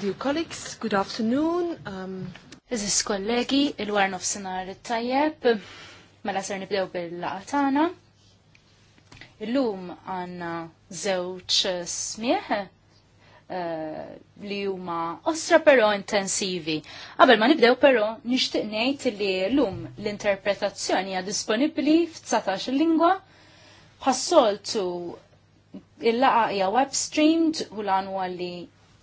Dear colleagues, good afternoon. Um... Iżis kollegi, il-war nofsenar tajjeb, mela ser nibdew bil-laqatana. Illum għanna zewċ smieħ eh, li huma osra però intensivi. Qabel ma nibdew però nixtieq ngħid li llum l-interpretazzjoni hija disponibbli f'16-il lingwa. Passoltu il-laqa hija web streamed u l-anwa li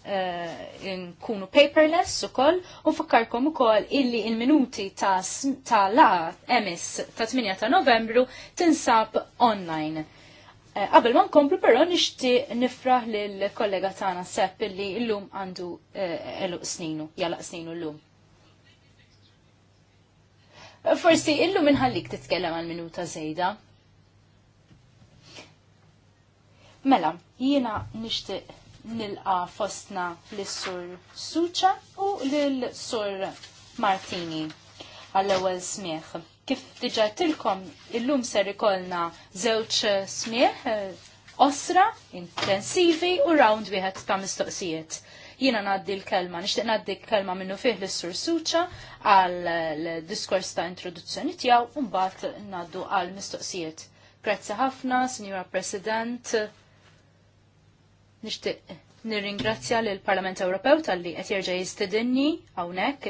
Eh, nkunu paperless u koll u fakkarkom u koll illi il-minuti ta', ta la emis ta' 8 ta' novembru tinsab online. Eh, qabel ma nkomplu però nixti nifraħ lil kollega tagħna Sepp illi llum għandu eh, eluq sninu, jalaq sninu llum. Forsi illum inħallik titkellem għal minuta żejda. Mela, jiena nixtieq nilqa fostna l-sur Suċa u l-sur Martini għall-ewwel smieħ. Kif diġa tilkom illum ser ikolna żewġ smieħ eh, osra, intensivi u round wieħed ta' mistoqsijiet. Jiena ngħaddi l-kelma, nixtieq naddi l-kelma minnu fih lis-sur Suċa għal diskors ta' introduzzjoni tiegħu u mbagħad ngħaddu għal mistoqsijiet. Grazzi ħafna, Signora President, Nixtieq nirringrazzja lil parlament Ewropew talli qed jerġa' jistedinni hawnhekk.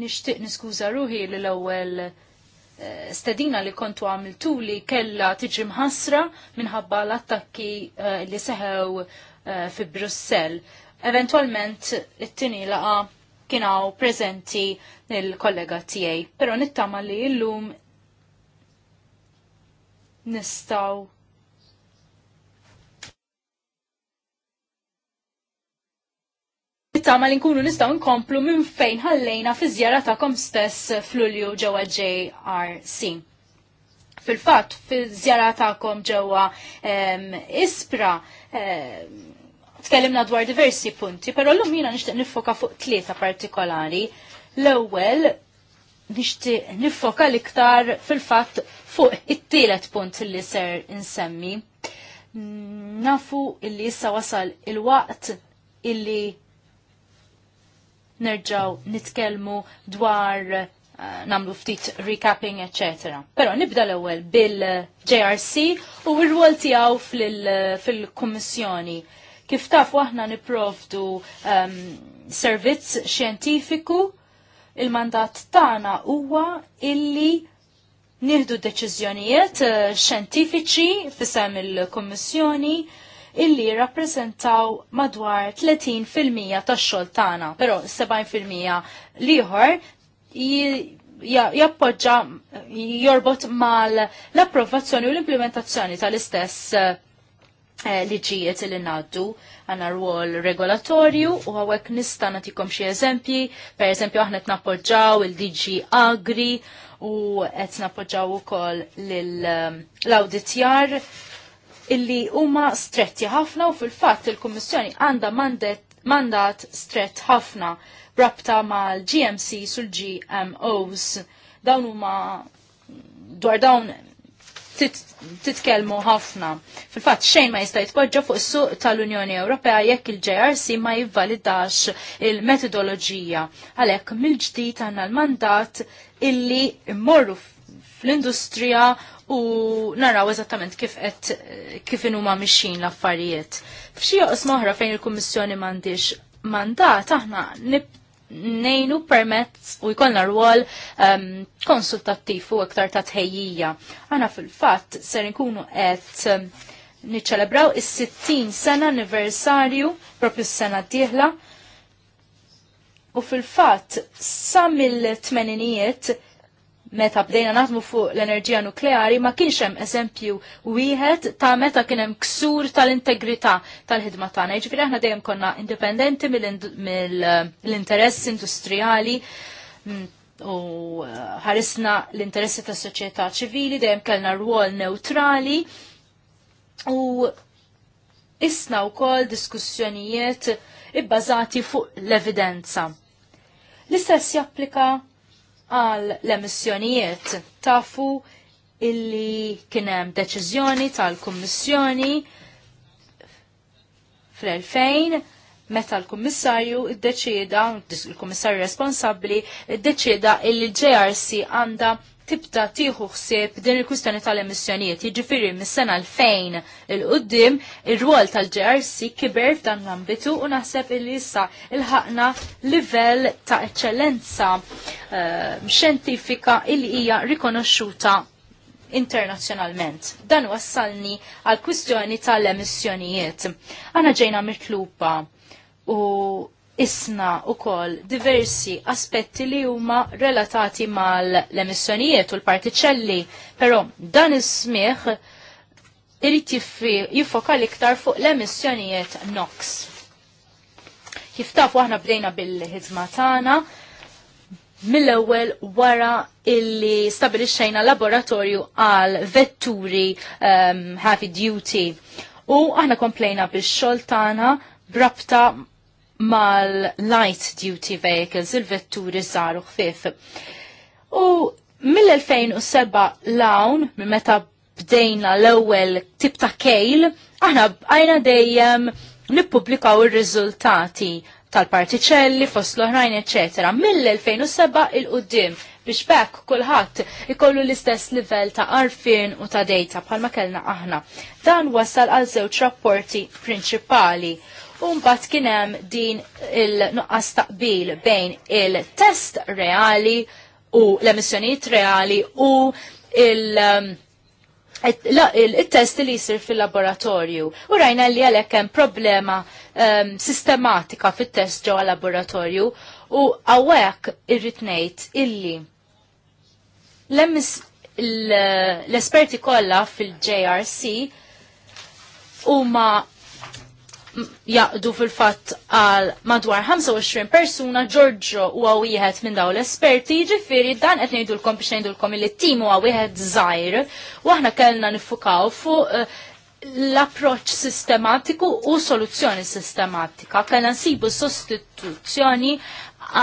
Nixtieq niskuża ruħi l-ewwel eh, stedina li kontu għamiltu li kella tiġi mħasra minħabba l-attakki eh, li seħew eh, fi Brussell. Eventualment it-tini laqa kienaw prezenti il-kollega tijaj, pero nittama li l-lum nistaw Bittam li nkunu nistaw nkomplu minn fejn ħallejna fi żjara kom stess f'Lulju ġewwa JRC. Fil-fatt, fi żjara ta'kom ġewwa Ispra, tkellimna dwar diversi punti, però llum jiena nixtieq nifoka fuq tlieta partikolari. L-ewwel nixtieq nifoka l-iktar fil-fatt fuq it-tielet punt li ser insemmi. Nafu illi issa wasal il-waqt illi nerġaw nitkelmu dwar uh, namlu ftit recapping, etc. Pero nibda l-ewel bil-JRC u r-rwol tijaw eh, fil-kommissjoni. Kif taf waħna niprovdu um, ehm, servizz xjentifiku, il-mandat tana huwa illi nieħdu deċiżjonijiet eh, xjentifiċi fisem il-kommissjoni uh, illi rappresentaw madwar 30% tax-xogħol tagħna, però 70% liħor jappoġġa jorbot mal l-approvazzjoni u l-implementazzjoni tal-istess eh, liġijiet li naddu għanna rwol regolatorju u għawek nista natikom xie eżempji, per eżempju aħna t-nappoġġaw il-DG Agri u għet nappoġġaw u koll l-auditjar illi huma stretti ħafna u fil-fatt il-Kummissjoni għandha mandat stret ħafna rabta mal-GMC sul-GMOs. Dawn huma dwar dawn titkelmu ħafna. Fil-fatt xejn ma jista' jitpoġġa fuq is-suq tal-Unjoni Ewropea jekk il-JRC ma jivvalidax il-metodoloġija. Għalhekk mill-ġdid għandna l-mandat illi mmorru fl-industrija u naraw eżattament kif qed kif huma mixin l-affarijiet. F'xi joqos moħra fejn il-Kummissjoni m'għandix mandat aħna nejnu permezz u jkollna rwol um, konsultattiv u iktar ta' tħejjija. Għana fil-fatt ser nkunu qed um, niċċelebraw is-60 sena anniversarju propju s-sena d-dieħla u fil-fatt sa mill-tmeninijiet meta bdejna naħdmu fuq l-enerġija nukleari ma kienx hemm eżempju wieħed ta' meta kien hemm ksur tal-integrità tal-ħidma tagħna. Jiġifieri aħna dejjem konna indipendenti mill-interess industrijali mm, u eh, ħarisna l-interessi tas soċjetà ċivili, dejjem kellna rwol neutrali u isna wkoll diskussjonijiet ibbażati fuq l-evidenza. L-istess japplika għal l-emissjonijiet. Tafu illi kienem deċizjoni tal-Kommissjoni fl-2000 meta l-Kummissarju id-deċida, il-Kummissarju responsabli, id-deċida illi l-JRC għanda tibda tieħu ħsieb din il-kwistjoni tal-emissjonijiet. Jiġifieri mis-sena l fejn il-qudiem ir-rwol tal-GRC kiber f'dan l-ambitu u naħseb il issa il ħakna livell ta' eċċellenza eh, xjentifika il hija rikonoxxuta internazzjonalment. Dan wassalni għal kwistjoni tal-emissjonijiet. Għana ġejna mitluba u isna u kol diversi aspetti li huma relatati mal-emissjonijiet u l-partiċelli, pero dan is-smieħ irrit jiffoka iktar fuq l-emissjonijiet NOx. Kif tafu aħna bdejna bil-ħidma tagħna mill-ewwel wara illi stabilixxejna laboratorju għal vetturi um, heavy duty. U aħna komplejna bix-xogħol tagħna brabta mal-light duty vehicles, il-vetturi żgħar u ħfief. U mill-2007 lawn, minn meta bdejna l-ewwel tip ta' kejl, aħna bqajna dejjem nippubblikaw ir-riżultati tal-partiċelli, fost l-oħrajn, eċetera. Mill-2007 il-qoddim biex bekk kulħadd ikollu l-istess livell ta' arfin u ta' data bħalma kellna aħna. Dan wasal għal żewġ rapporti prinċipali Unbat kienem din il-nuqqas taqbil bejn il-test reali u l-emissjoniet reali u il- um, il-test li jisir fil-laboratorju. U rajna li għalek hemm problema um, sistematika fit-test ġewwa laboratorju u għawek irrid ngħid illi l-esperti kollha fil-JRC huma jaqdu fil-fatt għal madwar 25 persuna Giorgio huwa wieħed minn daw l-esperti, ġifiri dan qed ngħidulkom biex ngħidulkom li il tim huwa wieħed zaħir, u aħna kellna nifukaw fuq eh, l-approċ sistematiku u soluzzjoni sistematika. Kellna nsibu sostituzzjoni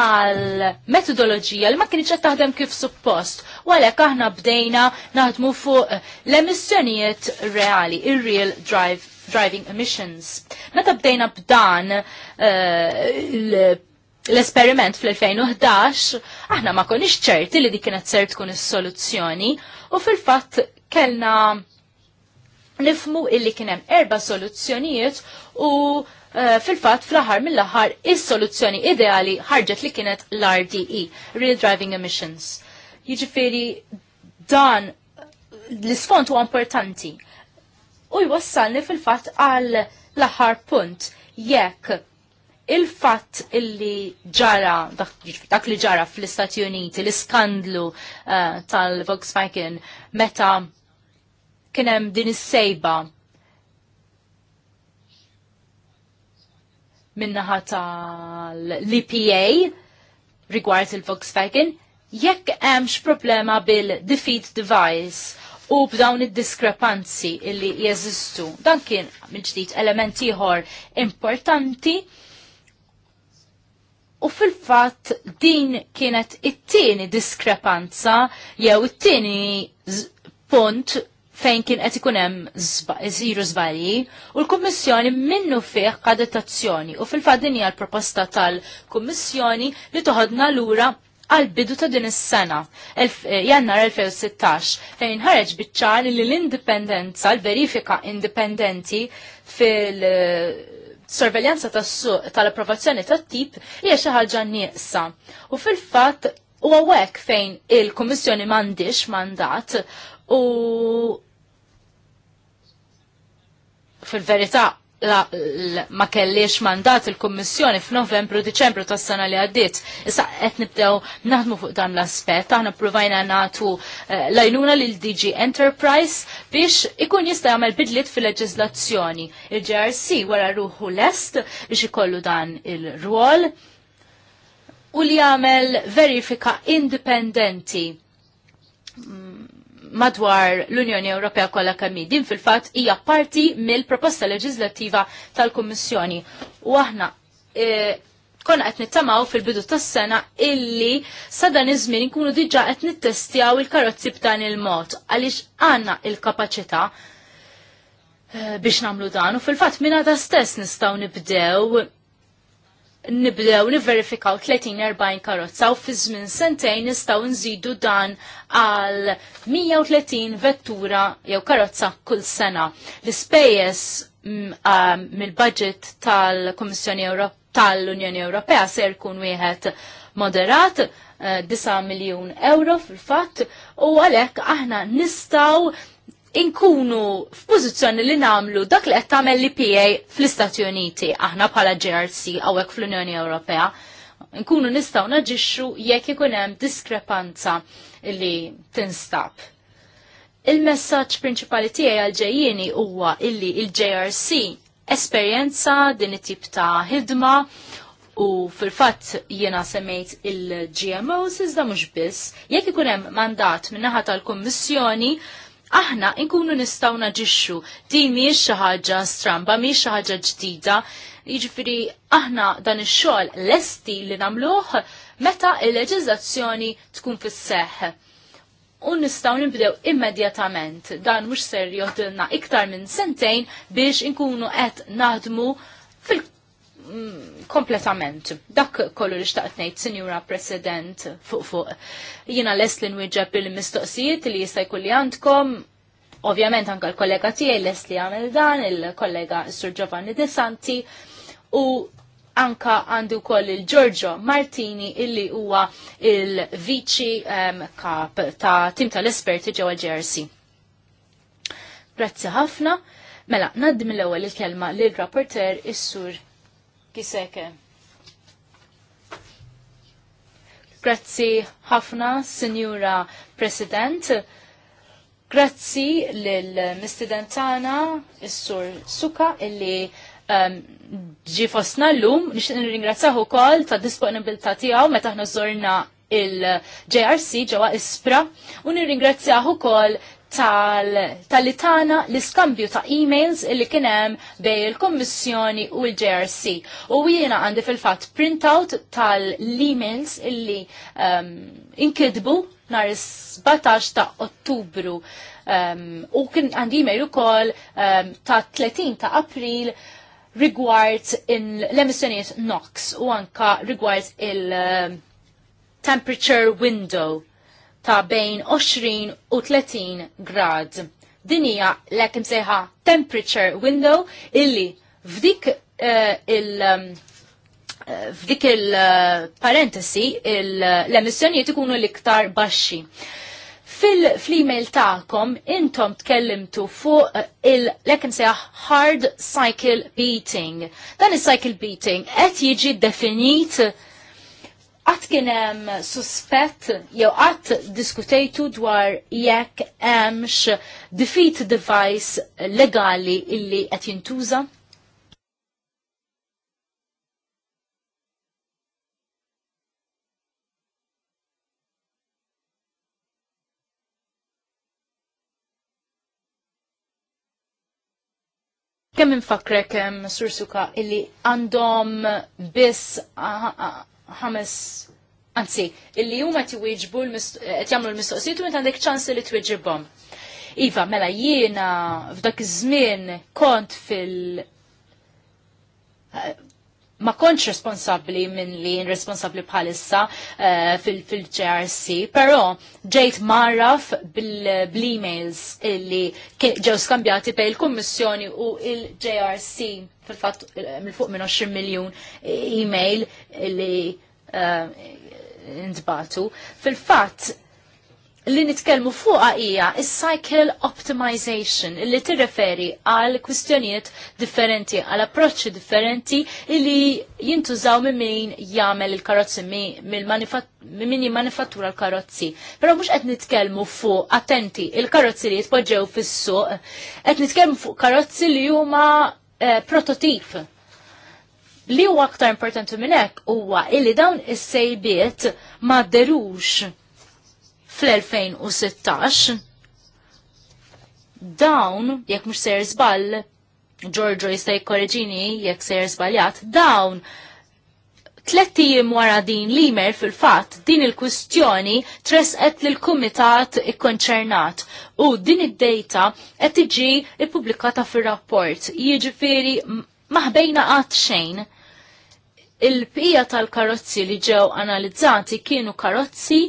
għal metodologija li ma kienx qed taħdem kif suppost. U għalhekk aħna bdejna naħdmu fuq l-emissjonijiet reali, ir-real drive driving emissions. Meta bdejna b'dan eh, l-esperiment fl-2011, aħna ma konix ċerti li dik kienet ser tkun is-soluzzjoni u fil-fatt kellna nifmu illi kienem erba soluzzjonijiet u eh, fil-fat fl-ħar mill-ħar is-soluzzjoni ideali ħarġet li kienet l-RDE, Real Driving Emissions. Jiġifieri dan l-isfont huwa importanti u jwassalni fil-fatt għal laħar aħħar punt jekk il fat illi ġara jiġifieri dak li ġara fl-Istati Uniti l-iskandlu uh, tal-Volkswagen meta kienem din is-sejba minnaħa tal-EPA rigward il-Volkswagen jekk hemmx problema bil-defeat device u b'dawn id-diskrepanzi illi jeżistu. Dan kien minn ġdid element ieħor importanti u fil-fatt din kienet it-tieni diskrepanza jew it-tieni punt fejn kien qed ikun hemm żiru żbalji u l-Kummissjoni minnu fih azzjoni u fil-fatt din hija l-proposta tal-Kummissjoni li toħodna lura għal-bidu ta' din is-sena, eh, jannar 2016, fejn ħareġ biċċar li l-indipendenza, l-verifika indipendenti fil- eh, sorveljanza tas-suq tal-approvazzjoni tat-tip hija xi ħaġa nieqsa. U fil-fatt huwa hekk fejn il-Kummissjoni m'għandix mandat u fil-verità ma kellix mandat il-Kommissjoni f'Novembru Diċembru tas sena li għaddit. Issa qed nibdew naħdmu fuq dan l-aspett, aħna pprovajna nagħtu eh, lajnuna lil DG Enterprise biex ikun jista' jagħmel bidliet fil-leġiżlazzjoni. Il-GRC wara ruħu lest biex ikollu dan il-rwol u li jagħmel verifika indipendenti madwar l-Unjoni Ewropea kollha kemm din fil-fatt hija parti mill-proposta leġislattiva tal-Kummissjoni. U aħna e, konna qed nittamaw fil-bidu tas-sena illi sa dan iż-żmien inkunu diġà qed nittestjaw il-karozzi b'dan il-mod għaliex għandna il-kapaċità e, biex namlu dan u fil-fatt minna ta' stess nistaw nibdew nibdew niverifikaw 30-40 karozza u fi żmien sentejn nistgħu nżidu dan għal 130 vettura jew karozza kull sena. L-ispejjeż mm, mill-budget tal-Kummissjoni tal-Unjoni Ewropea se jkun wieħed moderat, 9 eh, miljun euro fil-fatt u għalhekk aħna nistgħu inkunu f'pożizzjoni li namlu dak li qed tagħmel l-IPA fl-Istati Uniti aħna bħala GRC hawnhekk fl-Unjoni Ewropea. Nkunu nistgħu naġixxu jekk ikun hemm diskrepanza li tinstab. Il-messaġġ prinċipali tiegħi għal ġejjieni huwa illi il-JRC esperjenza din it-tip ta' ħidma u fil-fatt jiena semmejt il-GMOs iżda mhux biss, jekk ikun hemm mandat min-naħa tal-Kummissjoni aħna nkunu nistgħu naġixxu. Din mhijiex xi ħaġa stramba, mhijiex xi ħaġa ġdida. Jiġifieri aħna dan ix-xogħol lesti li nagħmluh meta l leġiżlazzjoni tkun fis-seħħ. U nistgħu nibdew immedjatament. Dan mhux ser joħdilna iktar minn sentejn biex inkunu qed naħdmu fil Mm, kompletament. Dak kollu li xtaqt ngħid, Sinjura President, fuq fuq. Jiena lest li nwieġeb il-mistoqsijiet li jista' jkun li għandkom. Ovvjament anke l-kollega tiegħi lest li għamel dan, il-kollega Sur Giovanni De Santi u anka għandu koll il-Giorgio Martini illi huwa il-viċi um, kap ta' tim tal-esperti ġewwa GRC. Grazzi ħafna. Mela, naddim l-ewwel il-kelma lill-rapporter is-sur Kiseke. Grazzi ħafna, Signora President. Grazzi l-mistidentana, il-sur Suka, illi um, ġi fosna l-lum, nix ringrazzahu kol ta' disponibilta tijaw meta ħna zorna il-JRC ġewa Ispra u nirringrazzjahu kol tal-litana tal litana l iskambju ta' emails illi kienem bej il-Kommissjoni u l-JRC. U jiena għandi fil-fat printout tal-emails illi um, inkidbu nar 17 ta' ottubru um, u kien għandi email ukoll um, ta' 30 ta' april rigward l-emissjoniet NOx u anka rigward il-temperature um, window ta' bejn 20 u 30 grad. Din hija lek imsejħa temperature window illi f'dik uh, il- um, eh, f'dik il-parentesi il eh, parentesi l emissjonijiet ikunu l-iktar baxxi. Fil-email ta'kom intom tkellimtu fuq il-lekin seħ hard cycle beating. Dan il-cycle beating qed jiġi definit Għat kienem suspett jew għat diskutejtu dwar jekk hemmx defeat device legali illi qed jintuża? kemm infakrek eh, Sur Suka illi għandhom biss ah, ah, ħames anzi, illi huma tiwieġbu eh, qed jagħmlu l mistoqsitu u għandek ċans li twieġibhom. Iva, mela jiena f'dak iż-żmien kont fil ma konċ responsabli minn li responsabli bħalissa uh, eh, fil-ċRC, fil pero ġejt marraf bil-emails illi ġew skambjati bej il-Kommissjoni u il-JRC fil-fat mill-fuq eh, minn 20 miljon email li illi uh, intbatu. Fil-fat li nitkellmu fuqa hija is-cycle optimization li tirreferi għal kwistjonijiet differenti, għal approċċi differenti li jintużaw minn min jagħmel il-karozzi minn min jimmanifattura l-karozzi. Però mhux qed nitkellmu fuq attenti il-karozzi li jitpoġġew fis-suq, qed nitkellmu fuq karozzi li huma eh, prototip. Li huwa aktar importanti minn hekk huwa illi dawn is-sejbiet ma derux fl-2016 dawn, jekk mhux ser żball, Giorgio jista' jikkoreġini jekk ser żbaljat, dawn tlettijim wara din limer fil-fat din il-kwistjoni tresqet lil kumitat ikkonċernat u din id-data qed tiġi ippubblikata fir-rapport. Jiġifieri maħbejna qatt xejn. Il-pija tal-karozzi li ġew analizzati kienu karozzi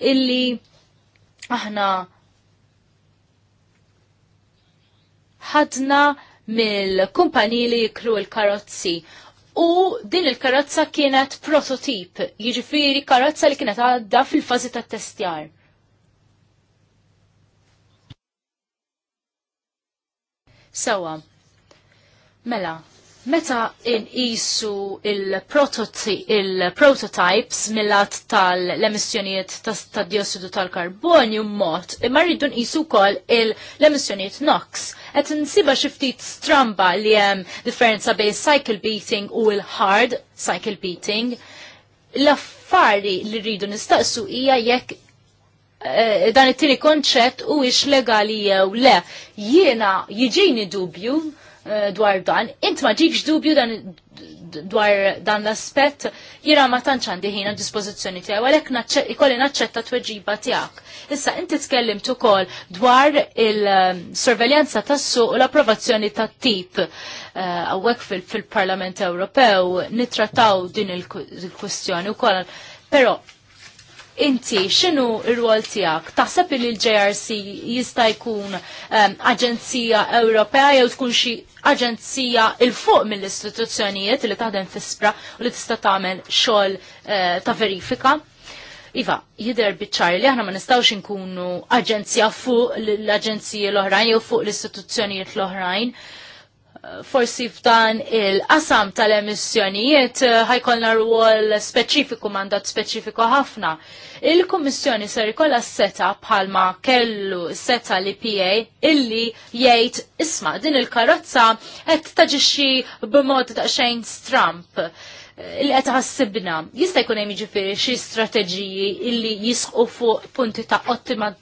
illi aħna ħadna mill-kumpaniji li jikru l-karozzi. U din il-karozza kienet prototip, jiġifieri karozza li kienet għadda fil-fażi ta' testjar. Sawa. Mela, Meta in-isu il mill-lat tal-emissjonijiet tad-diossidu tal-karbonju mot, imma rridu nqisu wkoll l-emissjonijiet NOx. Et insiba xi ftit stramba li hemm differenza bejn cycle beating u l-hard cycle beating. L-affari li rridu nistaqsu hija jekk eh, dan it-tieni konċett huwiex legali jew le. Jiena jiġini dubju Eh, dwar dan. Int ma ġikx dubju dan dwar dan l-aspett jira ma tantx għandi dispozizjoni għad għalek għalhekk ikolli naċċetta tweġiba tiegħek. Issa inti tkellimt ukoll dwar il-sorveljanza tas-suq u l-approvazzjoni tat-tip eh, hawnhekk fil-Parlament Ewropew nittrattaw din il-kwestjoni wkoll. Però inti xinu r-rwol tijak? Taħseb li l-JRC jista' jkun aġenzija Ewropea jew tkun xi aġenzija il-fuq mill-istituzzjonijiet li taħdem fispra u li tista' tagħmel xogħol eh, ta' verifika? Iva, jider biċċar li aħna ma nistawx inkunu aġenzija fuq l-aġenzija l-oħrajn jew fuq l istituzzjonijiet l oħrajn forsi f'dan il-qasam tal-emissjonijiet eh, ħajkolna rwol speċifiku mandat speċifiku ħafna. Il-Kummissjoni ser ikolla seta bħalma kellu seta li PA illi jgħid isma din il-karozza qed taġixxi b'mod ta' xejn stramp eh, li qed ħassibna. Jista' jkun hemm jiġifieri xi strateġiji illi jisqu fuq punti ta' ottima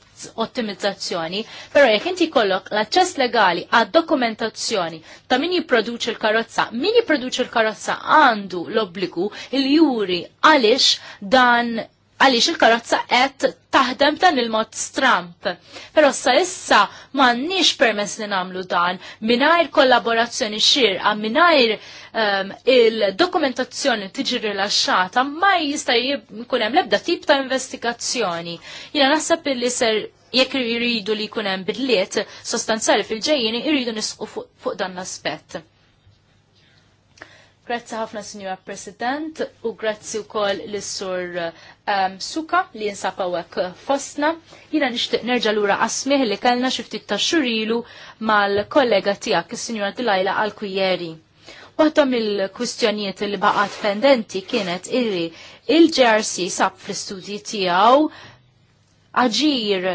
ottimizzazzjoni, però jekk inti kollok l-aċċess legali għad dokumentazzjoni ta' min jipproduċi l-karozza, min jipproduċi l-karozza għandu l-obbligu il-juri għaliex dan għaliex il-karozza qed taħdem dan il-mod stramp. Però sa issa m'għandniex permess li nagħmlu dan mingħajr kollaborazzjoni xirqa, mingħajr um, il-dokumentazzjoni tiġi rilaxxata ma jista' jkun hemm l-ebda tip ta' investigazzjoni. Jiena naħseb li ser jekk jridu li jkun hemm bidliet sostanzjali fil-ġejjini jridu nisqu fuq dan l-aspett. Grazzi ħafna, Signora President, u grazzi u koll l-Sur um, suka li jinsapawek fosna. Jina nishtiq nerġa lura asmiħ li kellna xiftit ta' xurilu mal-kollega tijak, il-Sinjora Dilajla Al-Kujeri. Waħda il kwistjonijiet li baqat pendenti kienet illi il-JRC sab fl-istudji tijaw aġir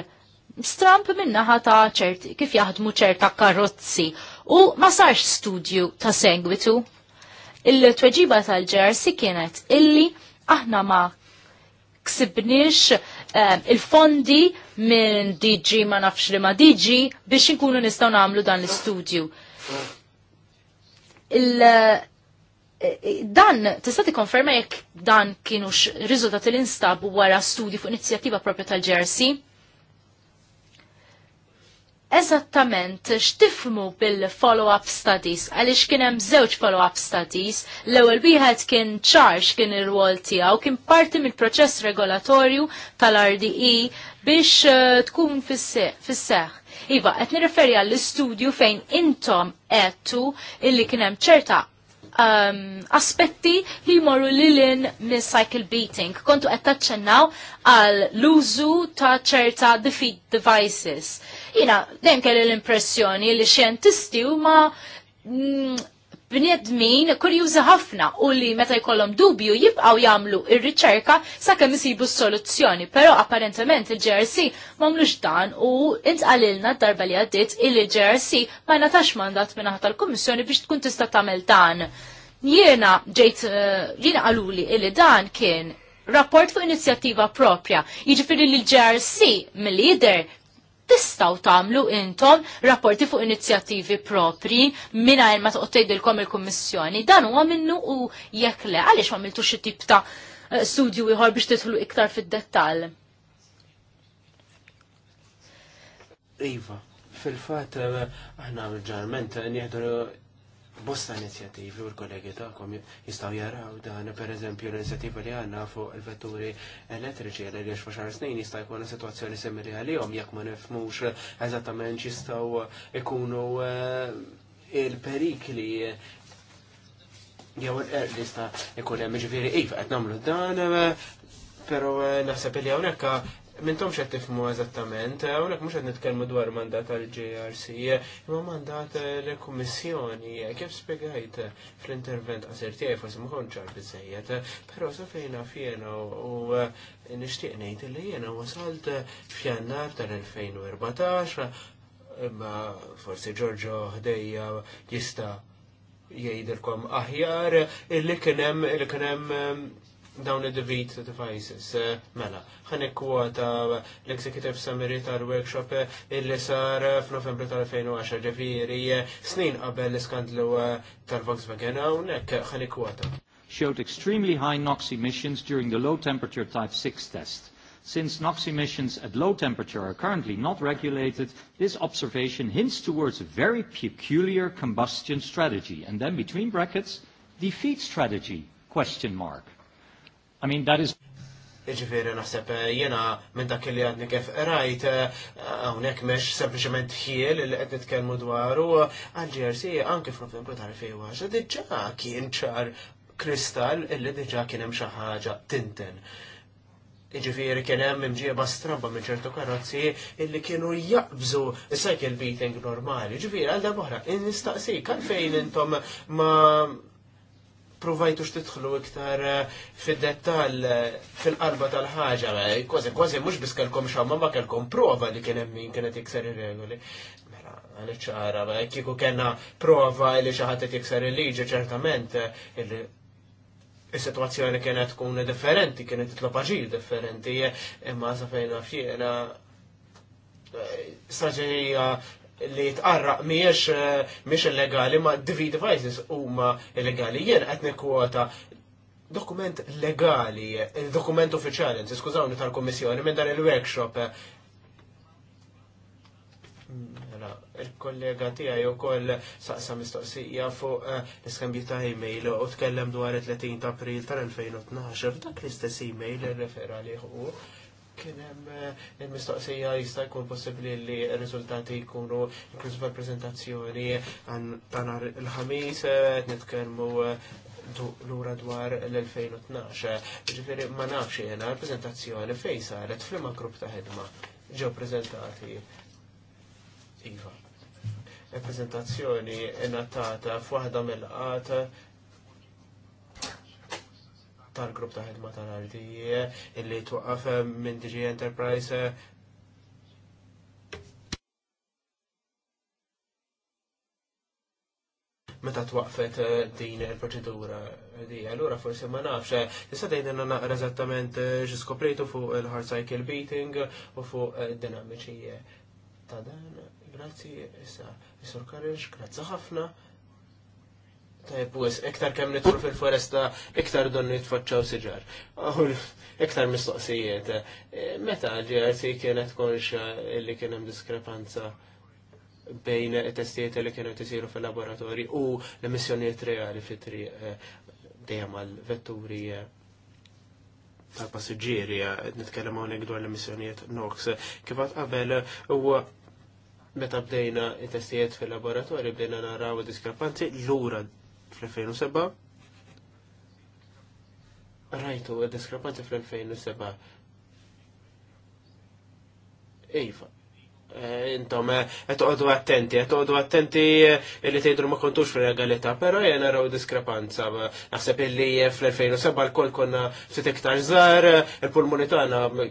stramp minna ta' ċert, kif jaħdmu ċerta karozzi u ma sarx studju ta' segwitu. Il-tweġiba tal ġersi kienet illi aħna ma ksibniex eh, il-fondi minn DG ma nafx li ma DG biex inkunu nistaw namlu dan l-istudju. Eh, dan, tista' tikkonferma jekk dan kienu riżultati l-instab wara studju fuq inizjattiva propja tal-GRC? Eżattament, x'tifmu bil-follow-up studies, għaliex kien hemm żewġ follow-up studies, l-ewwel wieħed kien charge kien ir-rwol tiegħu kien parti mill-proċess regolatorju tal-RDE biex eh, tkun fis-seħħ. Iva, qed nirreferi għall-istudju fejn intom għedtu illi kien hemm ċerta um, aspetti li jmorru lilin mis cycle beating. Kontu qed taċċennaw għal l-użu ta' ċerta defeat devices Jina, dejjem kelli l-impressjoni li xjentisti huma mm, bnedmin kurjuża ħafna u li meta jkollhom dubju jibqgħu jagħmlu ir-riċerka sakemm isibu s-soluzzjoni, però apparentement il-GRC m'għamlux dan u intqalilna d-darba li għaddiet il-GRC ma natax mandat minn tal-Kummissjoni biex tkun tista' tagħmel dan. Jiena ġejt eh, jiena qaluli li dan kien rapport fuq inizjattiva propja. Jiġifieri li l-GRC mill-lider tistaw tamlu intom rapporti fuq inizjattivi propri mingħajr ma toqgħod tgħidilkom il-Kummissjoni. Dan huwa minnu u jekk le għaliex ma miltu xi tip ta' eh, studju ieħor biex titħlu iktar fid-dettall. Iva, fil-fatt eh, aħna ġarment nieħdu bosta inizjattivi u l-kollegi ta'kom jistaw jaraw dan per eżempju l-inizjattiva li għanna fuq il-vetturi elettriċi għal għiex faċar snin jistaw jkun situazzjoni simili għalihom jekk ma nifmux eżattament jistaw ikunu eh, il-perikli jew l-erq li sta' ikun hemm ġifieri iva qed nagħmlu dan, eh, però eh, naħseb li hawnhekk Mintom xed tifmu eżattament, għonek mux għed nitkelmu dwar mandat għal-JRC, imma mandat l-Kommissjoni, kif spiegħajt fl-intervent għasir tijaj, forse mħon ċar bizzejiet, pero sa fejna fjena u nishtiqnejt li jena wasalt fjannar tal-2014, imma forse Giorgio ħdejja jista jgħidilkom aħjar, illi kienem, illi kienem dawn id-divit devices. Eh, mela, ħanek kwota l-Executive Summary tal-workshop eh, illi sar eh, f'Novembru tal-2010 ġeviri snin qabel l-iskandlu tal-Volkswagen hawnhekk ħanek kwota. Showed extremely high NOx emissions during the low temperature type 6 test. Since NOx emissions at low temperature are currently not regulated, this observation hints towards a very peculiar combustion strategy, and then between brackets, defeat strategy, question mark. I mean, that is... Iġifiri, naħseb, eh, jena minn dak li għadni kif rajt, għonek eh, mex sempliciment ħiel li għed nitkelmu dwaru, għal-GRC, anke f'Novembru tal-2010, diġa kien ċar kristall illi diġa kien hemm xi ħaġa tinten. Iġifiri kien hemm imġieba stramba minn ċertu karozzi illi kienu jaqbżu cycle beating normali. Iġifiri, għal darba nistaqsik għalfejn intom ma provajtu titħlu iktar eh, fid-dettall eh, fil-qalba tal-ħaġa, eh, kważi kważi mhux biss kellkom xamma ma kellkom prova li kien hemm min kienet jikser ir-regoli. Mela, għal ċara, kieku kena prova li xi ħadd jikser il-liġi ċertament il-situazzjoni kienet tkun differenti, kienet t differenti, imma sa fejna fjena strategija li jitqarraq miex eh, miex illegali ma DV devices huma illegali. Jien qed nikkwota dokument legali, dokument uffiċjali, skużawni tal-Kommissjoni minn dan il-workshop. Mela, il-kollega tiegħi wkoll saqsa mistoqsija fuq eh, l-iskambju ta' email u tkellem dwar 30 ta' April tal-2012 f'dak l-istess email irrefera liħu Kien hemm eh, il-mistoqsija jista' jkun possibbli li r-riżultati jkunu inkluż fil-preżentazzjoni ta' nhar il-ħamis eh, qed nitkellmu eh, lura dwar l-2012. Ġifieri ma nafx jiena l-preżentazzjoni fejn saret f'liema grupp ta' ħidma ġew preżentati. Iva. Il-preżentazzjoni ingħatata f'waħda mill-qata tal-grupp ta' ħidma tal-RDE illi twaqqaf eh, minn DG Enterprise eh. meta twaqfet eh, din il-proċedura di e, allura forsi ma nafx issa dejna naqra eżattament skopritu fuq il-hard cycle beating u fuq dinamiċi ta' dan grazzi issa Isur Karix, grazzi ħafna Bwis, iktar kem nitru fil-foresta, iktar don nitfacċaw siġar. Għul, iktar mistoqsijiet. E, meta ġerti kienet konxa illi kienem diskrepanza bejn testijiet li kienu tisiru fil-laboratori u l-emissjonijiet reali fitri e, dejjem għal-vetturi e, tal-passiġġieri, nitkellem hawnhekk dwar l-emissjonijiet NOx. Kif qabel huwa meta bdejna testijiet fil-laboratori bdejna naraw diskrepanzi l-ura fl-2007 rajtu diskrepanti fl-2007 Iva, eh, intom, għet eh, għodu attenti, għet għodu attenti eh, li tejdru ma kontux fil-regalita, pero jen naraw diskrepanza. Naħseb illi fl-2007 l-koll konna ftit iktar zar, il-pulmoni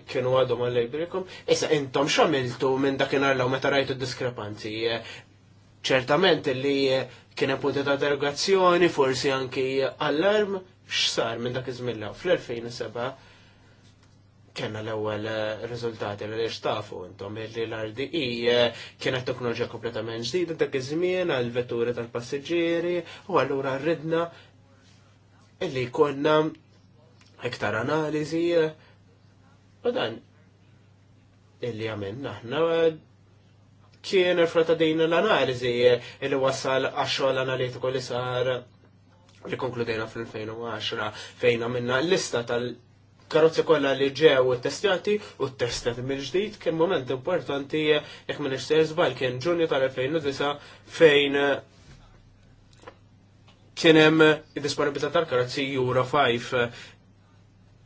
kienu għadu ma l-lejbrikum. Issa intom xamiltu minn dakinhar law meta rajtu diskrepanzi. Ċertament illi Kien hemm punti ta' derogazzjoni, forsi anki allarm, x'sar minn dak iż-żmien fl-2007 kena l-ewwel eh, riżultati l għaliex tafu intom li l-RDI eh, kienet teknoloġija kompletament ġdida dak iż-żmien għal vetturi tal-passiġġieri u allura rridna illi konna iktar analiżi eh, u dan illi għamilna aħna kien il-frata din l-analizi li wassal l analitiku li sar li konkludejna fil-2010 fejna minna lista tal- karozzi kollha li ġew testjati u testjati mill-ġdid kien moment importanti jekk minn nixtieq kien Ġunju tal-2009 fejn kien hemm id-disponibilità tal-karozzi Euro 5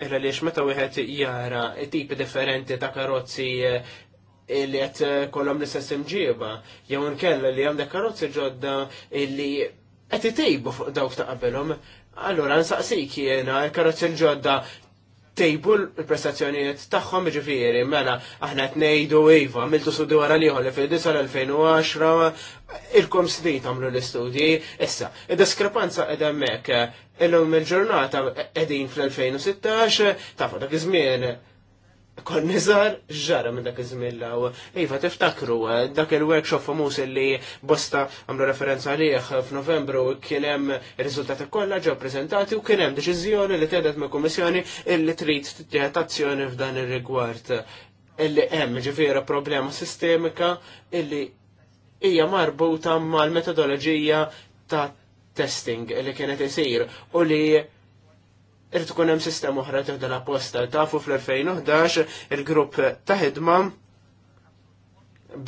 Era li meta wieħed jara tipi differenti ta' karozzi illi għet eh, kollom l-istess imġiba, jew nkella li għandek karozzi ġodda li għet itejbu fuq dawk ta' qabelhom. Allora, nsaqsik jena, il-karozzi ġodda tejbu l-prestazzjonijiet tagħhom ġifieri, mela aħna qed ngħidu iva, miltu studi wara liħor li fil-disa l-2010, ilkom snin tagħmlu l-istudji, issa, id-diskrepanza qiegħda hemmhekk illum il-ġurnata qegħdin fl-2016, tafu dak iż-żmien kon nizar ġara minn dak iż-żmien law. Iva, tiftakru, eh, dak il-workshop famuż li bosta għamlu referenza għalih f'Novembru kien hemm ir-riżultati kollha ġew preżentati u kien hemm deċiżjoni li tgħidet mill kummissjoni illi trid tieħed azzjoni f'dan ir-rigward. Illi hemm ġifiera problema sistemika illi hija marbuta mal-metodoloġija ta' testing li kienet isir u li irrid ikun hemm sistema oħra teħda la posta. Tafu fl-2011 il-grupp ta' ħidma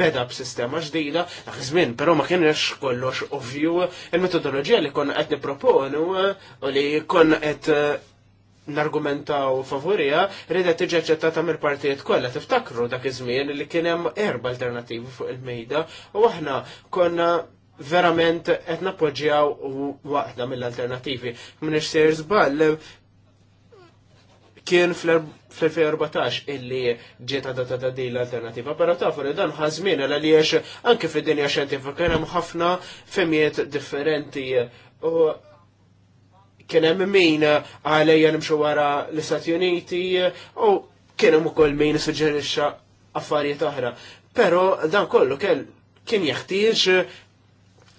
beda b'sistema ġdida, dak żmien, però ma kienx kollox ovvju il-metodoloġija li konna qed nipproponu u li konna qed eh, nargumentaw favorija, rida tiġi ċettata mill partijiet kollha. Tiftakru dak iż-żmien li kien hemm erba alternattivi fuq il-mejda u aħna konna verament qed nappoġġjaw waħda mill-alternattivi. M'hiex se żball kien fl-2014 illi ġieta data ta' din l-alternativa, pero ta' fuq dan ħażmin għal għaliex anke fid-dinja xjentifika hemm ħafna femijiet differenti u kien hemm min għalejja nimxu wara l-Istati Uniti u kien hemm ukoll min suġġerixxa affarijiet oħra. Pero dan kollu kien jeħtieġ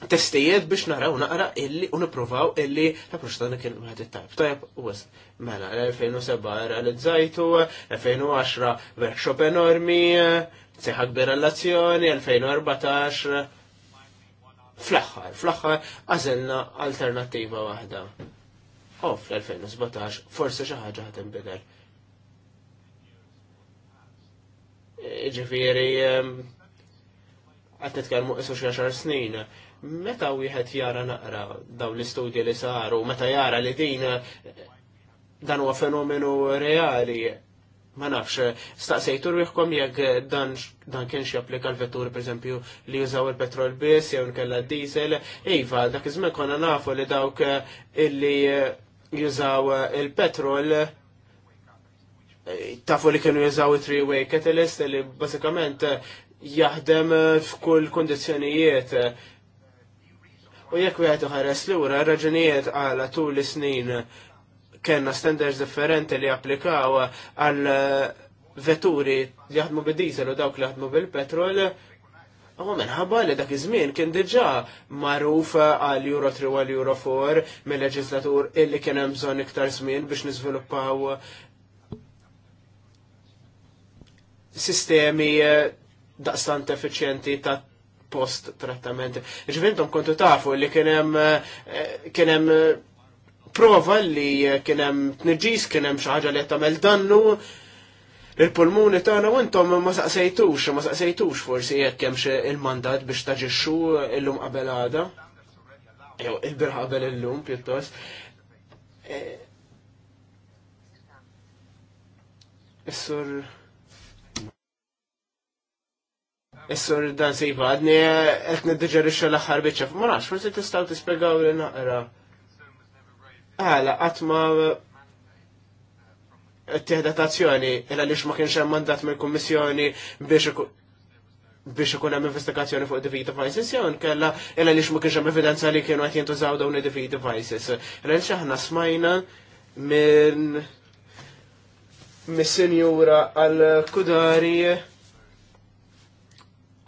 testijiet biex naraw naqra illi u niprovaw illi l-approċ kien wieħed it-tajb. Tajb għas, Mela l-2007 realizzajtu, 2010 workshop enormi, seħħa kbira relazzjoni, 2014 fl-aħħar, fl-aħħar għażilna alternattiva waħda. U fl-2017 forsi xi ħaġa ħad inbidel. Ġifieri kalmu 16 għaxar snin Meta wieħed jara naqra dawn l-istudji li saru, meta jara li din dan huwa fenomenu reali, ma nafx, staqsejtu rwiħkom jekk dan, dan japplika l-vetturi pereżempju li jużaw il-petrol biss jew nkella diesel, iva, dak iż-żmien konna nafu li dawk illi jużaw il-petrol tafu li kienu jużaw it-three-way catalyst li basikament jaħdem f'kull kondizjonijiet U jekk wieħed iħares lura raġunijiet għala tul is-snin kellna standards differenti li applikaw għal vetturi li jaħdmu bid-diesel u dawk li jaħdmu bil-petrol, U minħabba li dak iż-żmien kien diġà magħruf għal Euro 3 u għal Euro 4 mill-leġislatur illi kien hemm bżonn iktar żmien biex niżviluppaw sistemi daqstant effiċjenti ta' post trattament. Ġivintom kontu tafu li kienem eh, kienem eh, prova li kienem tnġis, kienem xaħġa li jtamel dannu il-pulmuni tagħna u intom ma saqsejtux, ma saqsejtux forsi jek kemx il-mandat biex taġixxu l-lum qabel għada. Jew il-birħ qabel il-lum pjuttost. Eh, Is-sur Is-sur dan sejba, għadni għet nidġerixxa l aħħar bieċa, f-marax, forsi tistaw tispiegaw li naqra. Għala, għatma t-tihda tazzjoni, illa ma kienx mandat mill kummissjoni biex ikun hemm investigazzjoni fuq DV devices jew nkella illa lix ma kienx hemm evidenza li kienu qed jintużaw dawn id-DV devices. Illa aħna smajna minn mis-sinjura għal-kudari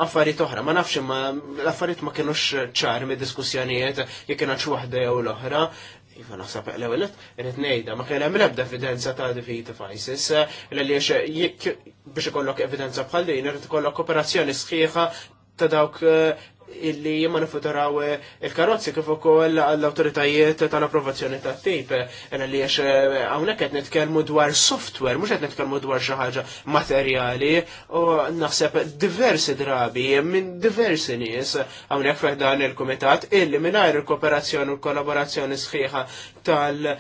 affarijiet oħra, ma nafx imma l-affarijiet ma kienux ċar mid diskussjonijiet jekk kienx waħda jew l-oħra. Iva naħseb l-ewwel qed ngħidha ma kien hemm l-ebda evidenza ta' defeat of ISIS għaliex biex ikollok evidenza bħal din irid ikollok operazzjoni sħiħa ta' dawk eh, illi jimmanifuturaw eh, il-karozzi kif ukoll l-awtoritajiet tal-approvazzjoni tat tip Ena li għax eh, hawnhekk qed nitkellmu dwar software, mhux qed nitkellmu dwar xi ħaġa materjali u naħseb diversi drabi minn diversi nies hawnhekk fih dan il-kumitat illi mingħajr il-kooperazzjoni u l-kollaborazzjoni sħiħa tal-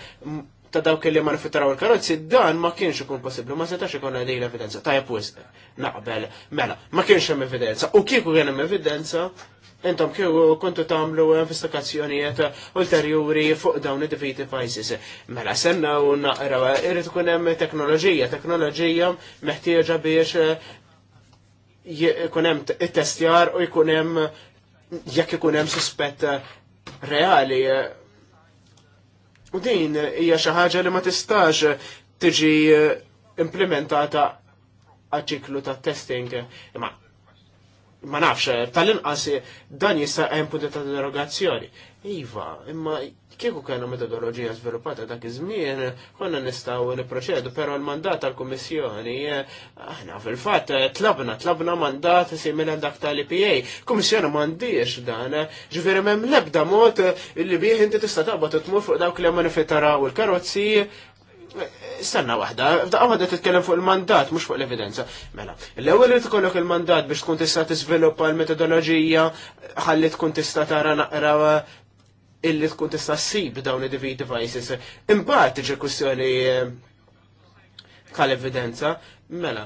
ta' dawk li manifittaraw il-karozzi, dan ma kienx ikun possibbli, ma setax ikun għadej l-evidenza. Tajab wisq, naqbel, mela, ma kienx hemm evidenza. U kieku kien hemm evidenza, intom kju kontu tagħmlu investigazzjonijiet ulterjuri fuq dawn id-defeat devices. Mela senna u naqra, irrit ikun hemm teknoloġija, teknoloġija meħtieġa biex eh, ikun hemm testjar u jkun hemm jekk ikun hemm suspett eh, reali. U din hija xi ħaġa li ma tistax tiġi eh, implementata għal ċiklu ta' testing. Imma ma nafx, eh, tal-inqas eh, dan jista' hemm punti ta' derogazzjoni. Iva, imma kieku kena metodoloġija żviluppata dak iż-żmien, konna nistgħu nipproċedu, però l-mandat tal-Kummissjoni eh, aħna fil-fatt tlabna, tlabna mandat simil dak tal-IPA. Kummissjoni m'għandix dan, ġifieri m'hemm l-ebda mod li bih inti tista' taqbad tmur fuq dawk li hemm nifitaraw il-karozzi Stanna waħda, f'daqqa waħda titkellem fuq il-mandat, mhux fuq l-evidenza. Mela, l-ewwel li tkollok il-mandat biex tkun tista' tiżviluppa l-metodoloġija, ħalli tkun tista' tara naqra illi tkun tista' ssib dawn id-DV devices. Imbagħad tiġi kwistjoni eh, tal-evidenza, mela.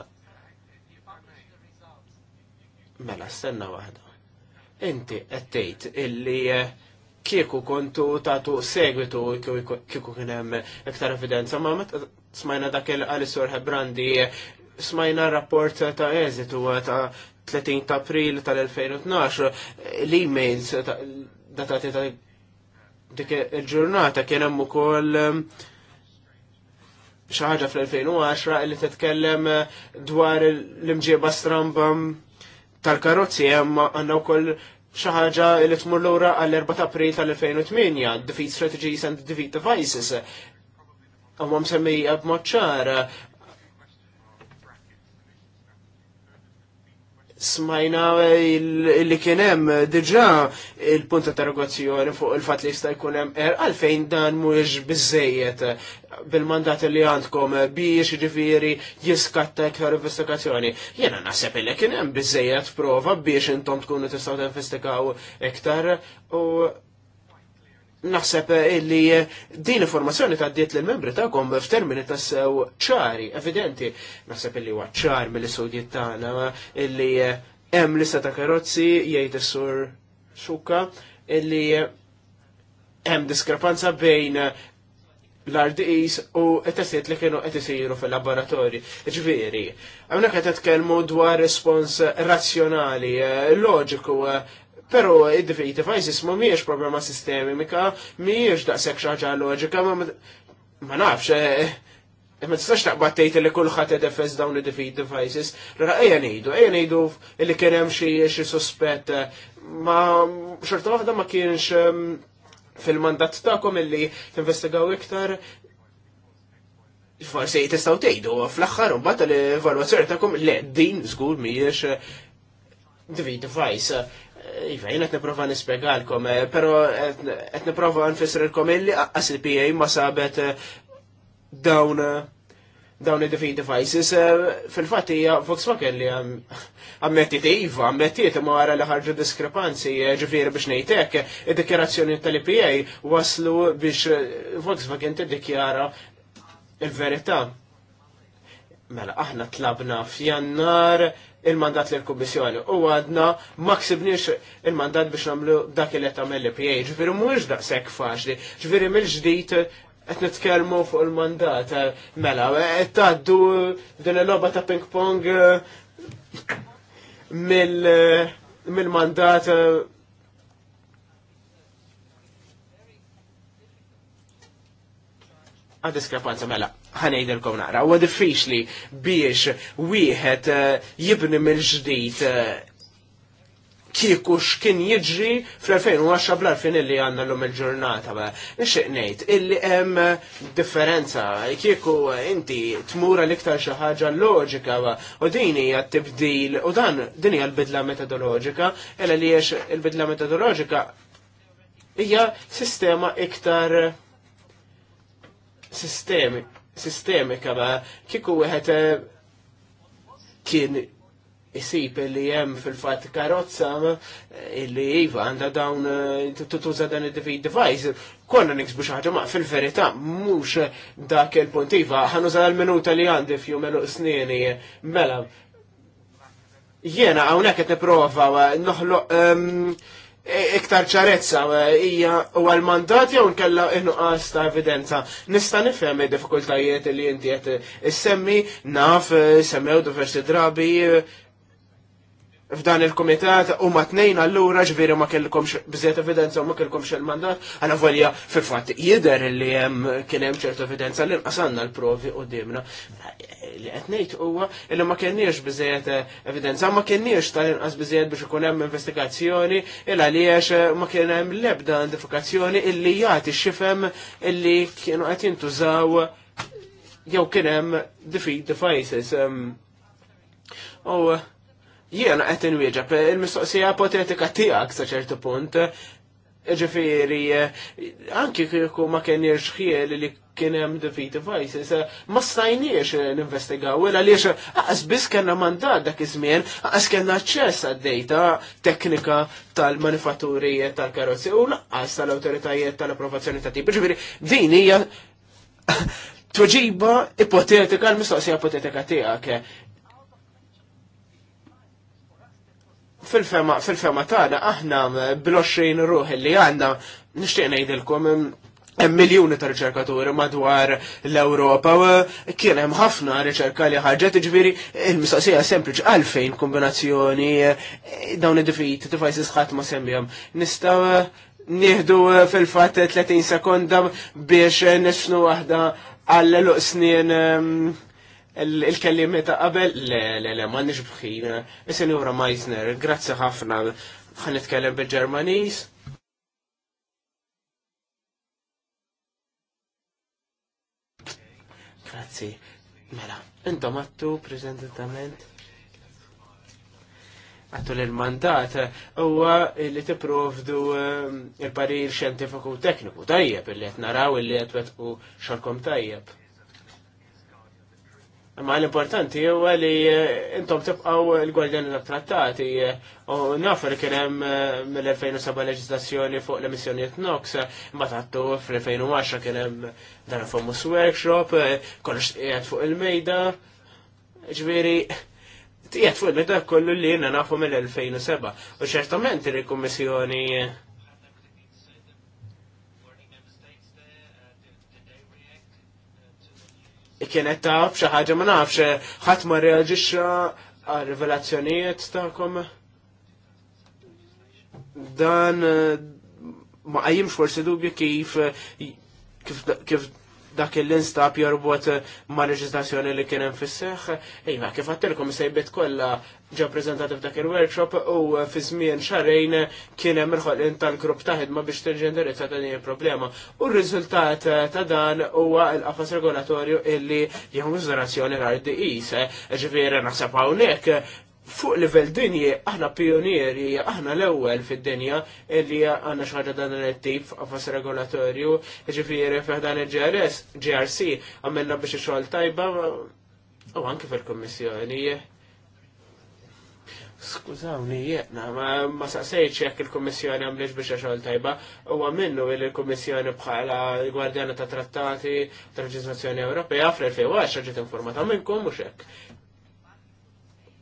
Mela, stanna waħda. Inti qed tgħid illi eh, kieku kontu ta' tu segwitu kieku kienem iktar evidenza. Ma ma' smajna dak il-Alisor Hebrandi, smajna rapport ta' eżitu ta' 30 ta' april tal-2012, l-emails datati ta' dik il-ġurnata kien hemm ukoll um, xi ħaġa fl-2010 li titkellem dwar l-imġieba stramba tal-karozzi hemm għandna wkoll xi ħaġa li tmur lura għall-4 April tal-2008, Defeat Strategies and Defeat Devices. Għamma għab b'moċċar smajna eh, li kienem eh, diġa il-punta interrogazzjoni fuq il-fat li jista' jkun hemm er għalfejn dan mhuwiex biżejjed eh, bil-mandat li għandkom biex jiġifieri, jiskatta iktar investigazzjoni. Jena naħseb li kien hemm biżejjed prova biex intom tkunu tistgħu tinvestigaw iktar u naħseb eh, illi eh, din informazzjoni ta' diet l-membri ta'kom f'termini ta' sew ċari, evidenti. Naħseb illi huwa ċar mill-istudjiet tagħna illi eh, hemm lista ta' karozzi jgħid is-sur xuka illi hemm diskrepanza bejn l-RDIs u t tessiet li kienu qed isiru fil-laboratorji. Ġifieri, għamna qed tkellmu dwar respons razzjonali, loġiku Pero id-defeat devices ma miex problema sistemika, miex daqsek ħaġa loġika, ma nafx, eh, ma tistax taqbad tgħid li kulħadd edefes dawn id-defeat devices. Ra ejja ngħidu, ejja ngħidu li kien hemm xi suspett ma xorta waħda ma kienx ehm, fil-mandat tagħkom illi tinvestigaw iktar forsi tistgħu tgħidu fl-aħħar u mbagħad l-evalwazzjoni tagħkom le din żgur mhijiex defeat device Iva, jina t-niprofa nispiegalkom, eh, pero t-niprofa nfisrilkom illi għas il-PA ma sabet eh, dawn eh, dawn id-defin devices fil fatti hija Volkswagen li ammettiet iva, ammettiet ma wara li ħarġu diskrepanzi ġifieri biex ngħid hekk, id-dikjarazzjoni tal-IPA waslu biex Volkswagen tiddikjara il-verità. Mela aħna tlabna f'jannar il-mandat l kummissjoni u għadna ma il-mandat biex namlu dak il għamel li PA. Ġviri mux da' sekk faċli, ġviri mil ġdijt għet nitkelmu fuq il-mandat. Mela, għet taddu din il-loba ta' ping-pong eh, mil eh, mandat eh, għad diskrepanza mela ħanejdilkom naqra. U diffiċli biex wieħed eh, jibni mill-ġdid eh, kieku x'kien jiġri fl-2010 bl-arfin illi għanna l-lum il-ġurnata. Nixtieq ngħid illi hemm eh, differenza kieku inti tmura l-iktar xi ħaġa loġika u din hija tibdil u dan din hija l-bidla metodoloġika, illa li il-bidla metodoloġika hija sistema iktar sistemi sistemika ma kiku wieħed eh, kien isib li hemm fil-fatt karozza eh, illi iva għandha dawn eh, tutuza dan id-defeat device. Konna nixbu xi ma fil-verità mhux dak il-punt jiva ħanuża l-minuta li għandi f'jum eluq snieni mela. Jena hawnhekk qed nipprova noħloq ehm, E- iktar ċarezza e, hija u għal-mandat jew nkella inqas ta' evidenza. Nista' nifhem id-diffikultajiet li inti qed issemmi naf e, semmew diversi drabi f'dan il-komitat u ma tnejn allura ġviri ma kellkom bżiet evidenza u ma kellkom il-mandat, għana volja fil-fat jider li jem kienem ċertu evidenza li nqasanna l-provi u dimna. Li għetnejt huwa li ma kienniex bżiet evidenza, ma kienniex tal-inqas bżiet biex ikunem investigazzjoni, li għaliex ma kienem lebda identifikazzjoni illi jgħati xifem illi kienu għet jintużaw jew kienem defeat devices. Um, Jiena qed inwieġeb il-mistoqsija ipotetika tiegħek sa ċertu punt. Ġifieri, anki kieku ma kienx xiel li kien hemm defeat devices, ma stajniex ninvestigaw il għaliex aqas biss kellna mandat dak iż-żmien, aqas kellna aċċess għad-dejta teknika tal-manifatturijiet tal-karozzi u laqqas tal-awtoritajiet tal-approvazzjoni ta' tip. Ġifieri, din hija tweġiba ipotetika l-mistoqsija ipotetika tiegħek fil-fema fil-fema tagħna aħna eh, bl-20 li għandna nixtieq ngħidilkom eh, hemm miljuni ta' riċerkaturi madwar l-Ewropa eh, kien hemm ħafna riċerka li ħarġet ġifieri il-mistoqsija sempliċi għalfejn kombinazzjoni dawn id-defeat devices ħadd ma semmihom. Nistgħu nieħdu fil-fatt 30 sekonda biex nisnu waħda għall-luqsnien ehm, il-kellimi ta' qabel, le, le, le, ma' nixbħin, il-senjura e, Meisner, grazzi ħafna, ħan nitkellem bil-Ġermanis. Grazzi, mela, intom għattu prezentatament. għattu l-mandat huwa li tipprovdu eh, il-parir xjentifiku u tekniku tajjeb, li qed naraw li qed u xalkom tajjeb. Ma l-importanti eh, eh, u li intom tibqaw l gwardjan tat-trattati u naf li kien hemm eh, mill-2007 leġislazzjoni fuq l-emissjonijiet NOx, ma tattu fl-2010 kien hemm dan famous workshop, kollox qiegħed fuq il-mejda. Ġifieri qiegħed fuq il-mejda kollu li jiena nafu mill-2007. U ċertament il-Kummissjoni kienet ta' b'xi ħaġa ma nafx, eh, ħadd ma reaġixxa għal rivelazzjonijiet tagħkom. Dan eh, ma għajim forsi dubju kif eh, kif kif dak il-instab jorbot eh, ma' leġislazzjoni li kien fisseħ. Ejma, kif għattilkom sejbet kolla ġa prezentati f'dak il-workshop u eh, fi żmien xarejn eh, kien hemm il tal-grupp ta' ħidma biex tirġenderizza ta' din il-problema. U r-riżultat ta' dan huwa l-qafas regolatorju illi jieħu miżurazzjoni l rdi Ġifieri naħseb hawnhekk fuq livell dinji aħna pionieri, aħna l-ewwel fid-dinja li għandna xaġa dan it-tip għ'afas regolatorju, ġifieri f'dan il-GRS, GRC għamilna biex xogħol tajba u anke fil-Kummissjoni. Skużawni, jena, ma, ma saqsejċ jekk il-Kommissjoni għamliex biex xoħal tajba, u għamilnu il-Kommissjoni bħala gwardjana ta' trattati ta' leġislazzjoni Ewropea fl-2010 ġiet informata minnkom mhux hekk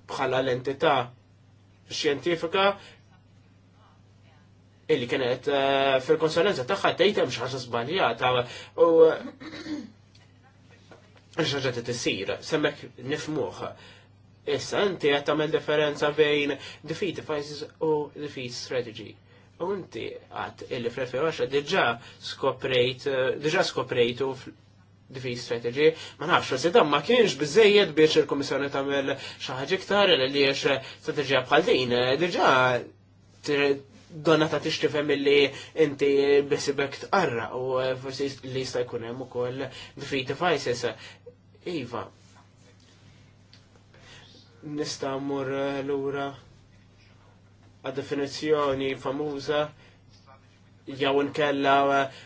bħala l-entità xjentifika illi kienet eh, fil-konsolenza tagħha tgħidem xi ħaġa żbaljata u xaġa tisir, semmek nifmuħ. Issa inti qed tagħmel differenza bejn defeat devices u defeat strategy. U inti għad illi fl-2010 diġà skoprejt, eh, diġà skoprejtu divi strategy, ma nafx, forsi dam ma kienx bizzejed biex il-Komissjoni tagħmel xi ħaġa iktar li strateġija bħal din, eh, diġà donna ta' tixtifem li inti bisibek tqarra u eh, forsi li jista' jkun hemm ukoll divi devices. Iva. Nista' mmur eh, lura għad definizzjoni famuża jew nkella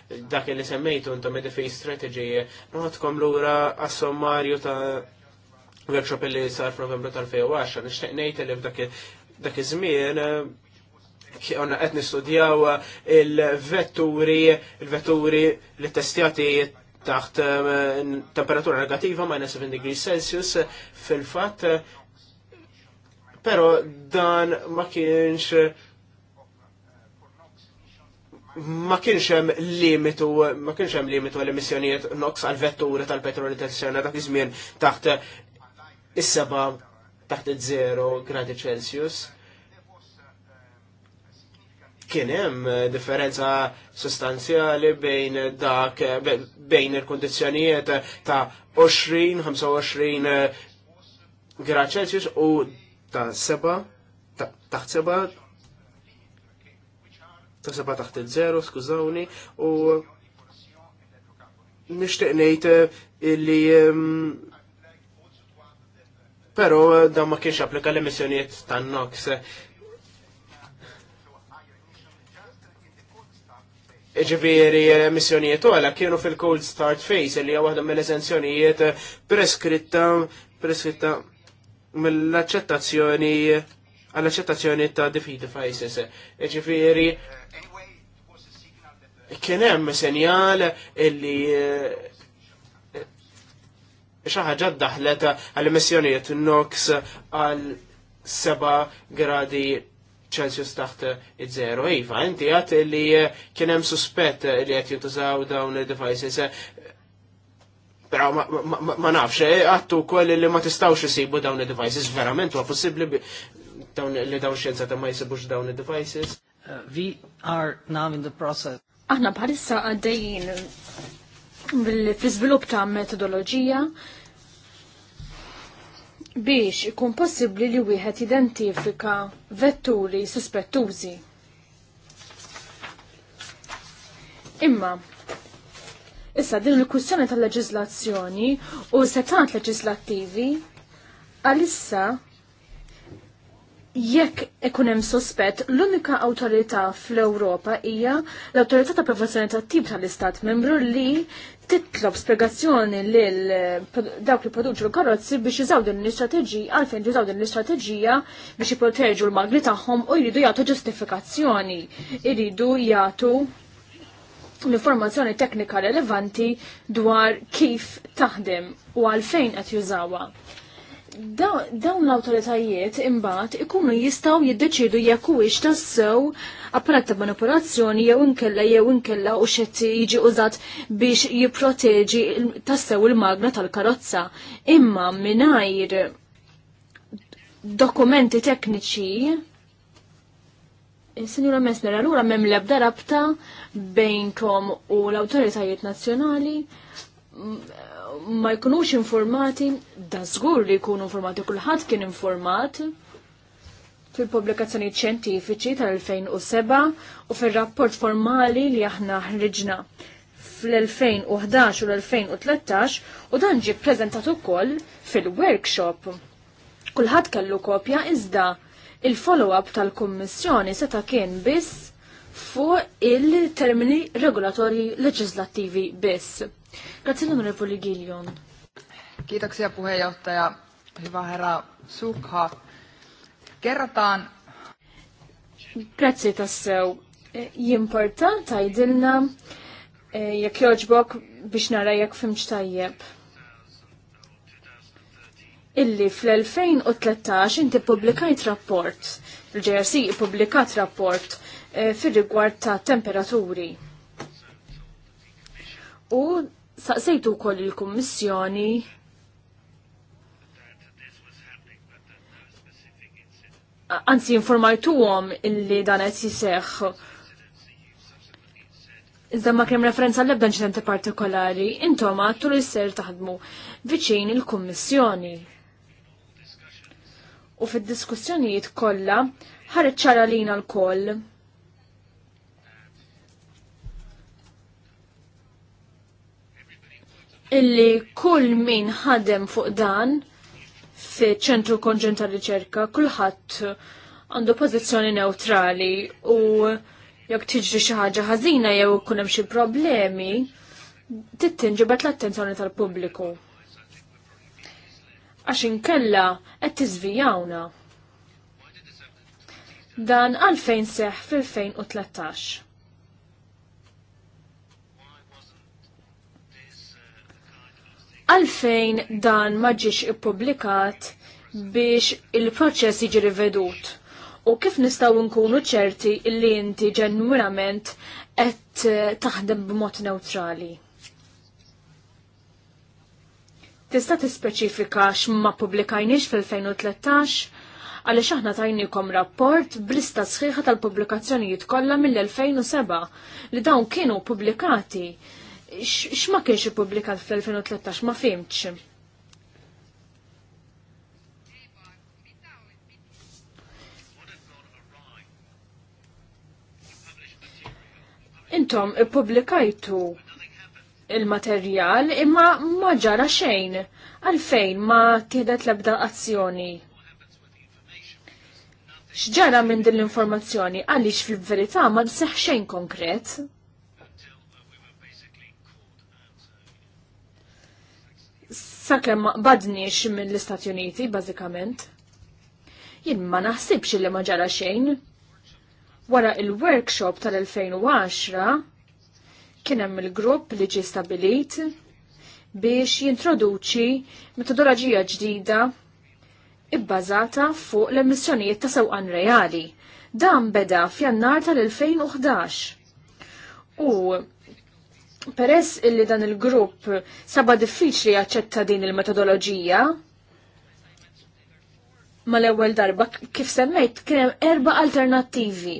eh, dak li semmejtu intom id strategy, nħodkom lura għas-sommarju ta' workshop li sar f'Novembru tal-2010, nixtieq ngħid li f'dak iż-żmien eh, għanna qed nistudjaw eh, il-vetturi, il-vetturi li testjati taħt temperatura negativa minus 7 degrees Celsius fil-fatt, pero dan ma kienx ma kienx hemm limitu ma kienx hemm limitu għall-emissjonijiet noqs għal vetturi tal-petroli tal-sena dak iż-żmien taħt is-seba taħt iż-żero gradi Celsius. Kien hemm differenza sostanzjali bejn dak bejn il kundizzjonijiet ta' 20-25 grad Celsius u ta' seba taħt seba ta' seba taħt il zero skużawni, u nishtiq ngħid eh, illi ehm, però dan ma kienx applika l-emissjonijiet tan-NOx. Ġifieri emissjonijiet għala kienu fil-cold start phase li hija waħda mill-eżenzjonijiet eh, preskritta preskritta mill-aċċettazzjoni għall-accettazzjoni ta' defeat devices. Ġifiri, kien hemm senjal illi eh, xaħġa daħlet għall-emissjonijiet NOx għal 7 gradi Celsius taħt id-zero. Iva, inti għat li eh, kienem suspett li għat jintużaw dawn il-devices. Pero ma nafx, eh, għattu koll li ma tistawx jisibu dawn il-devices, verament, huwa possibli dawn li dawn xjenza ta' ma jisibux dawn id-devices. Uh, we are now in the process. Aħna bħalissa għaddejjin fil svilup ta' metodoloġija biex ikun possibbli li wieħed identifika vetturi suspettużi. Imma, issa din il-kwistjoni tal-leġislazzjoni u setat leġislattivi għalissa jekk ikun hemm sospett, l-unika awtorità fl-Ewropa hija l-awtorità ta' professjoni ta' tip tal-Istat membru li titlob spjegazzjoni lil dawk li produċu l-karozzi biex jizaw din l-istrateġija għalfejn jużaw din l-istrateġija biex jipproteġu l magli tagħhom u jridu jagħtu ġustifikazzjoni, jridu jagħtu l-informazzjoni teknika relevanti dwar kif taħdem u għalfejn qed jużawha dawn l-autoritajiet imbagħad ikunu jistgħu jiddeċidu jekk huwiex tassew apparat ta' manipolazzjoni jew inkella jew inkella u xed jiġi użat biex jipproteġi tassew il-magna tal-karozza. Imma mingħajr dokumenti tekniċi eh, Sinjura Messner, allura mem lebda rabta bejnkom u l-autoritajiet nazzjonali mm, ma jkunux informati, da zgur li jkunu informati, kulħadd kien informat fil-publikazzjoni ċentifiċi tal-2007 u fil-rapport formali li aħna ħriġna fl-2011 u l-2013 u dan ġi prezentat ukoll fil-workshop. Kulħadd kellu kopja iżda il-follow-up tal-Kummissjoni seta kien biss fuq il-termini regolatorji leġislattivi biss. Grazie l-Onorevoli Giljon. Kiitoksia puheenjohtaja. Hyvä herra Sukha. Kerrataan. Grazie tassew. Eh, jimportant għajdilna eh, jekk joġbok biex nara jekk fimx tajjeb. Illi fl-2013 inti publikajt rapport, l jrc publikat rapport eh, fir rigward ta' temperaturi. U Saqsejtu wkoll il-Kummissjoni Anzi, informajtuhom illi dan qed jiseħħ Iżda ma kemm referenza l-ebda inċidenti partikolari, intom għattu li s-ser taħdmu viċin il-Kummissjoni. U fid-diskussjonijiet kollha ħareċ ċara lina l-koll illi kull min ħadem fuq dan fi ċentru konġen ta' riċerka kulħadd għandu pożizzjoni neutrali u jekk tiġri xi ħaġa ħażina jew ikun hemm xi problemi, tittinġibet l-attenzjoni tal-pubbliku. Għax inkella qed tiżvijawna. Dan għalfejn seħ fil-2013. għalfejn dan ma ġiex ippubblikat biex il-proċess jiġi rivedut u kif nistaw nkunu ċerti illi inti ġenwinament qed eh, taħdem b'mod neutrali. Tista' tispeċifika x'ma pubblikajniex fil-2013 għaliex aħna tajnikom rapport blista sħiħa tal-pubblikazzjonijiet kollha mill-2007 li dawn kienu pubblikati x'ma kienx ippubblikat fl-2013 ma fimx. Intom ippubblikajtu il-materjal imma ma ġara xejn għalfejn ma tieħdet l-ebda azzjoni. X'ġara minn din l-informazzjoni għaliex fil-verità ma nseħ xejn konkret. sakemm ma badniex mill-Istati Uniti, bażikament. Jien ma naħsibx li ma ġara xejn. Wara il-workshop tal-2010 kien hemm il-grupp li ġie stabilit biex jintroduċi metodoloġija ġdida ibbażata fuq l-emissjonijiet ta' sewqan reali. Dan beda f'jannar tal-2011. U Peress illi dan il-grupp saba diffiċli jaċċetta din il-metodoloġija, ma l-ewwel darba kif semmejt kien hemm erba' alternattivi.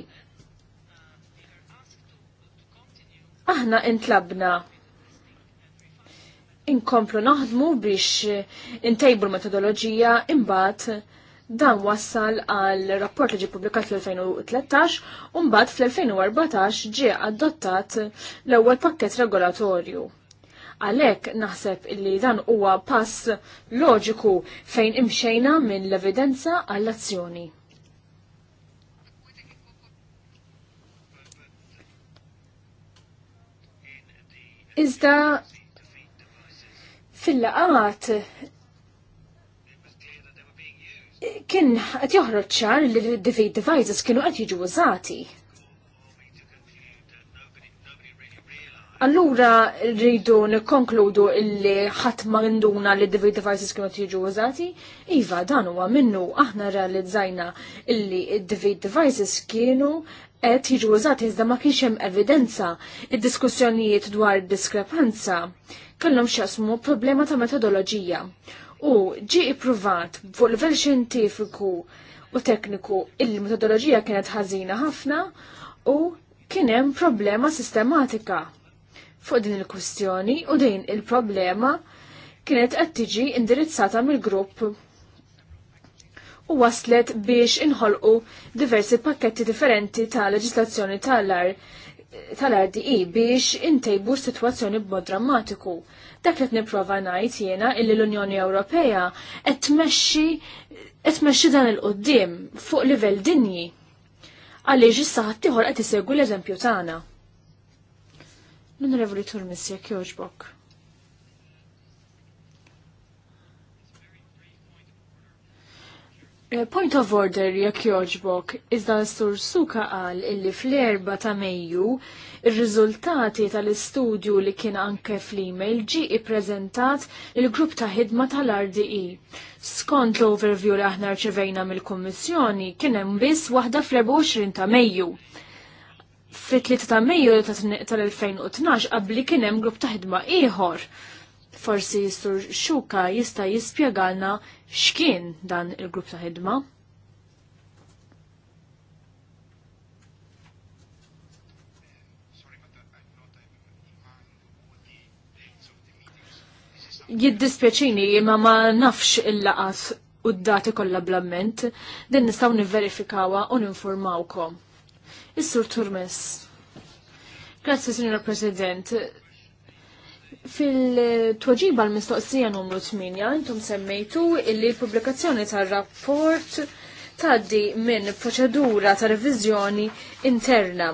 Aħna intlabna inkomplu naħdmu biex intejbu l-metodoloġija imbagħad Dan wassal għal rapport li ġi publikat fl-2013 u mbagħad fl-2014 ġie adottat l-ewwel pakkett regolatorju. Għalhekk naħseb illi dan huwa pass loġiku fejn imxejna minn l-evidenza għall-azzjoni. Iżda fil-laqat kien qed joħroġ ċar li d-divide devices kienu qed jiġu użati. Allura rridu nikkonkludu illi ħadd ma nduna li divide devices kienu qed jiġu użati, iva dan huwa minnu aħna realizzajna illi d-divide devices kienu qed jiġu użati iżda ma kienx hemm evidenza id-diskussjonijiet dwar diskrepanza kellhom x'jasmu problema ta' metodoloġija u ġi ipruvat fuq level xjentifiku u tekniku il-metodoloġija kienet ħażina ħafna u kien hemm problema sistematika fuq din il-kwistjoni u din il-problema kienet qed tiġi indirizzata mill-grupp u waslet biex inħolqu diversi pakketti differenti ta' leġislazzjoni tal art tal-RDI biex intejbu situazzjoni sitwazzjoni b'mod drammatiku. Dak li nipprova ngħid jiena illi l-Unjoni Ewropea qed tmexxi dan il-qudiem fuq livell dinji għaliex issa ħadd qed isegwu l-eżempju tagħna. L-Onorevoli Turmis jekk jogħġbok. Eh, point of order jekk joġbok, iżda l sur Suka qal illi fl-erba ta' Mejju ir-riżultati tal-istudju li kien anke fl-email ġi i-prezentat il-grupp ta' ħidma tal-RDI. E. Skont l-overview li aħna rċevejna mill-Kummissjoni kien hemm biss waħda fl-24 ta' Mejju. Fit-3 ta' Mejju tal-2012 qabli kien hemm grupp ta' ħidma ieħor. Forsi s-sur Xuka jista' jispjegalna x'kien dan il-grupp ta' ħidma. Jiddispjaċini imma ma nafx il-laqas u d-dati kollha blamment, din nistgħu nivverifikawha u ninformawkom. Is-Sur Turmes. Grazzi, Signor President Fil-tweġiba l-mistoqsija numru 8, intom semmejtu illi l-pubblikazzjoni tar-rapport taddi minn proċedura ta' revizjoni interna.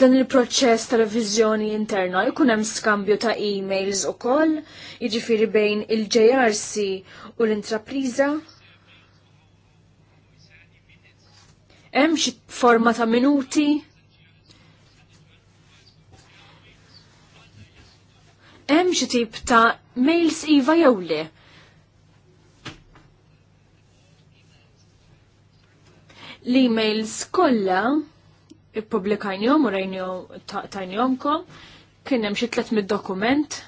Dan il-proċess ta' reviżjoni interna jkun hemm skambju ta' emails ukoll, jiġifieri bejn il-JRC u l-intrapriża hemm xi forma ta' minuti hemm xi tip ta' mails iva jew le. L-emails kollha ippubblikajnihom u rejnihom tajnihomkom kien hemm xi tliet mid-dokument.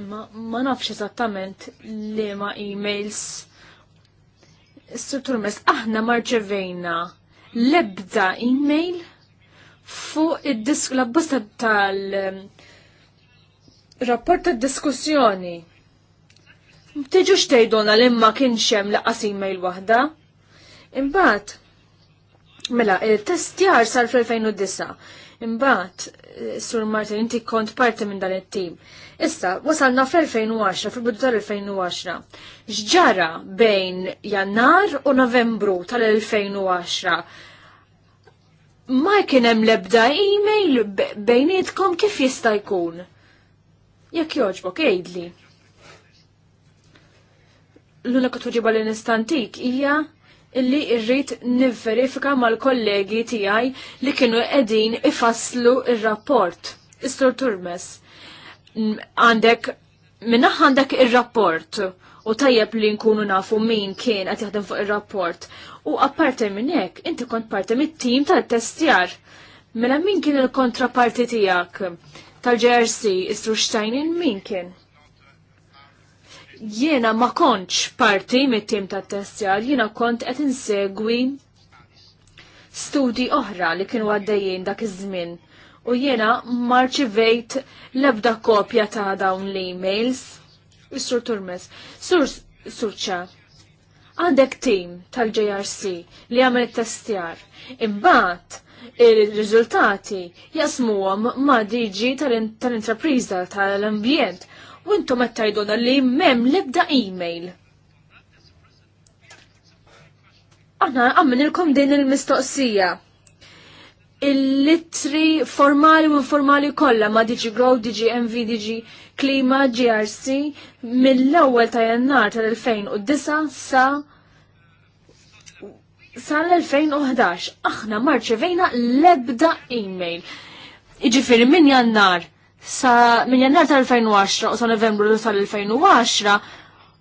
Imma ma nafx eżattament liema emails struttur mess aħna marċevejna l-ebda email fuq id-disk l-abbosta tal rapport ta' diskussjoni. Tiġux tejdona li ma kienx hemm laqas il waħda. Imbagħad mela testjar sar fl-2009. Imbagħad Sur Martin inti kont parti minn dan it-tim. Issa, wasalna fl-2010, fil-bidu tal-2010. X'ġara bejn Jannar u Novembru tal-2010 ma kien hemm l-ebda email bejnietkom kif jista' jkun? Jekk joġbok, ejdli. L-unika tuġiba li nistantik hija illi irrit nivverifika mal-kollegi tijaj li kienu edin ifasslu il-rapport. Istur Turmes, għandek, minna għandek il-rapport u tajjeb li nkunu nafu min kien qed jaħdem fuq il-rapport. U minn minnek, inti kont parte mit-tim tal-testjar. Mela min kien il-kontraparti tijak? tal-GRC, Istru Steinin, min kien? Jiena ma konċ parti mit-tim ta' testjal, jiena kont qed insegwi studi oħra li kienu għaddejjin dak iż-żmien u jiena marċivejt l-ebda kopja ta' dawn l-emails. Is-Sur Turmes, Sur Surċa, għandek tim tal-JRC li għamel testjar, imbagħad il-riżultati jasmuhom ma' Diġi tal-intrapriża tal-ambjent u intom qed tgħidulna li m'hemm l-ebda email. Aħna kom din il-mistoqsija il-litri formali u informali kollha ma Diġi Grow, DG MV, diġi Klima, GRC mill-ewwel ta' Jannar tal-2009 sa sal-2011 aħna marċevejna lebda email. Iġifiri minn jannar sa minn jannar tal-2010 u sa novembru tal-2010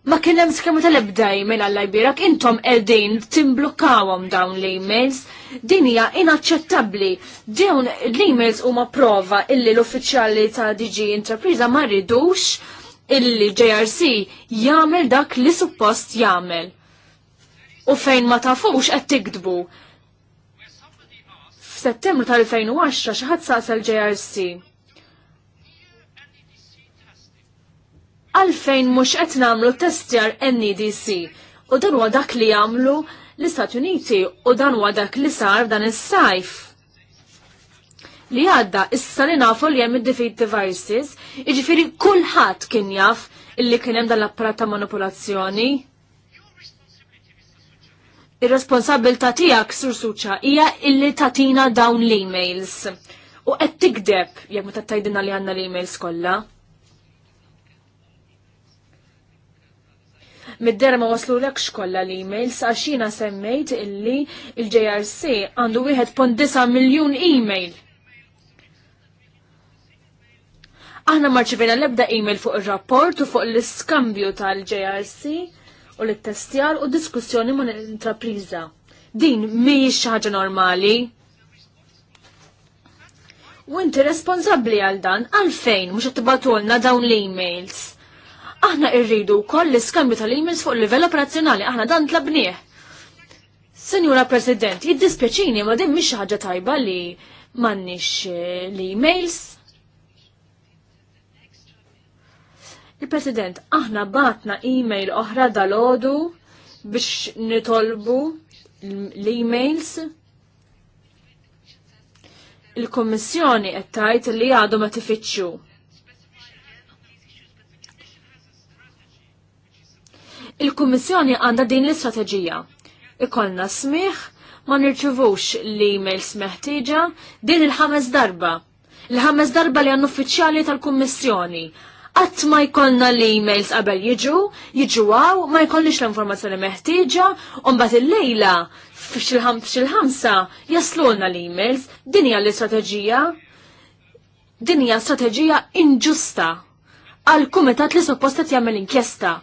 ma kien hemm skema tal-ebda e-mail għall birak intom qegħdin timblukkawhom dawn l-emails. Din hija inaċċettabbli. Dawn l-emails huma prova illi l-uffiċjali ta' DG Intrapriża ma rridux illi JRC jagħmel dak li suppost jagħmel u fejn ma tafux qed tikdbu. F'Settembru tal-2010 xi ħadd saqsel JRC. Għalfejn mhux qed nagħmlu għal NEDC u dan huwa dak li jagħmlu l-Istati Uniti u dan huwa dak li sar dan is-sajf li għadda issa li nafu li hemm id-defeat devices, jiġifieri kulħadd kien jaf illi kien hemm dan l-apparat ta' manipulazzjoni ir-responsabilta tiegħek sur suċa hija illi tatina dawn l-emails. U qed tikdeb jekk meta tattajdina li għandna l-emails kollha. mid-dera ma waslu lekx kolla l-emails għaxina semmejt illi il-JRC għandu 1.9 miljon email. Aħna marċivina l-ebda email fuq il-rapport u fuq l-iskambju tal-JRC u li testjar u diskussjoni ma' l-intrapriża. Din mhijiex xi ħaġa normali. U inti responsabbli għal dan għalfejn mhux qed tibatulna dawn l-emails. Aħna rridu wkoll l-iskambju tal-emails fuq livell operazzjonali, aħna dan tlabnieh. Senjura President, jiddispjaċini ma din mhix ħaġa tajba li m'għandniex eh, l-emails Il-President, aħna batna e-mail oħra dal-ħodu biex nitolbu l-emails. Il-Kommissjoni qed tgħid li għadu ma tifittxu. il kommissjoni għandha din l-istrateġija. Ikolna smiħ, ma nirċivux l-emails meħtieġa din il-ħames darba. Il-ħames darba li għannu uffiċjali tal-Kummissjoni qatt ma jkollna l-emails qabel jiġu, jiġu għaw, ma jkollix l-informazzjoni meħtieġa, u mbagħad il-lejla f'xil-ħamsa jaslulna l-emails, din hija l-istrateġija, din hija strateġija inġusta għal kumitat li suppostet jagħmel inkjesta.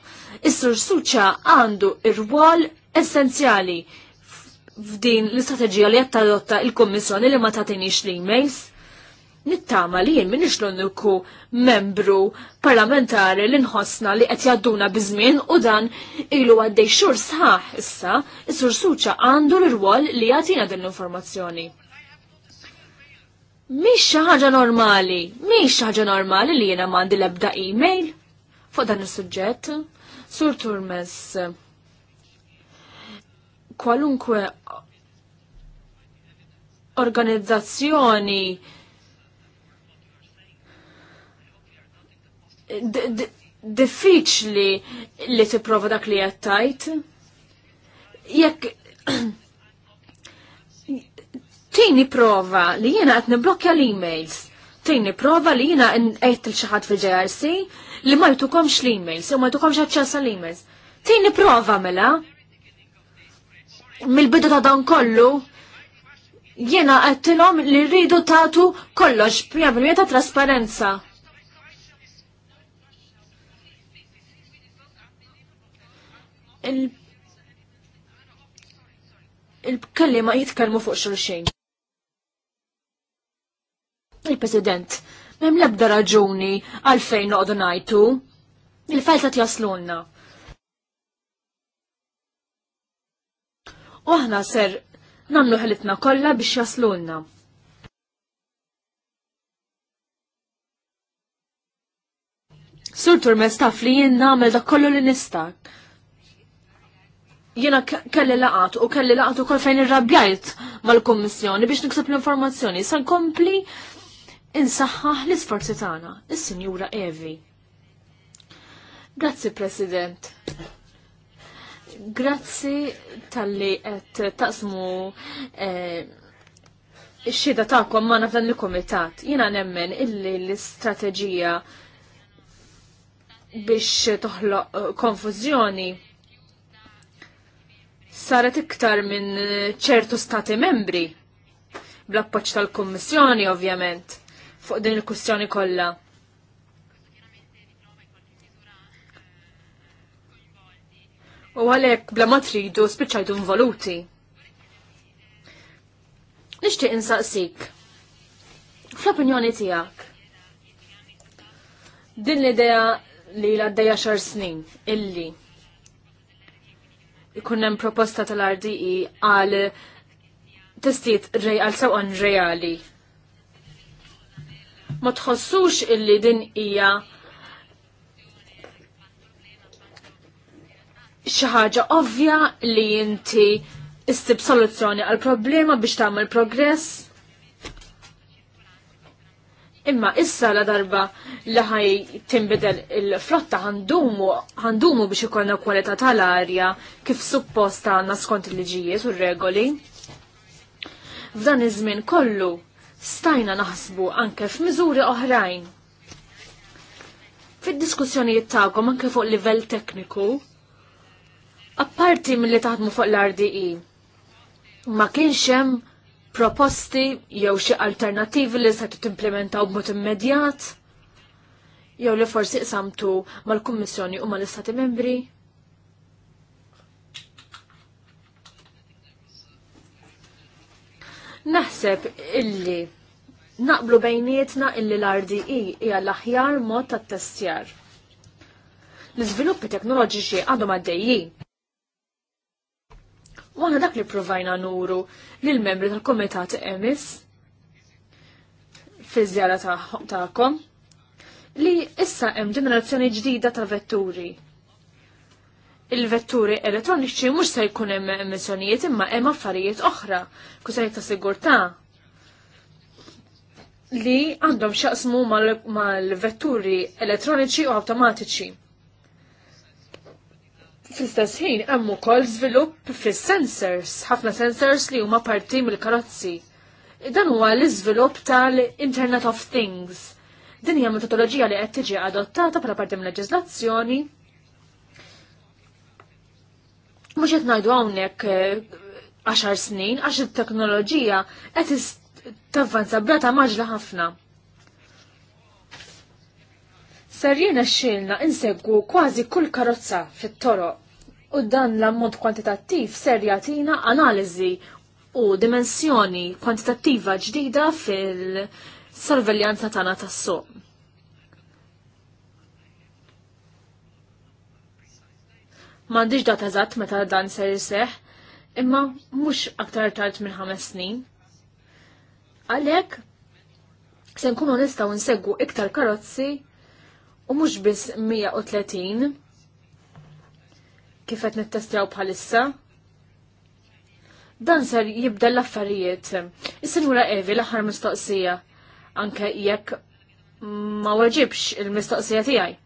Is-sur suċa għandu ir-rwol essenzjali f'din l-istrateġija li qed tadotta il-Kummissjoni li ma tagħtinix l-emails nittama li jien minix l-uniku membru parlamentari li nħossna li qed jadduna bizmin u dan ilu għaddej xur sħaħ issa, is-sur suċa għandu l-rwol li jagħtina din l-informazzjoni. Mhix xi ħaġa normali, mhix xi ħaġa normali li jiena m'għandi l-ebda email fuq dan is-suġġett. Sur Turmes, kwalunkwe organizzazzjoni diffiċli li tipprova dak li qed tajt. Jekk tini prova li jiena qed niblokja l-emails, tini prova li jiena qed il xi fil-JRC li ma jtukomx l-emails, u ma jtukomx aċċess l-emails. Tini prova mela, mil bidu ta' dan kollu, jena għattilom li rridu tu kollox, prija ta' trasparenza. il-kellima il jitkellmu fuq xulxin. Il-President, mem lebda raġuni għalfejn noqdu najtu, il-fajta jaslunna. U aħna ser namlu ħelitna kollha biex jaslunna. Sur turmes taf li jinn namel da kollu li nistak jena kelli laqat u kelli laqat u kol fejn irrabjajt mal-kommissjoni biex nikseb l-informazzjoni. San kompli insaħħaħ l-isforzi tagħna, is-Sinjura Evi. Grazzi, President. Grazzi tal-li qed taqsmu eh, ix-xhieda tagħkom ma f'dan il-kumitat. Jiena nemmen illi l-istrateġija biex toħloq eh, konfużjoni saret iktar minn eh, ċertu stati membri bl-appoċ tal-Kommissjoni ovvjament fuq din il-kustjoni kollha. U għalhekk bla ma tridu spiċċajtu involuti. Nixtieq insaqsik. Fl-opinjoni tiegħek. Din l-idea li l-għaddejja xar snin illi ikun hemm proposta tal-RDI e għal testiet rej għal sewqan reali. Ma tħossux illi din hija xi ħaġa ovvja li inti issib soluzzjoni għal problema biex tagħmel progress Imma issa la darba li ħaj timbidel il-flotta għandumu biex ikollna kwalità tal-arja kif suppost għandna skont il-liġijiet u regoli. F'dan iż-żmien kollu stajna naħsbu anke f'miżuri oħrajn. Fid-diskussjonijiet tagħkom anke fuq livell tekniku, apparti milli taħdmu fuq l-RDI, ma kienx hemm proposti jew xi alternativi li se timplementaw b'mod immedjat jew li forsi qsamtu mal-Kummissjoni u mal-Istati Membri. Naħseb illi naqblu bejnietna illi l-RDI e hija l-aħjar mod tat-testjar. L-iżviluppi teknoloġiċi għadhom għaddejjin U għana dak li provajna nuru l membri tal-komitat emis fi żjara ta'kom li issa hemm ġenerazzjoni ġdida ta' vetturi. Il-vetturi elettroniċi mhux se jkun hemm emissjonijiet imma hemm affarijiet oħra, kusajt ta' sigurtà li għandhom xaqsmu mal-vetturi elettroniċi u automatiċi. Fl-istess ħin hemm ukoll żvilupp fis-sensors, ħafna sensors li huma parti mill-karozzi. Dan huwa l-iżvilupp tal-Internet of Things. Din hija metodoloġija li qed tiġi adottata bħala parti mill-leġiżlazzjoni. Mhux qed ngħidu hawnhekk 10 eh, snin għax it-teknoloġija qed tavvanza brata maġla ħafna. Ser jiena xilna insegwu kważi kull karozza fit-toroq u dan l-ammont kwantitattiv ser jagħtina analiżi u dimensjoni kwantitattiva ġdida fil-sorveljanza tagħna tas-suq. M'għandix data eżatt meta dan ser jiseħ, imma mhux aktar tard minn ħames snin. Għalhekk se nkunu nistgħu nsegwu iktar karozzi u mhux biss 130 kif qed nittestjaw bħalissa. Dan ser jibda l-affarijiet. Is-sinjura Evi l-aħħar mistoqsija anke jekk ma weġibx il-mistoqsija tiegħi.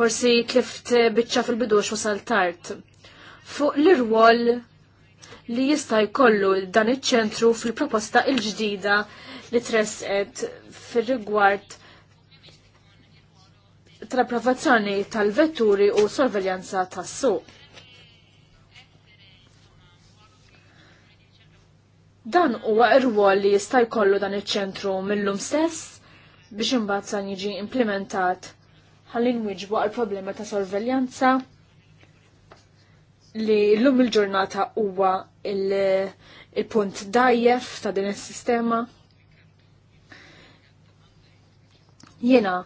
Forsi klift biċċa fil-bidux wasal tard. Fuq l-irwol li jista' jkollu dan iċ-ċentru fil-proposta il-ġdida li tresqet fir-rigward Tra-provazzjoni tal-vetturi u sorveljanza tas-suq. Dan huwa r-rwol li jista' jkollu dan iċ-ċentru mill-lum stess biex imbagħad san jiġi implementat ħalli nwiġbu għal problema ta' sorveljanza li l-lum il-ġurnata huwa il-punt dajjef ta' din is-sistema. Jena,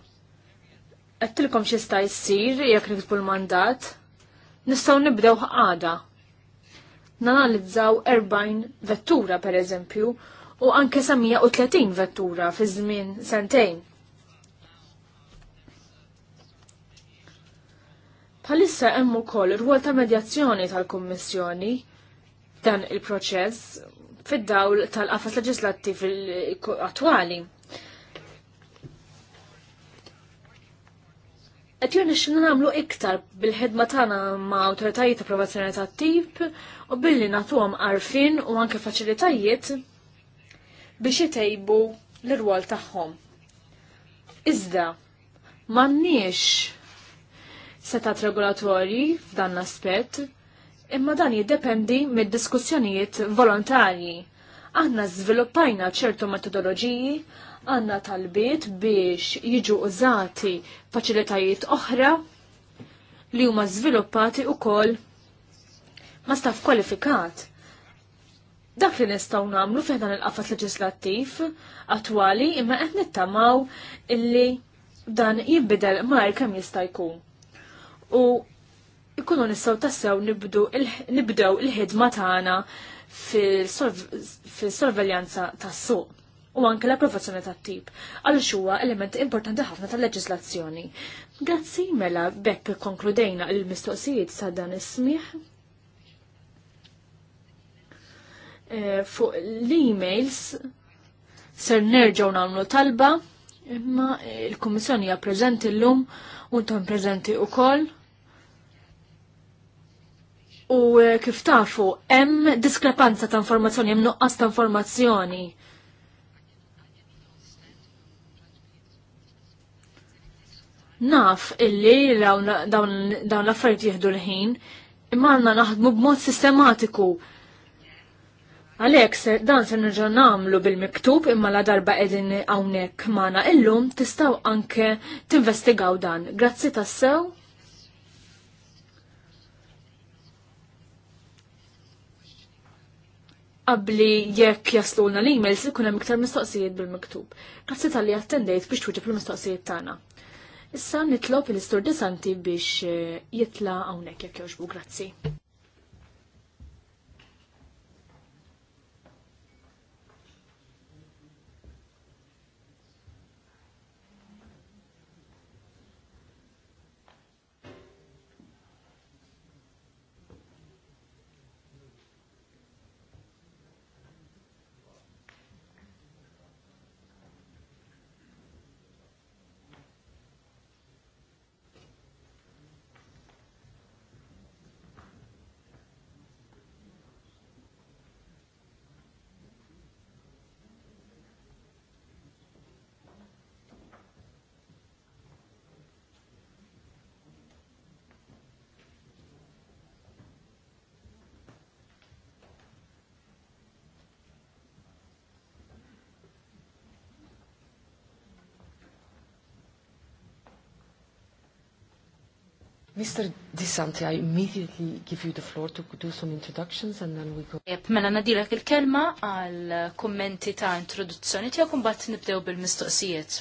għattilkom xista jissir jek nikbu l-mandat, nistaw nibdew għada. Nanalizzaw 40 vettura per eżempju u anke 130 vettura fi żmien sentejn. Palissa hemm ukoll rwol ta' medjazzjoni tal-Kummissjoni dan il-proċess fid-dawl tal-qafas leġislattiv attwali. qed jirnexxina nagħmlu iktar bil-ħidma tagħna ma' awtoritajiet ta' approvazzjoni tat-tip u billi nagħtuhom arfin u anke faċilitajiet biex jitejbu l-irwol tagħhom. Iżda m'għandniex setat regolatorji f'dan l-aspett imma dan jiddependi mid-diskussjonijiet volontarji Aħna żviluppajna ċertu metodoloġiji għanna talbiet biex jiġu użati faċilitajiet oħra li huma żviluppati ukoll ma' staff kwalifikat. Dak li nistgħu nagħmlu fih dan il qafat leġislattiv attwali imma qed nittamaw illi dan jinbidel mar kemm jista' jkun. U jkunu nistgħu tassew nibdew il-ħidma tagħna fil-sorveljanza tas-suq u anke l-approvazzjoni tat-tip, Għal huwa element importanti ħafna tal-leġislazzjoni. Grazzi mela bekk konkludejna il-mistoqsijiet sa' dan is-smieħ. Fuq l-emails ser nerġgħu nagħmlu talba imma il-Kummissjoni hija preżenti llum u intom preżenti wkoll U eh, kif tafu, hemm diskrepanza ta' informazzjoni, hemm nuqqas ta' informazzjoni. Naf illi dawn l-affarijiet jieħdu l-ħin, imma għandna naħdmu b'mod sistematiku. Għalhekk dan se nerġa' nagħmlu bil-miktub imma la darba qegħdin hawnhekk magħna illum tistgħu anke tinvestigaw dan. Grazzi tassew qabli jekk jaslulna l-emails ikun hemm iktar mistoqsijiet bil-miktub. Grazzi tal-li attendejt biex twieġeb il-mistoqsijiet tagħna. Issa nitlob il-istur disanti biex eh, jitla hawnhekk jekk jogħġbu, grazzi. Mr. DeSanti, I immediately give you the floor to do some introductions and then we go. Yep, mela nadilek il-kelma għal kommenti ta' introduzzjoni tiegħek imbagħad nibdew bil-mistoqsijiet.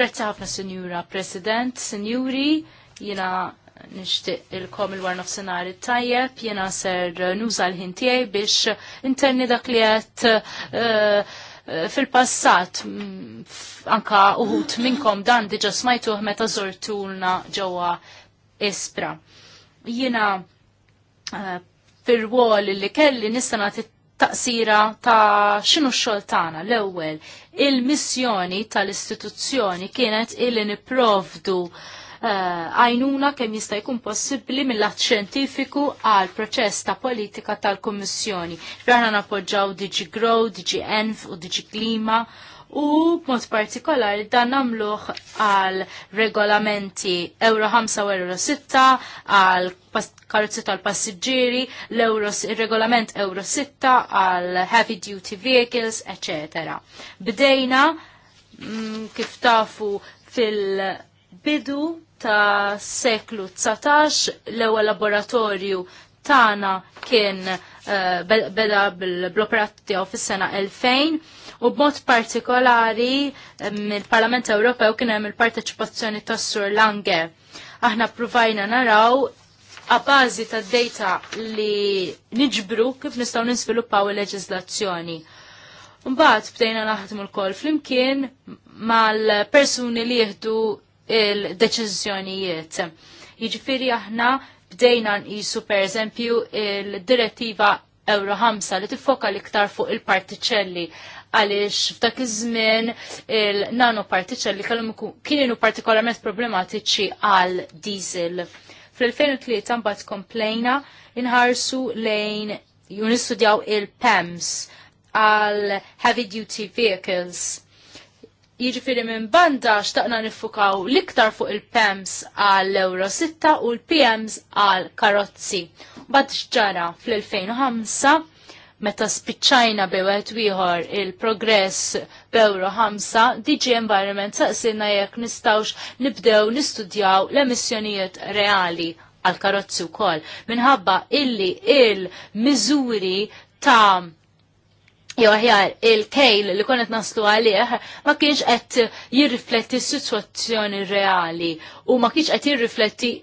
Grazzi ħafna Sinjura President, Sinjuri, jiena nixtieq ilkom il-warn of senari tajjeb, jiena ser nuża l-ħin tiegħi biex interni dak li qed eh, fil-passat mm, anka uħut minnkom dan diġa smajtuh meta żortulna ġewwa ispra. Jina fil eh, fir li kelli nista' nagħti taqsira ta' xinu xoltana l-ewwel il-missjoni tal-istituzzjoni kienet il niprovdu eh, għajnuna kem kemm jista' jkun possibbli mill-att xjentifiku għal proċess ta' politika tal-Kummissjoni. Rana napoġġaw Digi Grow, Digi Enf u Digi Klima u mod partikolari dan namluħ għal regolamenti Euro 5 u Euro 6 għal karozzi tal-passiġġieri, regolament Euro 6 għal heavy duty vehicles, etc. Bdejna mm, kif tafu fil-bidu ta' seklu 19 l-ewwel laboratorju tana kien uh, eh, beda bil-bloperat tiegħu fis-sena 2000 U b'mod partikolari il parlament Ewropew kien hemm il-parteċipazzjoni tas-Sur Lange. Aħna pruvajna naraw a bażi ta' data li niġbru kif nistgħu nisviluppaw il-leġiżlazzjoni. Mbagħad bdejna naħdmu l-kol flimkien mal-persuni li jieħdu il-deċiżjonijiet. Jiġifieri aħna bdejna nqisu pereżempju il-direttiva Euro 5 li tiffoka l-iktar fuq il-partiċelli għaliex f'dak iż-żmien il-nanopartiċelli kellhom kienu partikolarment problematiċi għal diesel. Fl-2003 mbagħad komplejna inħarsu lejn nistudjaw il-PEMS għal heavy duty vehicles. Jiġifieri minn banda xtaqna nifukaw l-iktar fuq il-PEMS għal Euro 6 u l-PMs għal karozzi. Bad ġara fl-2005 meta spiċċajna bewet wieħor il-progress b'ewro 5, DG Environment saqsilna jekk nistawx nibdew nistudjaw l-emissjonijiet reali għal karozzi wkoll minħabba illi il-miżuri ta' jew aħjar il-kejl li konet naslu għalih ma kienx qed jirrifletti s-sitwazzjoni reali u ma kienx qed jirrifletti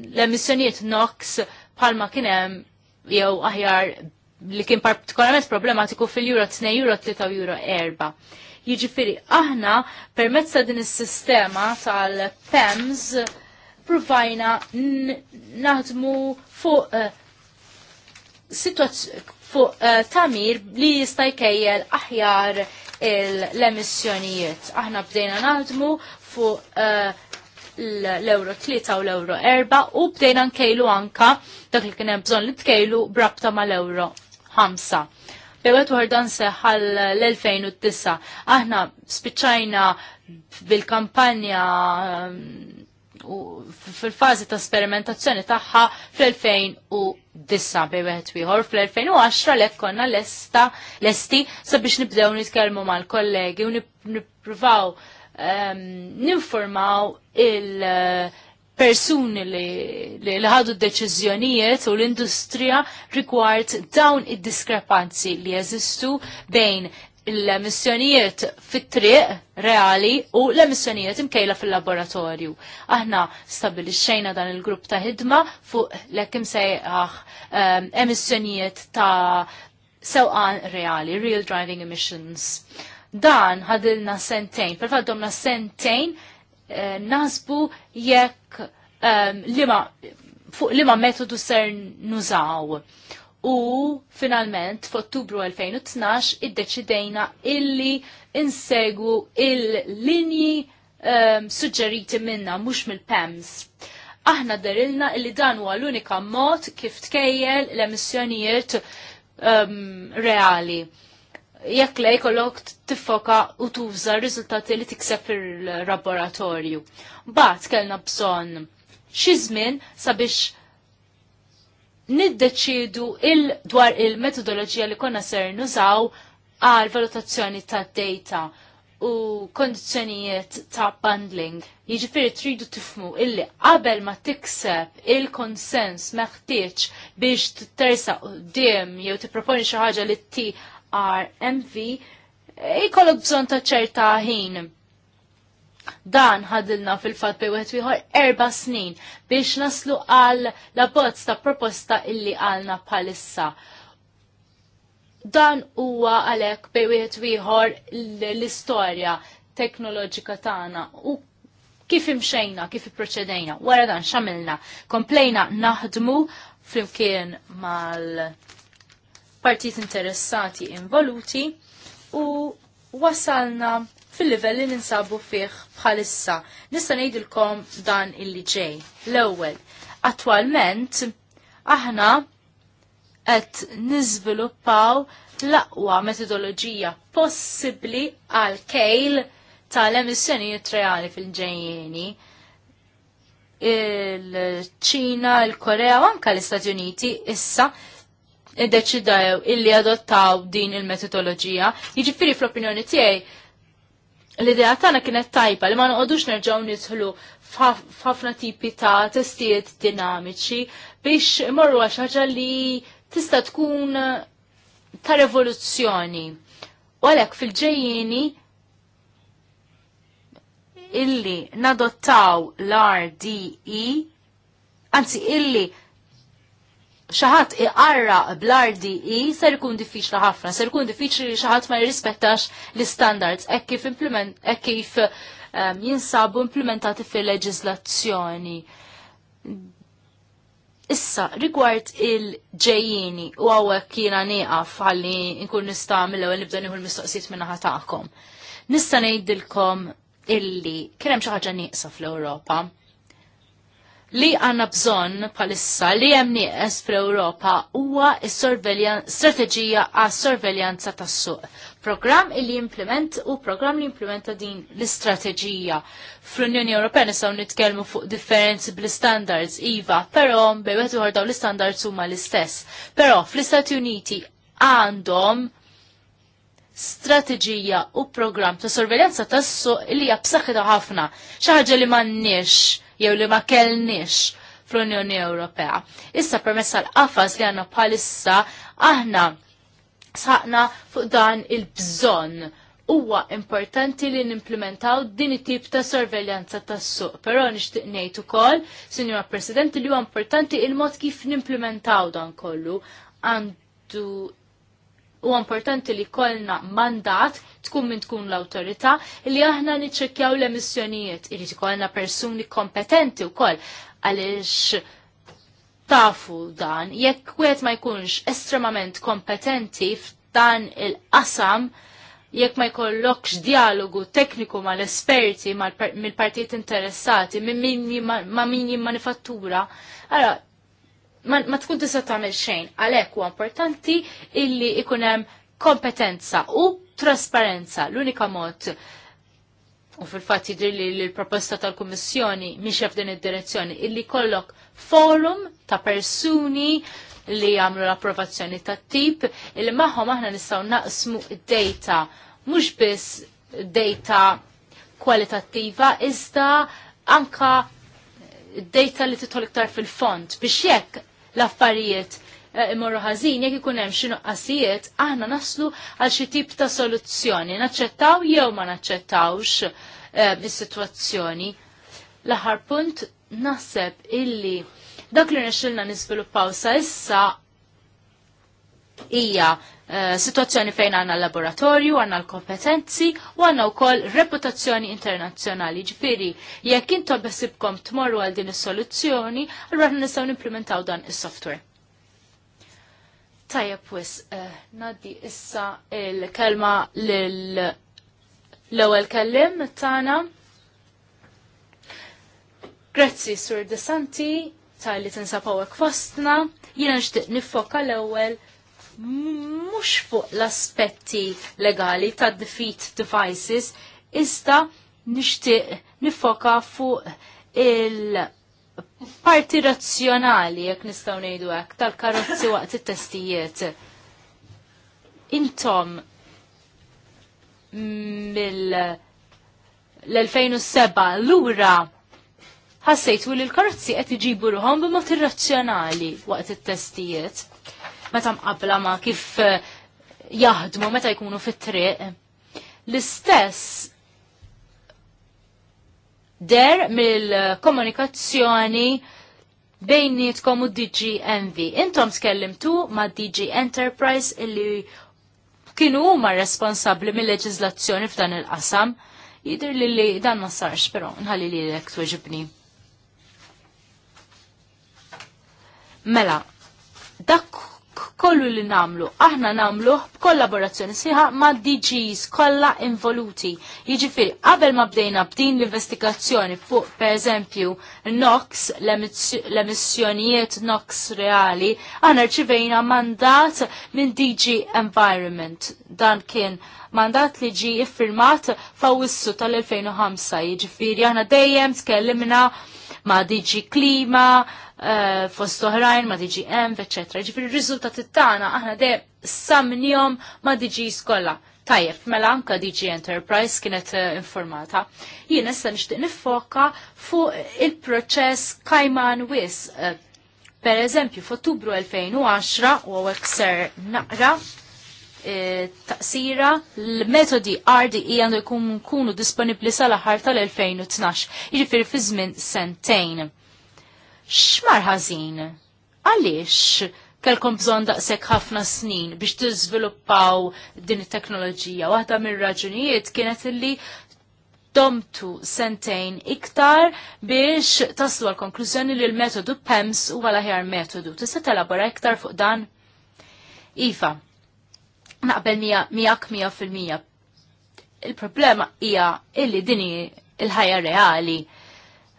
l-emissjonijiet NOx bħalma kien hemm jew aħjar li kien partikolarment problematiku fil-euro 2 euro 3 euro 4. Jiġifieri aħna permezz ta' din is-sistema tal-PEMS provajna naħdmu fuq eh, fuq eh, tamir li jista' jkejjel aħjar l-emissjonijiet. Aħna bdejna naħdmu fuq uh, l-euro 3 u l-euro 4 u bdejna nkejlu anka dak li kien hemm bżonn li tkejlu brabta mal-euro 5. Bewet wardan seħal l-2009. Aħna spiċċajna bil-kampanja um, fil-fazi ta' sperimentazzjoni tagħha fl-2009 bej wieħed ieħor fl-2010 lek konna l lesti sabiex nibdew nitkellmu mal-kollegi u nippruvaw Um, ninformaw il- uh, persuni li ħadu d-deċizjonijiet u l-industrija rigward dawn id-diskrepanzi li jeżistu bejn l-emissjonijiet fit-triq reali u l-emissjonijiet imkejla fil-laboratorju. Aħna stabilixxejna dan il-grupp ta' ħidma fuq l-ekim sejħaħ um, emissjonijiet ta' sewqan reali, real driving emissions. Dan ħadilna sentejn, per domna sentejn eh, nasbu jekk um, fuq lima metodu ser nużaw. U finalment f'Ottubru 2012 iddeċidejna illi insegwu il-linji um, suġġeriti minna mhux mill-PEMS. Aħna derilna illi dan huwa l-unika mod kif tkejjel l-emissjonijiet um, reali jekk lej kollok tiffoka u tuża r-riżultati li tikseb fil-laboratorju. Bat kellna bżonn xi żmien sabiex niddeċidu il dwar il-metodoloġija li konna ser nużaw għal valutazzjoni ta' data u kondizjonijiet ta' bundling. Jiġifieri tridu tifmu illi qabel ma tikseb il-konsens meħtieġ biex tersa qudiem jew tipproponi xi ħaġa li ti RMV jkollok bżon ta' ċerta ħin. Dan ħadilna fil-fat bi wieħed ieħor erba snin biex naslu għal la bozz ta' proposta illi għalna bħalissa. Dan huwa għalhekk bi wieħed ieħor l-istorja teknoloġika tagħna u kif imxejna, kif proċedejna. Wara dan xamilna, komplejna naħdmu flimkien mal partit interessati involuti u wasalna fil level li ninsabu fih bħalissa. Nista' ngħidilkom dan illi ġej. L-ewwel, attwalment aħna qed niżviluppaw l-aqwa metodoloġija possibbli għal kejl tal-emissjonijiet reali fil-ġejjeni il-ċina, il-Korea u anka l-Istati Uniti issa id-deċidaw illi adottaw din il-metodoloġija. Jiġifieri fl-opinjoni tiegħi l-idea tagħna kienet tajba li ma noqogħdux nerġgħu nidħlu f'ħafna tipi ta' testijiet dinamiċi biex imorru għal ħaġa li tista' tkun ta' revoluzzjoni. U għalhekk fil-ġejjieni illi nadottaw l-RDE, anzi illi xaħat iqarra blardi i ser ikun diffiċli ħafna, ser ikun diffiċli li xaħat ma jirrispettax l-standards, ek kif, implement, ek kif ehm, jinsabu implementati fil-leġizlazzjoni. Issa, rigward il-ġejjini u għawek kiena nieqaf għalli nkun nista' mill-ewwel nibda nieħu l-mistoqsijiet minn ħatakom. Nista' ngħidilkom illi kien hemm xi ħaġa nieqsa fl-Ewropa li għanna bżon palissa li hemm nieqes fl-Ewropa huwa strateġija għas sorveljanza tas-suq. Programm li implement u programm li implementa din l-istrateġija. Fl-Unjoni Ewropea nistgħu nitkellmu fuq differenzi bl-standards iva, però bewet uħor dawn l-standards huma l-istess. Però fl-Istati Uniti għandhom strateġija u programm ta' sorveljanza tas-suq li hija b'saħħitha ħafna, ħaġa li m'għandniex jew li ma kellniex fl-Unjoni Ewropea. Issa permessa l-qafas li għanna bħalissa aħna saqna fuq dan il-bżonn huwa importanti li nimplementaw din it-tip ta' sorveljanza tas suq però nixtieq ngħid ukoll, Sinjora Presidenti, li huwa importanti il-mod kif nimplementaw dan kollu għandu u importanti li kolna mandat tkun min tkun l autorita li aħna niċċekkjaw l-emissjonijiet irid ikollna persuni kompetenti wkoll għaliex tafu dan jekk wieħed ma jkunx estremament kompetenti f'dan il-qasam jekk ma jkollokx dialogu tekniku mal-esperti, mill-partijiet interessati, minn min manifattura, allora ma tkun tista' tagħmel xejn. Għalhekk huwa importanti illi ikun hemm kompetenza u trasparenza. L-unika mod u fil-fatt jidir li l-proposta tal-Kummissjoni mhix f'din id-direzzjoni illi kollok forum ta' persuni li jagħmlu l-approvazzjoni tat tip illi magħhom aħna nistgħu naqsmu d-data mhux biss data kwalitattiva iżda anka data li titħol iktar fil fond biex jekk l-affarijiet eh, imorru ħażin jekk ikun hemm xi nuqqasijiet, aħna naslu għal xi tip ta' soluzzjoni. Naċċettaw jew ma naċċettawx eh, is-sitwazzjoni. L-aħħar punt naħseb illi dak li nexxilna nisviluppaw sa issa hija Eh, situazzjoni fejn għanna l-laboratorju, għanna l-kompetenzi u għanna u koll reputazzjoni internazzjonali. Ġifiri, jekk intom besibkom tmorru għal din is-soluzzjoni, allura nistgħu implementaw dan is-software. Tajjeb wis, eh, naddi issa il-kelma l-ewwel kellim tagħna. Grazzi Sur De Santi tal-li tinsabawek fostna, jiena nixtieq nifoka l-ewwel mhux fuq l-aspetti legali ta' defeat devices, iżda nixtieq nifoka fuq il- parti razzjonali, jekk nistgħu ngħidu hekk, tal-karozzi waqt it-testijiet. Intom mill l-2007 lura ħassejtu li l-karozzi qed iġibu ruħhom b'mod irrazzjonali waqt it-testijiet meta mqabla ma kif eh, jaħdmu meta jkunu fit-triq. L-istess der mill-komunikazzjoni bejnietkom u DG Envy. Intom tkellimtu ma DG Enterprise illi kienu huma responsabli mill-leġizlazzjoni f'dan il-qasam. Jidir li li dan ma sarx, pero nħalli li l-ek tuġibni. Mela, dak kollu li namlu, aħna namlu b'kollaborazzjoni siħa ma' DGs kollha involuti. Jiġifieri qabel ma bdejna b'din l-investigazzjoni fuq pereżempju NOx, l-emissjonijiet NOx reali, aħna rċivejna mandat minn DG Environment. Dan kien mandat li ġi iffirmat fawissu tal-2005, jiġifieri aħna dejjem tkellimna ma' DG Klima, Eh, fost oħrajn ma diġi M, etc. Ġifiri r-riżultati tagħna aħna de samnihom ma diġi skolla. Tajjeb, mela anka DG Enterprise kienet eh, informata. Jien issa nixtieq nifoka fuq il-proċess Kajman Wis. Eh, per eżempju, f'Ottubru 2010 u għek ser naqra taqsira l-metodi RDE għandu jkunu disponibli sal-aħħar tal-2012, jiġifieri fi żmien sentejn x'mar ħażin? Għaliex kelkom bżon daqshekk ħafna snin biex tiżviluppaw din it-teknoloġija. Waħda mir-raġunijiet kienet illi domtu sentejn iktar biex taslu għal konklużjoni li l-metodu PEMS u għal-ħjar metodu. Tista' telabora iktar fuq dan? Iva, naqbel miegħek mija fil-mija. Il-problema hija illi dini il-ħajja reali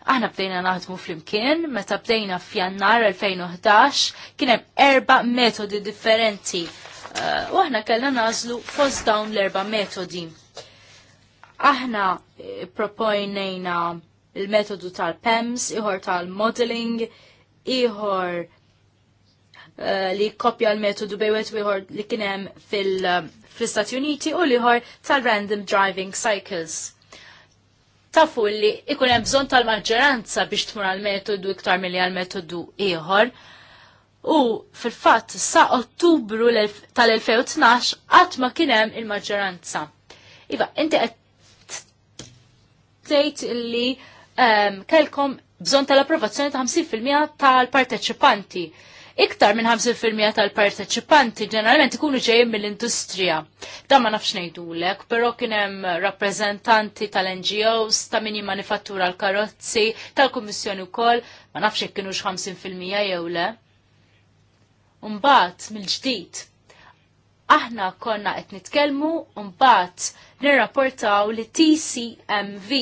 Aħna bdejna naħdmu flimkien, meta bdejna f'jannar 2011 kien hemm erba' metodi differenti. Uh, u aħna kellna nażlu fost dawn l-erba' metodi. Aħna eh, proponejna il-metodu tal-PEMS, ieħor tal-modeling, ieħor eh, li kopja l-metodu bejwet ieħor li kien hemm fil-Stati eh, Uniti u l-ieħor tal-random driving cycles tafu li ikun hemm bżonn tal-maġġoranza biex tmur għal-metodu iktar milli għal-metodu ieħor. U fil-fatt sa Ottubru tal-2012 qatt ma kien hemm il-maġġoranza. Iva, inti qed tgħid li ehm, kelkom bżonn tal-approvazzjoni ta' 50% tal-parteċipanti. Iktar minn 50% tal-parteċipanti ġeneralment ikunu ġejjin mill-industrija. Dan ma nafx ngħidulek, però kien hemm rappreżentanti tal-NGOs, ta' min manifattura l-karozzi, tal-Kummissjoni wkoll, ma nafx jekk kienux 50% jew le. Mbagħad mill-ġdid aħna konna qed nitkellmu mbagħad nirrapportaw li TCMV.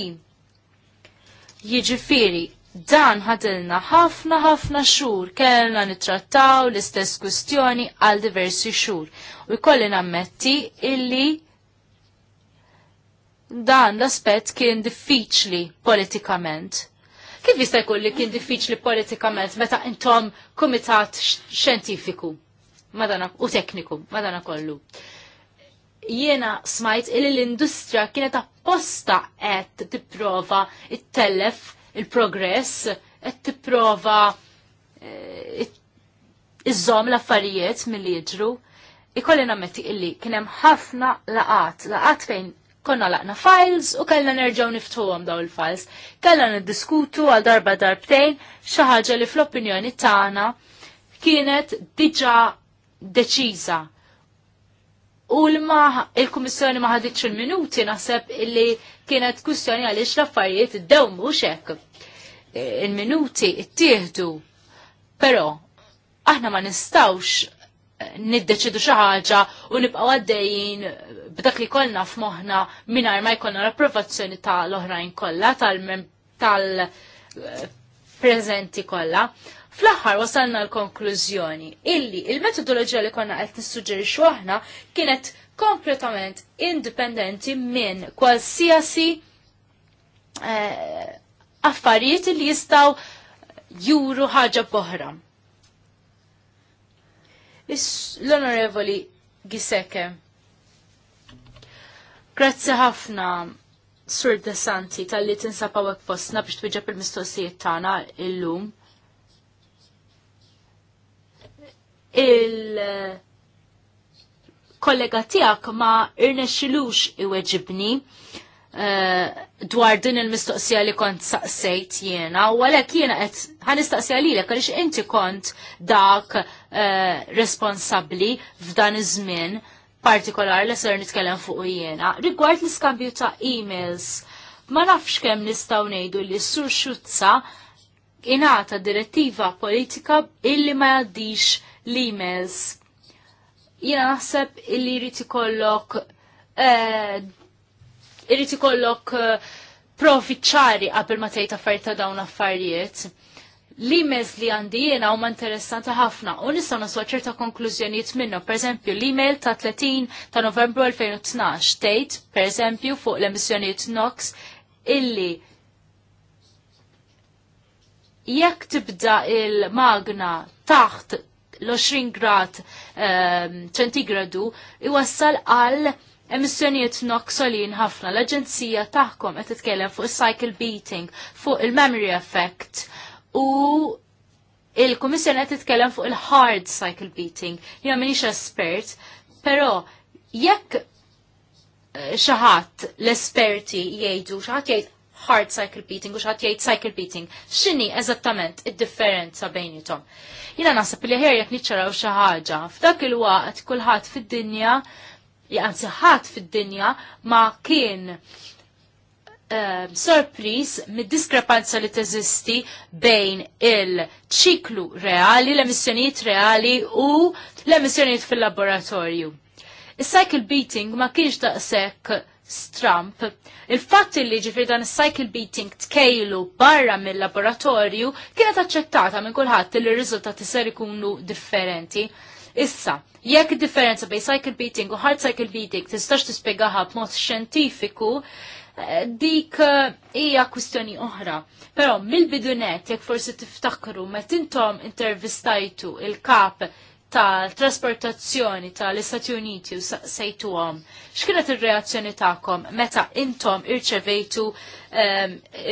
Jiġifieri Dan ħadilna ħafna ħafna xhur kellna nittrattaw l-istess kustjoni għal diversi xhur. U jkolli nammetti illi dan l-aspett kien diffiċli politikament. Kif jista' jkun li kien diffiċli politikament meta intom kumitat xjentifiku u tekniku madana kollu. Jiena smajt illi l-industrija kienet apposta qed tipprova t-tellef il-progress qed tipprova eh, iżżomm l-affarijiet milli jiġru. Ikolli nammetti illi kien hemm ħafna laqat, laqat fejn konna laqna files u kellna nerġgħu niftuhom daw il-files. Kellna niddiskutu għal darba darbtejn xi ħaġa li fl-opinjoni tagħna kienet diġà deċiża U il-Kummissjoni ma il-minuti naħseb illi kienet kwistjoni għaliex l-affarijiet id-dew mhux hekk. E, il-minuti ittieħdu. Però aħna ma nistawx e, niddeċidu xi ħaġa u nibqgħu għaddejjin b'dak li kollna f'moħħna mingħajr ma jkollna l-approvazzjoni tal-oħrajn kollha tal-prezenti e, kollha. Fl-aħħar wasalna l-konklużjoni illi il-metodoloġija li konna qed nissuġġerixxu aħna kienet kompletament indipendenti minn kwalsiasi eh, affarijiet li jistaw juru ħaġa boħra. L-Onorevoli Giseke. Grazzi ħafna, Sur De Santi, tal-li tinsapaw għek postna biex twiġab il-mistoqsijiet tagħna illum. il-kollega tijak ma irnexilux iweġibni eh, dwar din il-mistoqsija li kont saqsejt jiena, u għalek jiena għet għanistaqsija li l inti kont dak eh, responsabli f'dan iż-żmien partikolar li ser nitkellem fuq jiena. Rigward l-iskambju ta' emails, ma nafx kemm nistgħu ngħidu li sur xuzza ingħata direttiva politika illi ma jaddix l-emails. Jina naħseb illi jrid ikollok irrid eh, ikollok eh, ċari qabel ma tgħid affarijiet ta' dawn affarijiet. L-emails li għandi jiena huma interessanti ħafna u nistgħu naswa ċerta konklużjonijiet minnhom. Pereżempju, l-email ta' 30 ta' Novembru 2012 tgħid, pereżempju, fuq l-emissjonijiet NOx illi jekk tibda il-magna taħt l-20 grad ehm, ċentigradu iwassal għal emissjonijiet noxolin ħafna. L-Aġenzija taħkom qed titkellem fuq il-cycle beating, fuq il-memory effect u il-Kummissjoni qed titkellem fuq il-hard cycle beating. Jien m'iniex espert, però jekk eh, xaħat l-esperti jgħidu, xaħat jgħid hard cycle beating u xaħat jgħid cycle beating. X'inhi eżattament id-differenza bejnietom? Jiena naħseb li ħer jek niċċaraw xi ħaġa. F'dak il-waqt kulħadd fid-dinja, anzi ħadd fid-dinja ma kien um, ehm, surprise mid-diskrepanza li teżisti bejn il-ċiklu reali, l-emissjonijiet reali u l-emissjonijiet fil-laboratorju. Is-cycle beating ma kienx daqshekk Trump. Il-fatt li ġifri dan il-cycle beating tkejlu barra mill-laboratorju kienet aċċettata minn kulħadd li r-riżultati ser ikunu differenti. Issa, jekk differenza bej cycle beating u hard cycle beating tistax tispjegaha b'mod xjentifiku, eh, dik eh, hija kwistjoni oħra. Però mill-bidunet jekk forsi tiftakru meta intom intervistajtu il-kap tal-trasportazzjoni tal-Istati Uniti u sejtu għom. X'kienet ir-reazzjoni tagħkom meta intom irċevejtu um,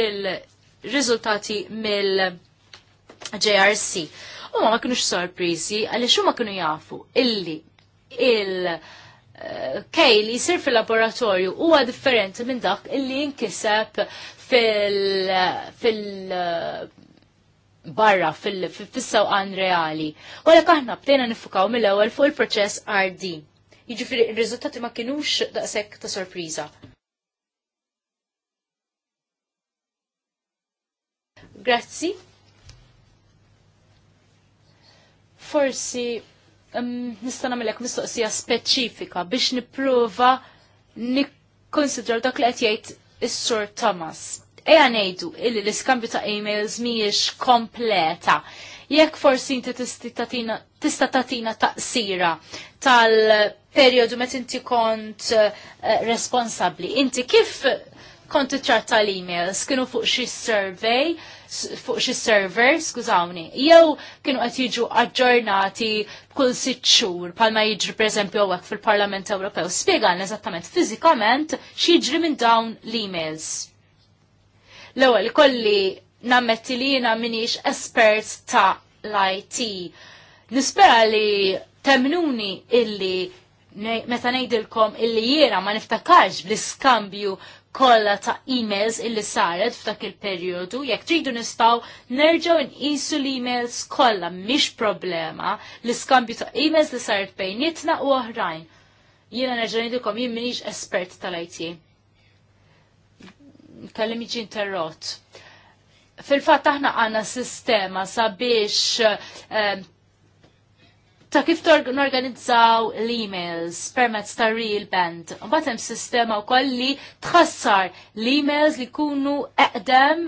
il-riżultati mill-JRC? U ma kienux sorpriżi għaliex huma kienu jafu illi il- eh, kej li jisir fil-laboratorju huwa differenti minn dak illi jinkiseb fil-, fil barra fil-sewqan reali. U għalek aħna bdejna nifukaw mill-ewwel fuq il-proċess RD. Jiġifieri r-riżultati ma kinux daqshekk ta' sorpriża. Grazzi. Forsi nista' nagħmilek mistoqsija speċifika biex nipprova nikkonsidra dak li qed jgħid is-Sur Thomas Eja nejdu illi l-iskambju ta' emails miex kompleta. Jekk forsi inti tista' tatina taqsira tal-perjodu meta inti kont eh, responsabli. Inti kif kont titratta l-emails, kienu fuq xi survey, fuq xi server, skużawni, jew kienu qed jiġu aġġornati kull sitt xhur bħalma jiġri pereżempju hekk fil-Parlament Ewropew. Spjegana eżattament fiżikament jiġri minn dawn l-emails. L-ewwel kolli nammetti li jiena minix esperts ta' l-IT. Nispera li temnuni illi meta ngħidilkom illi jiena ma niftakarx bl-iskambju kollha ta' emails illi saret f'dak il-perjodu, jekk tridu nistgħu nerġgħu nqisu l-emails kollha mhix problema l-iskambju ta' emails li saret bejnietna u oħrajn. Jiena nerġa' ngħidilkom jien minix espert tal-IT kellim jiġi interrott. Fil-fatt aħna għandna sistema sabiex ehm, ta' kif norganizzaw l-emails permezz ta' real band. Mbagħad hemm sistema wkoll li tħassar l-emails li jkunu eqdem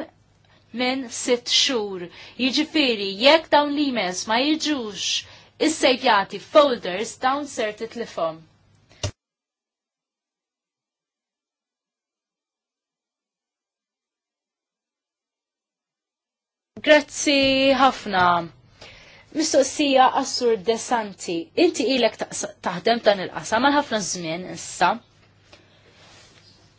minn sitt xhur. Jiġifieri jekk dawn l-emails ma jiġux issejjati folders dawn ser titlifhom. Grazzi ħafna. Mistoqsija Assur Desanti, inti ilek taħdem dan il-qasam għal ħafna żmien issa.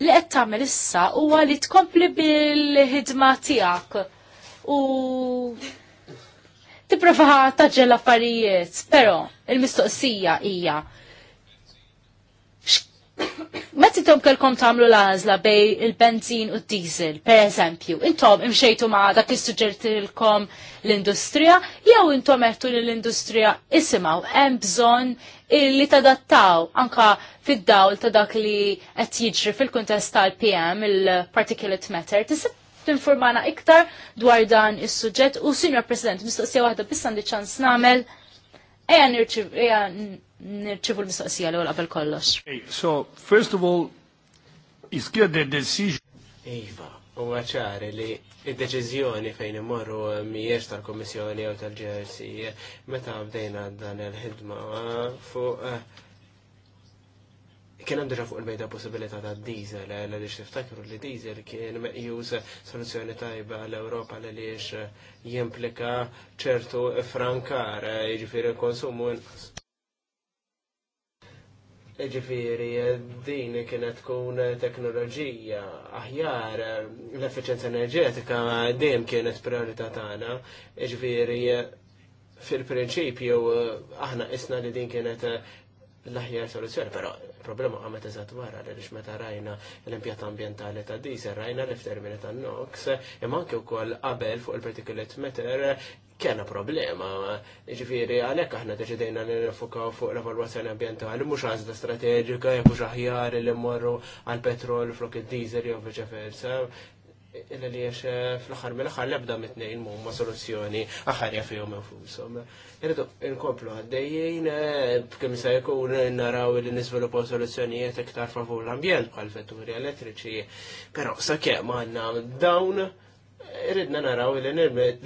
Li qed tagħmel issa huwa li tkompli bil-ħidma tiegħek u tipprova taġġel affarijiet, però il-mistoqsija hija Metti intom kelkom tagħmlu l-għażla bej il-benzin u d-diesel, per eżempju, intom imxejtu ma' dak li l-industrija, jew intom qedtu li l-industrija isimgħu hemm bżonn li tadattaw anka fid-dawl ta' dak li qed jiġri fil-kuntest tal-PM il-particulate matter. Tista' tinformana iktar dwar dan is-suġġett u Sinjor President, mistoqsija waħda biss għandi ċans nagħmel ejja nirċivu l-mistoqsija l għabel kollox. So, first of all, is good the decision. Iva, u għacħari li id-deċizjoni fejn imorru miex tal-Komissjoni u tal-GRC, meta bdejna dan il-ħidma fuq eh, kien hemm diġà fuq il-mejda possibilità ta' diesel, eh, li tiftakru li diesel kien meqjus soluzzjoni tajba l-Ewropa liex eh, jimplika ċertu frankar, jiġifieri konsumu Ġifiri, din kienet tkun teknoloġija aħjar, l-efficienza enerġetika dejjem kienet priorità tagħna. Ġifiri, fil-prinċipju aħna isna li din kienet l-aħjar soluzzjoni, però il-problema għamet eżat wara li meta rajna l-impjat ambientali ta' diesel, rajna l-iftermini ta' NOx, imma anke wkoll qabel fuq il-particulate meter kena problema. Ġifiri, għalek aħna deċidejna li nifukaw fuq l-evalwazzjoni ambientali, mux għazda strategika, jek mux aħjar li morru għal petrol flok id dizel jew viċeversa. Illa li għax fl-axar mill-axar lebda mitnejn mumma soluzzjoni aħar jafijom infusom. Irridu, inkomplu għaddejjien, b'kem se jkun naraw li nisvilupaw soluzzjonijiet iktar favur l-ambjent bħal vetturi elettriċi, pero sa' kemm għanna dawn irridna naraw li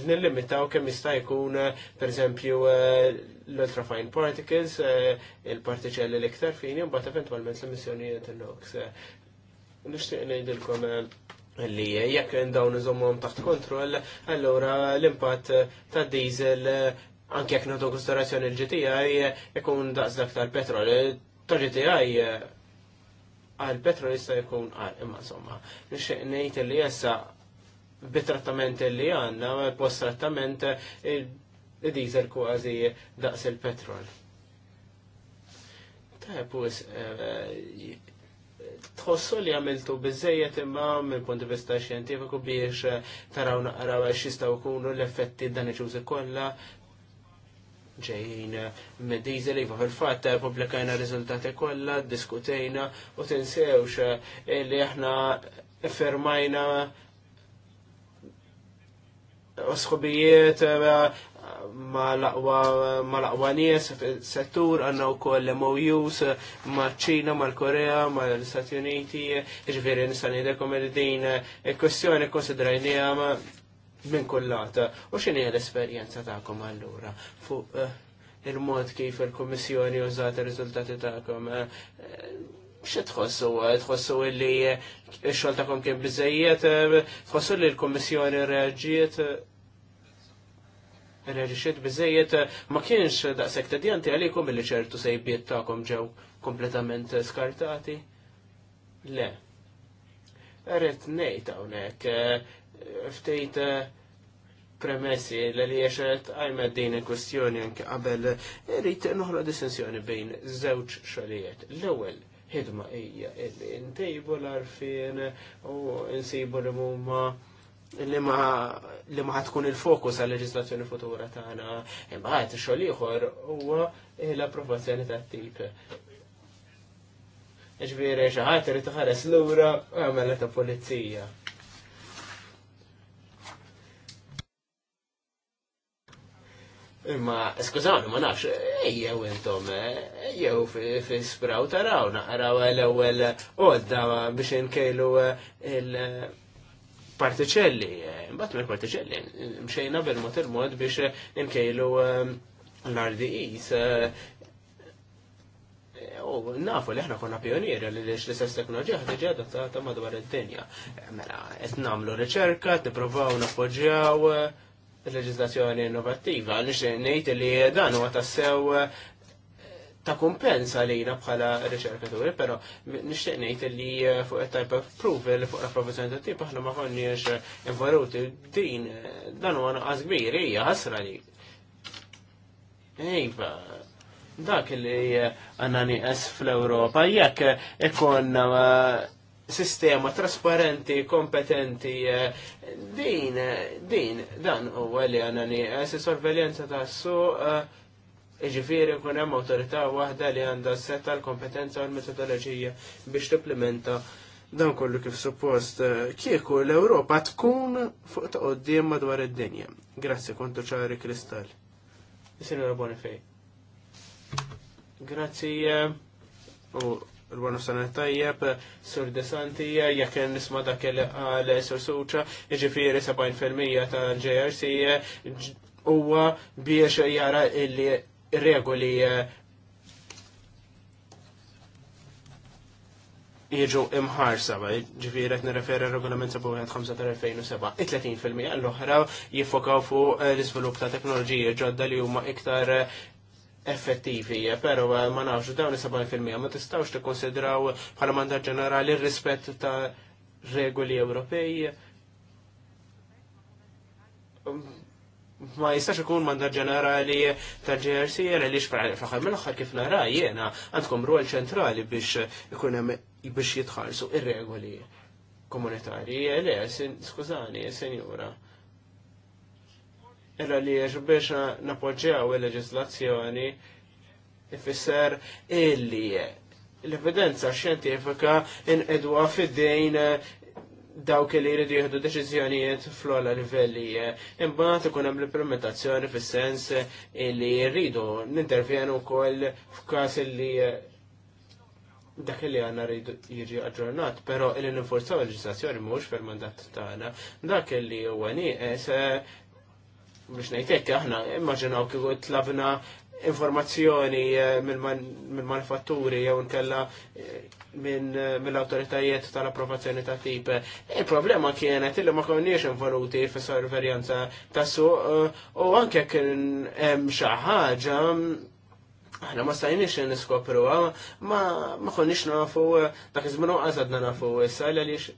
nillimitaw kemm jista' jkun eh, pereżempju eh, l ultrafine particles, eh, il-partiċelli l-iktar fini, mbagħad eventwalment l-emissjonijiet in-nox. Nixtieq ngħidilkom li jekk dawn iżommhom taħt kontroll, allura l-impatt tad diesel anke jekk nagħtu konsiderazzjoni l-GTI ikun daqs dak tal-petrol. ta' gti għal-petrol jista' jkun għal imma insomma. Nixtieq ngħid li issa bit-trattament li għanna, post-trattament eh, il-diesel kważi daqs il-petrol. Tajab, eh, tħossu li għamiltu bizzejiet imma minn punt vista xjentifiku biex eh, taraw naqraw xistaw kunu l-effetti dan iġużi kollha ġejjin minn dizel iva fil-fatt publikajna riżultati kollha, diskutejna u tinsewx li aħna fermajna sħobijiet eh, ma laqwa nies settur għanna u koll MOUs ma ċina, ma l-Korea, ma l-Stati Uniti, ġviri dekom jidekom din il-kwestjoni konsidrajnija minn kullata. U xini l-esperienza ta'kom allura fuq eh, il-mod kif il-Komissjoni użat il-rizultati ta'kom eh, xe tħossu, eh, tħossu li xol takom kien bizzejiet, tħossu li l-Komissjoni reagġiet, eh, reagġiet bizzejiet eh, ma kienx sekta tedjanti għalikum li ċertu sejbiet kom ġew kompletament skartati? Le. Rrit nejt għonek, ftejt premessi li jiexet għajma din il-kwestjoni anke qabel, rrit noħra disensjoni bejn zewċ xalijiet. L-ewel, ħidma hija illi ntejbu l-arfien u insibu li huma li ma li tkun il-fokus għal leġislazzjoni futura tagħna imma ħadd xogħol ieħor huwa l-approvazzjoni tat-tip. Ġviri xi ħadd irid tħares lura għamela ta' pulizija. Imma, skużawni, ma nafx, ejjew intom, eh? ejjew fi-spraw taraw, naqraw l-ewel għodda biex nkejlu eh, il particelli eh, Mbatt mill particelli mxejna bil-mot il-mod biex nkejlu l-RDIs. U nafu li ħna konna pionieri li l-istess teknoloġija ħadġi adottata madwar id-dinja. Mela, etnamlu riċerka, t-provaw, napoġġjaw, leġislazzjoni innovattiva. Nixtieq ngħid li dan huwa tassew eh, ta' kumpensa lejna bħala riċerkaturi, pero nixtieq ngħid li eh, fuq il type of proof li fuq l-approvazzjoni ta' tip aħna ma konniex eh, involuti din dan huwa naqas kbir hija ħasra li. Ejba iva, dak li għanna nieqes fl-Ewropa jekk ikun sistema trasparenti, kompetenti, eh, din, din, dan u għalli għanani, għessi eh, sorveljenza ta' su, eh, iġifiri kun hemm autorità waħda li għandha setta l-kompetenza u l-metodoloġija biex tipplementa dan kollu kif suppost kieku l-Ewropa tkun fuq ta' qoddim madwar id-dinja. Grazzi kontu ċari kristall. Sinura Bonifej. Grazzi u Urbano Sanattajjeb, Sur Desanti, jekk nisma dak għal Sur Suċa, ġifiri 70% ta' jrc huwa biex jara illi regoli eh, jieġu imħarsa, ġifiri għet nireferi regolament 7.5.2007. 30% l-oħra jiffokaw fuq l-izvilup ta' teknologija ġodda li huma iktar effettivi, eh, pero eh, ma nafx dawn fil 70 ma tistawx konsidraw bħala mandat ġenerali r-rispett ta' regoli Ewropej. Um, ma jistax ikun mandat ġenerali ta' GRC li xfraħal aħħar mill-aħħar kif nara jiena għandkom rwol ċentrali biex ikunem biex jitħallsu ir-regoli komunitarji. Eh, le, skużani, senjura. Illa li biex napoġġjaw il-leġislazzjoni ifisser illi l-evidenza xjentifika inqedwa fid-dejn dawk li jridu jieħdu deċiżjonijiet fl-ola livelli. Imbagħad ikun hemm l-implementazzjoni fis-sens li jridu nintervjenu wkoll f'każ li dak li għanna rridu jiġi aġġornat, però il ninforzaw il-leġislazzjoni mux fil-mandat tagħna. Dak li huwa għani, biex ngħidlek aħna immaġinaw kieku tlabna informazzjoni eh, mill-manifatturi jew nkella eh, eh, mill-awtoritajiet tal-approvazzjoni ta' tip. Il-problema kienet illi ma konniex involuti fis sorverjanza ta' suq u anke kien hemm xi ħaġa aħna ma stajniex niskopruha ma konniex nafu dak iż-żmien għażadna nafu issa għaliex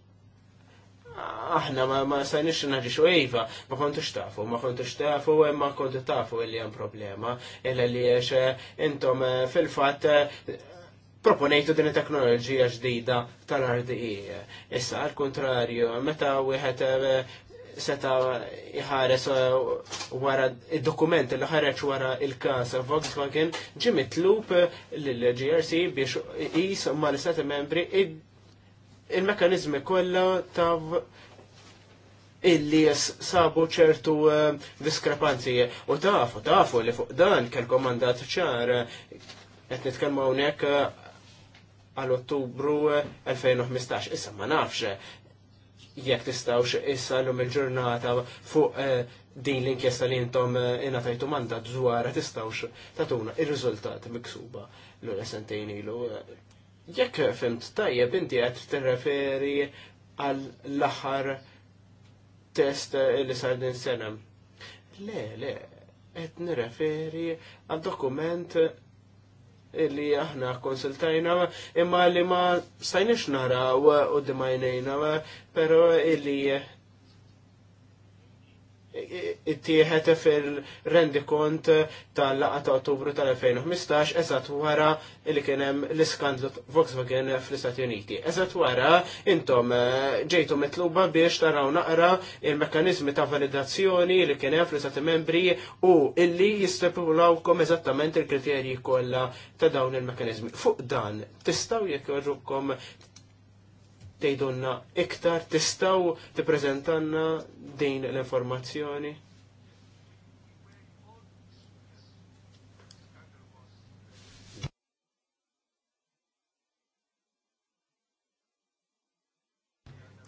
aħna ma ma sajnix naġi xwejva, ma kontux tafu, ma kontux tafu, e ma kontu tafu illi hemm problema, illa li jiex e, intom e, fil-fat proponejtu din teknoloġija ġdida tal-RDI. Issa, al kontrarju meta wieħed seta iħares wara il-dokument li ħareġ wara il-kas Volkswagen ġimit loop l-GRC biex jis ma l-istati membri il-mekanizmi kollha ta' illi sabu ċertu eh, diskrepanzi. U tafu, tafu li fuq dan kelkom mandat ċar qed nitkellmu hawnhekk eh, għal Ottubru 2015. Eh, issa ma nafx jekk tistawx issa l il-ġurnata fuq din l-inkjesta li intom tajtu mandat dwar tistawx tatuna ir-riżultat miksuba l-sentejn ilu jekk fimt tajjeb inti qed tirreferi għall aħħar test eh, li sar din sena. Le, le, et nireferi għal dokument eh, li aħna konsultajna imma li ma stajniex naraw eh, u dimajnejna, pero illi tieħet fil rendikont tal-laqa ta' ottubru tal-2015 eżat wara li kien hemm l-iskandlu Volkswagen fl-Istati Uniti. Eżat wara intom eh, ġejtu mitluba biex taraw naqra il-mekkanizmi ta' validazzjoni li kien hemm fl-Istati membri u illi jistipulawkom eżattament il-kriterji kollha ta' dawn il-mekkanizmi. Fuq dan, tistaw jekk jorrukkom tgħidulna iktar tistgħu tippreżentanna din l-informazzjoni.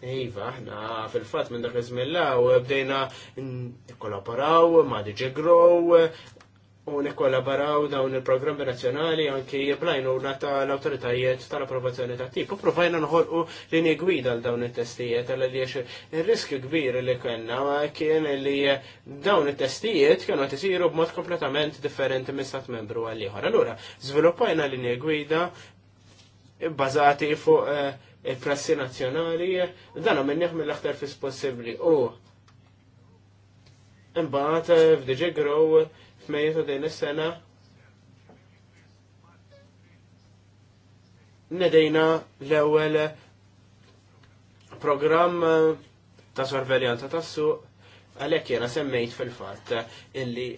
Iva, aħna fil-fat minn dak iż-żmien law bdejna kollaboraw ma' DJ Grow u nikkollaboraw dawn il-programmi nazzjonali anki ta l autoritajiet tal-approvazzjoni ta' tip. U provajna nħolqu linji gwida għal dawn it-testijiet għalli li il-riskju kbir li kena kien li dawn it-testijiet kienu għat isiru b'mod kompletament differenti minn stat membru għal ieħor. Allura, żviluppajna linji gwida bbażati fuq eh, il-prassi nazzjonali, dan għamenniħ l aktar fis possibbli u imbagħad eh, f'Diġi Grow f'Mejju ta' din is-sena nedejna l-ewwel programm ta' sorveljanza tas-suq għalhekk jiena semmejt fil-fatt illi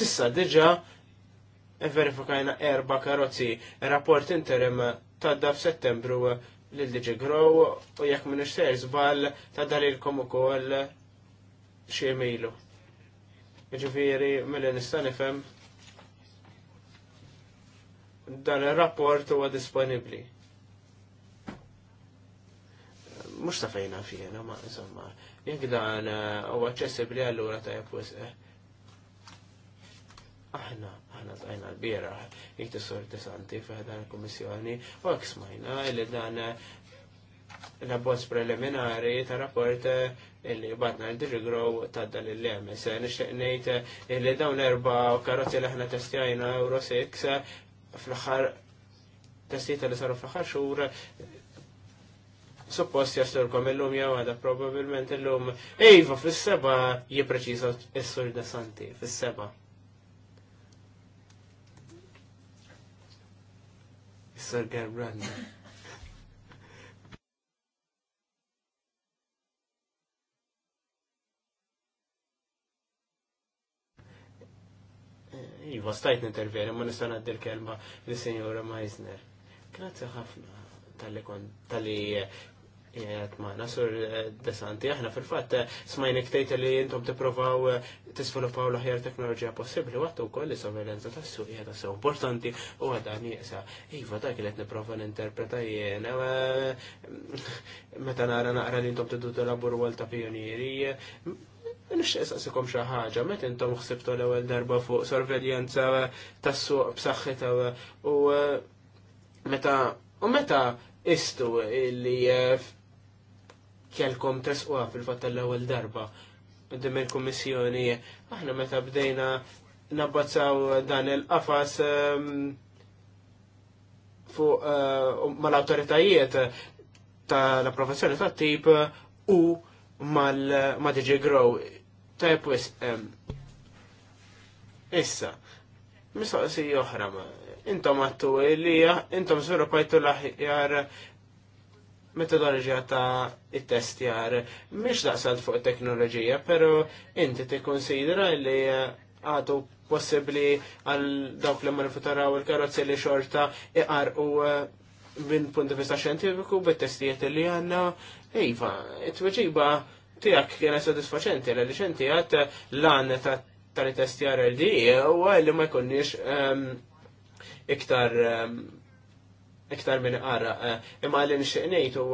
sissa diġa verifikajna erba karozzi rapport interim tadda f'Settembru lil diġi Grow u jekk minn ixter żball tadda lilkom ukoll xi emailu. Ġifiri, mill nista' nifhem dan ir-rapport huwa disponibbli. Mhux ta' fejna fjena, ma' insomma, jek dan eh, huwa aċċessibbli allura tajjeb wisq. Eh. Aħna, aħna tajna l-bira, jgħid is-sorti santi il-Kummissjoni, u hekk smajna li dan eh, l preliminari ta' rapport eh, illi batna l dirigrow ta' dan il Se eh, Nishtiq nejt eh, illi dawn erba karotzi li ħna testjajna Euro 6 fl ħar testijta li saru fl ħar xur suppost jasturkom il-lum jawada probabilment il-lum Ejva fis-seba jipreċiża il sur Santi fis-seba. il-sur Gerbrandi. Iva, stajt nintervjeri, ma nistan għaddi kelma li senjora Meisner. Grazie ħafna tal-li tal-li jgħatmana, eh, sur eh, desanti, aħna fil-fat eh, smajni ktejt li jintom t-provaw t sviluppaw l-ħjar teknoloġija possibli, għattu koll li sorvelenza ta' s-suq jgħata importanti u għadda njesa. Iva, dak li t-niprofa n-interpreta jena, meta nara naqra li jintom t-dudu labur għal ta' pionieri, Nixtieq saqsikom xi ħaġa, meta intom ħsibtu l-ewwel darba fuq sorveljanza tas-suq b'saħħitha u meta u meta istu li eh, kelkom tesqwa fil-fatt l-ewwel darba qdim il-kummissjoni. Aħna meta bdejna nabbazzaw dan il-qafas eh, fuq eh, mal-awtoritajiet tal-approvazzjoni tat-tip u mal-Digi Grow. is, wis, issa, mistoqsi oħra ma, intom għattu ilija, intom sviluppajtu l-aħjar metodologija ta' it jar, miex daqsal fuq teknoloġija, pero inti tikkunsidra li eh, għadu possibli għal dawk li manifutaraw il-karozzi li xorta iqar u eh, minn punt vista xjentifiku bit-testijiet li għanna Iva, it-tweġiba tijak kiena sodisfaċenti, l xenti għat lan tal-test RLD u li ma jkunniex ehm, iktar ehm, iktar minn għarra. Eh, imma li nxeqnejt u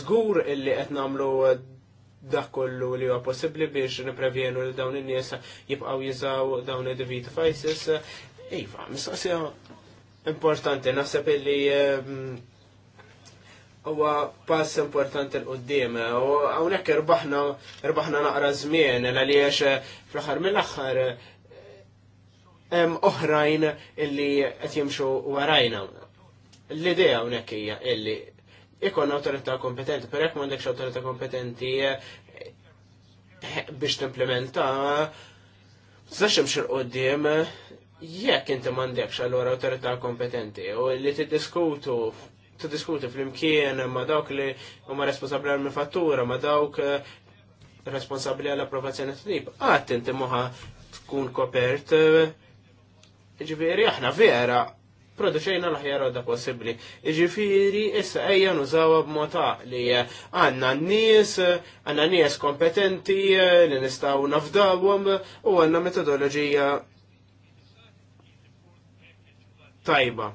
zgur illi qed namlu dak kollu li huwa possibbli biex niprevjenu li dawn in-nies jibqgħu jiżaw dawn id-divit Iva, mistoqsija importanti, naħseb illi ehm, huwa pass importanti l-qoddim. Eh, u hawnhekk irbaħna irbaħna naqra żmien għaliex eh, fl-aħħar mill-aħħar eh, hemm oħrajn illi qed jimxu warajna. L-idea hawnhekk hija illi ikon awtorità kompetenti, per jekk m'għandekx awtorità kompetenti biex timplementa Tistax imxir qoddim jekk inti m'għandekx allura awtorità kompetenti u li tiddiskutu tiddiskuti fl-imkien ma dawk li huma responsabbli għal mifattura ma dawk eh, responsabbli għal approvazzjoni t-tip. inti moħa tkun kopert. Eh, ġifiri, aħna vera, produċejna l ħjara da possibli. Ġifiri, issa ejja nużawa b-mota li għanna n-nies, għanna n-nies kompetenti eh, li nistaw nafdawum u għanna metodologija tajba.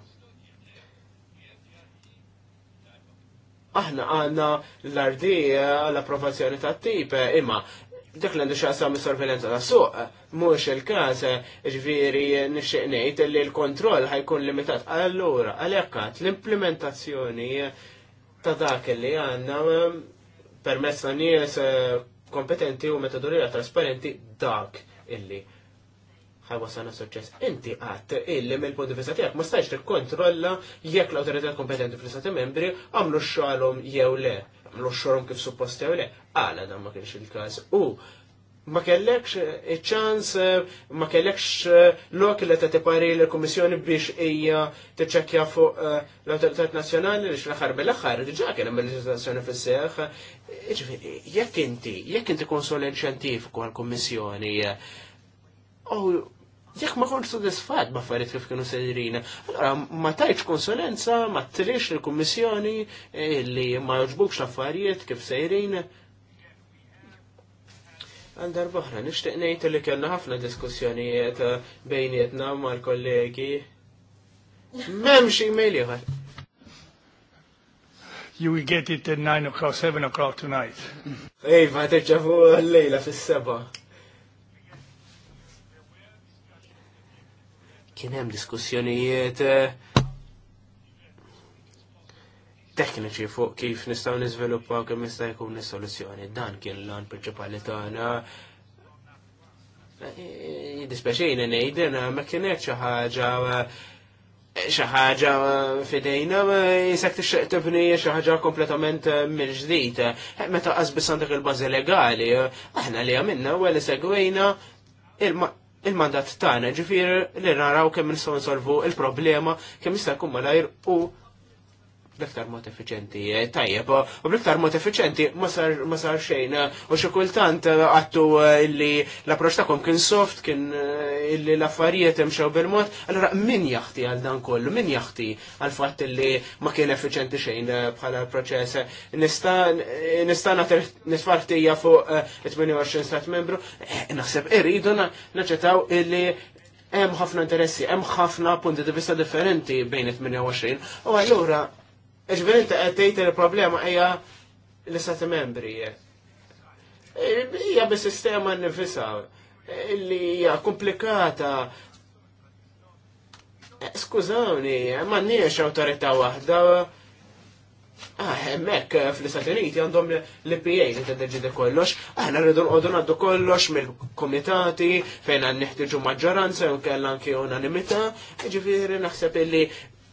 aħna għanna l-ardija l-approvazzjoni ta' tip, imma dik l-għandu xaqsam sorvelenza ta' suq, mux il-kas, ġviri nixxeqnejt li l-kontroll ħajkun limitat. Allura, għalekkat, l-implementazzjoni ta' dak li għanna permessa nies eh, kompetenti u metodologija trasparenti dak illi ħajwasana suċċess. Inti għat illi mill-punt vista tiegħek ma stajx tikkontrolla jekk l-awtorità kompetenti fl-istati membri għamlu xalhom jew le, għamlu xorhom kif suppost jew le. Għala dan ma kienx il-każ. U ma kellekx ċans, ma kellekx eh, l-ok li ta' tipari l-Komissjoni biex ija t-ċekja fuq eh, l-autoritet nazjonali li xlaħar bil-axar, diġa kien hemm leġislazzjoni fis-seħ. Jekk inti, jekk inti konsulent xjentifiku għal-Komissjoni, eh, jek ma konx sodisfat b'affarijiet kif kienu sejrin. Allora ma tajtx konsulenza, ma trix l kummissjoni li ma joġbukx l-affarijiet kif sejrin. Għandar boħra, nishtiq ngħid li kellna ħafna diskussjonijiet bejnietna mal-kollegi. Memx e-mail ieħor. You will get it at 9 o'clock, 7 o'clock tonight. Iva, Ej, terġafu l-lejla fis-seba' kien hemm diskussjonijiet eh, tekniċi fuq kif nistgħu niżviluppaw kemm jista' jkun is-soluzzjoni. Dan kien l-għan prinċipali tagħna. Eh, Jiddispeċejna ngħidilna eh, ma kienet xi ħaġa xi ħaġa fidejna jisek tixtieq tibni xi ħaġa kompletament mill-ġdid. Meta qas għandek il-bażi legali, aħna li għamilna u li segwejna il il-mandat tagħna, ġifier li naraw kemm nistgħu nsolvu il-problema kemm jista' jkun malajr u bl-iktar mod effiċenti eh, tajjeb, u bl-iktar mod effiċenti ma sar xejn, eh, u xi kultant eh, għattu illi l-approċċ tagħkom kien soft, kien illi l-affarijiet imxew bil-mod, allura min jaħti għal dan kollu, min jaħti għal fatt illi ma kien effiċenti xejn bħala proċess. Nista' nagħter nisfartija fuq 28 stat membru, naħseb irridu naċċettaw illi hemm ħafna interessi, hemm ħafna punti di vista differenti bejn it-28 u allura Iġveri inti eh, il-problema hija l-istati membri. Eh. Eh, hija b sistema nifisa li hija komplikata. Skużawni, ma n-niex awtorità waħda. Ah, hemmhekk fl-Istati Uniti għandhom l-PA li tiddeċidi kollox, aħna rridu nqogħdu ngħaddu kollox mill-kumitati fejn għan neħtieġu maġġoranza jew kellan anke unanimità, jiġifieri naħseb illi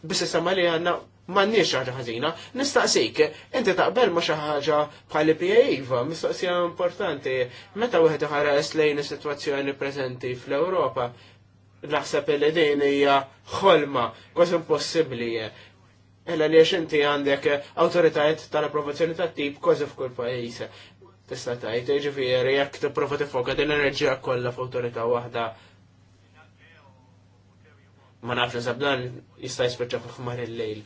bis-sistema li għandna n-nix ħaġa ħazina, nistaqsik, inti taqbel ma xi ħaġa bħal IPA iva, mistoqsija importanti, meta wieħed iħares lejn is-sitwazzjoni preżenti fl-Ewropa, naħseb li din hija ħolma, kważi impossibbli. Ella li inti għandek awtoritajiet tal-approvazzjoni tat-tip kważi f'kull pajjiż. Tista' tgħid, jiġifieri jekk tipprova tifoka din l-enerġija kollha f'awtorità waħda ma nafx sabdan jista' jispiċċa fil-ħmar il-lejl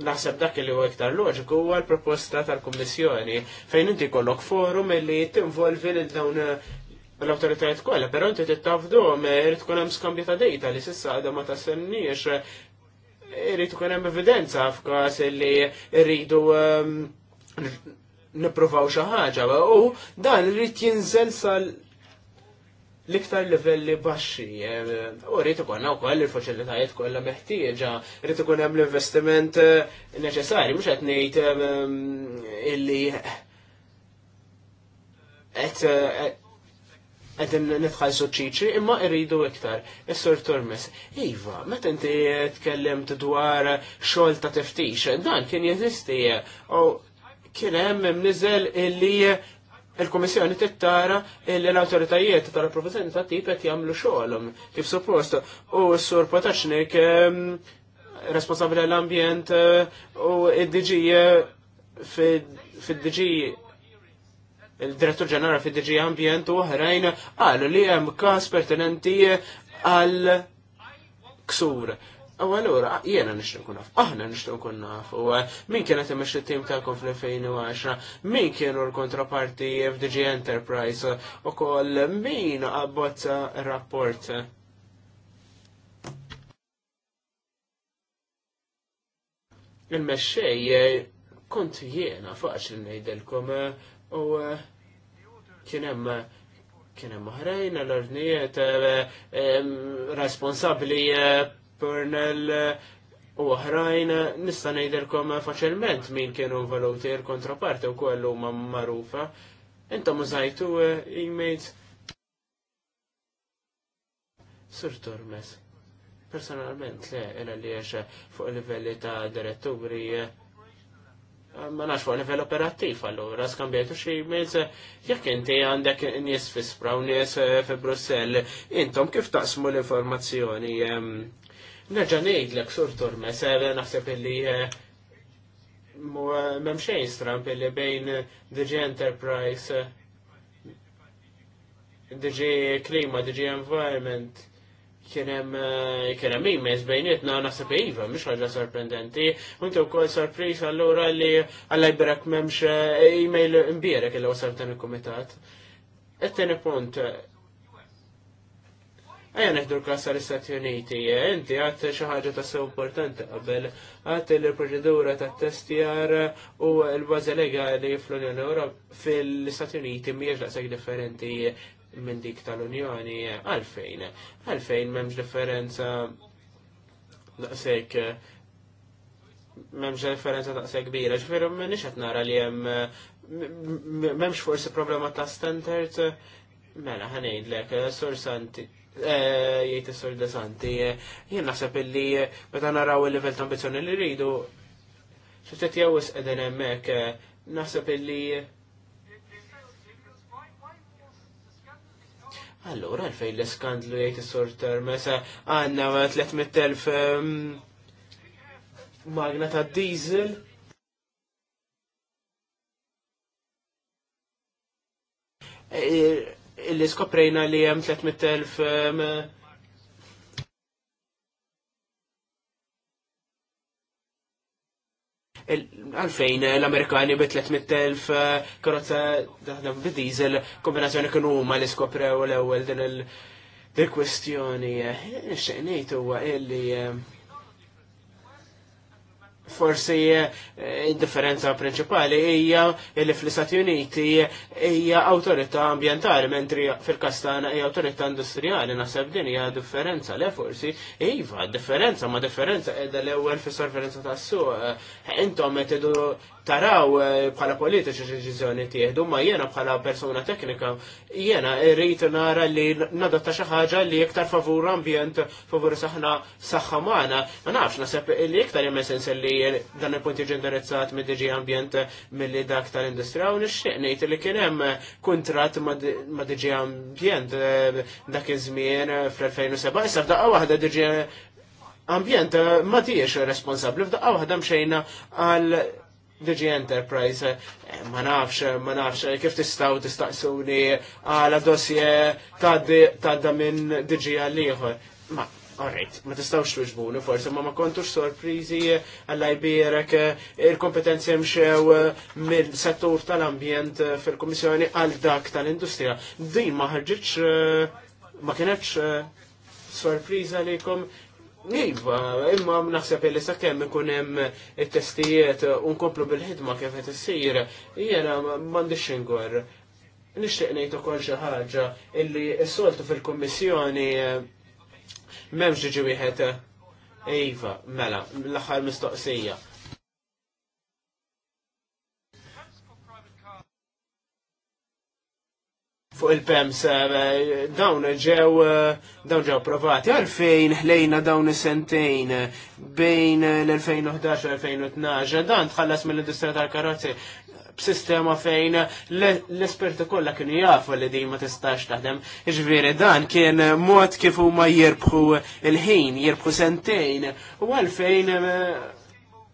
naħseb dak li huwa iktar loġiku huwa l-proposta tal-Kummissjoni fejn inti kollok forum li tinvolvi lil dawn l awtoritajiet kollha, però inti tittafdhom irid tkun hemm skambju ta' dejta li s'issa għadha ma tassenniex irid tkun hemm evidenza f'każ li rridu nippruvaw xi ħaġa u dan irid jinżel sal l-iktar livelli baxxi. Eh, u rrit ikonna u koll il-facilitajiet kollha meħtieġa, rrit ikun hemm l-investiment eh, neċessari mhux qed ngħid eh, illi qed qed nitħallsu ċiċi, imma rridu iktar. Is-Sur Turmes, iva, meta inti tkellimt dwar xogħol ta' tiftix, dan kien jeżisti u kien hemm nizel illi il-Komissjoni tittara li l-autoritajiet tal-rappresentanti tipet jagħmlu xogħolhom kif suppost u s-sur Potaxnik ehm, responsabbli l-ambjent eh, u id-DG eh, fid-DG il-Direttur Ġenerali fil dg Ambjent u oħrajn qalu li hemm każ pertinenti għal ksur U għallura, jena nishtu nkun naf, aħna nishtu nkun u eh, min kienet imiex il-tim talkom fl-2010, min kienu l-kontraparti FDG Enterprise, u koll min għabbozza rapport. Il-mesċej, kont jena faċ il-nejdelkom, u eh, kienem kienem maħrejna l-ordnijiet eh, responsabli Purnell eh, u oħrajn eh, nista' ngħidilkom eh, faċilment min kienu valutier l-kontraparti u kollu ma magħrufa. Intom użajtu e-mails. Sur Tormes. Personalment le, illa li għaxa fuq livelli ta' diretturi ma nafx fuq livell operattiv allura skambjajtu xi mails jekk inti għandek nies fi Spra nies fi Brussell, intom kif taqsmu l-informazzjoni ehm, Nerġa' ngħidlek sur turmes, eh, naħseb illi eh, memxejn eh, Stram illi bejn DG Enterprise, DG Klima, DG Environment, kienem kienem imez bejnietna naħseb iva, mux ħaġa sorprendenti. Unti wkoll sorpriż allura li għallajberak memx email imbierek illi wasal dan il-kumitat. et teni punt, Ejja neħdu l kassa tal-Istati Uniti, eh, inti għat xaħġa ta' sew importanti qabel, għat il-proċedura ta' testjar u l bazi legali fl-Unjoni Ewropa fil-Istati Uniti miex laqseg differenti minn dik tal-Unjoni, eh, għalfejn, għalfejn memx differenza daqsek eh, memx differenza daqsek kbira, ġveru minn għat nara li jem memx forsi problema ta' standard, mela ħanejd l-ek, sorsanti Eh, jgħid is-sur Desanti. Eh, jien naħseb illi eh, meta naraw il-livell ta' ambizzjoni li rridu, xiftet jewis qegħdin hemmhekk naħseb illi Allura, għalfej l-skandlu jgħid is-sur Termes għandna 300.000 ehm, magna ta' diesel illi skoprejna li hemm 300.000 ehm, għalfejn l-Amerikani bi 300.000 eh, karozza daħdem bid-diesel, kombinazzjoni kienu huma li skoprew l-ewwel din il-kwestjoni. Eh, Xejn ngħid huwa illi eh, forsi eh, id-differenza prinċipali hija li fl-Istati Uniti hija awtorità ambjentali, mentri fil-Kastana hija awtorità industrijali, naħseb din hija differenza le forsi iva, differenza ma differenza qiegħda l-ewwel fis-sorverenza tas-suq. Eh, intom qed taraw eh, bħala politiċi x'deċiżjoni tieħdu, ma jiena bħala persuna teknika jiena rrid nara li nadatta xi ħaġa li iktar favur ambjent, favur saħna saħħa magħna. Ma nafx naħseb li iktar hemm sens li dan il-punt jiġi indirizzat mid diġi ambjent milli dak tal-industrija u nixtieq ngħid li kien hemm kuntratt ma' diġi ambjent eh, dak iż-żmien eh, fl-2007. Issa f'daqqa waħda diġi ambjent ma tiex responsabli f'daqqa waħda mxejna għal Digi Enterprise, eh, ma nafx, eh, ma nafx, eh, kif tistaw tistaqsuni għala ah, dossier tadda minn DG għal-liħor. Ma, Alright, ma tistawx tuġbuni forse, ma ma kontux sorprizi għall-IBRek il-kompetenzi mxew mill-settur tal-ambjent fil-Komissjoni għal dak tal-industrija. Din ma ħarġitx, ma kienetx sorpriza kom Iva, imma naħseb li sa' kemm ikun hemm it-testijiet u nkomplu bil-ħidma kif qed issir, jiena m'għandix ingor. Nixtieq ngħid ukoll xi ħaġa illi s-soltu fil-kummissjoni eh, m'hemmx ġiġi wieħed Iva, mela, l-aħħar mistoqsija. fuq il-PEMS eh, dawn ġew eh, dawn ġew provati għalfejn ħlejna dawn is-sentejn bejn l-2011 u l-finu 2012 dan tħallas mill-industrija tal-karozzi b'sistema fejn l-esperti kollha kienu jafu li din ma tistax taħdem. Ġviri dan kien mod kif huma jirbħu il-ħin, jirbħu sentejn u għalfejn eh,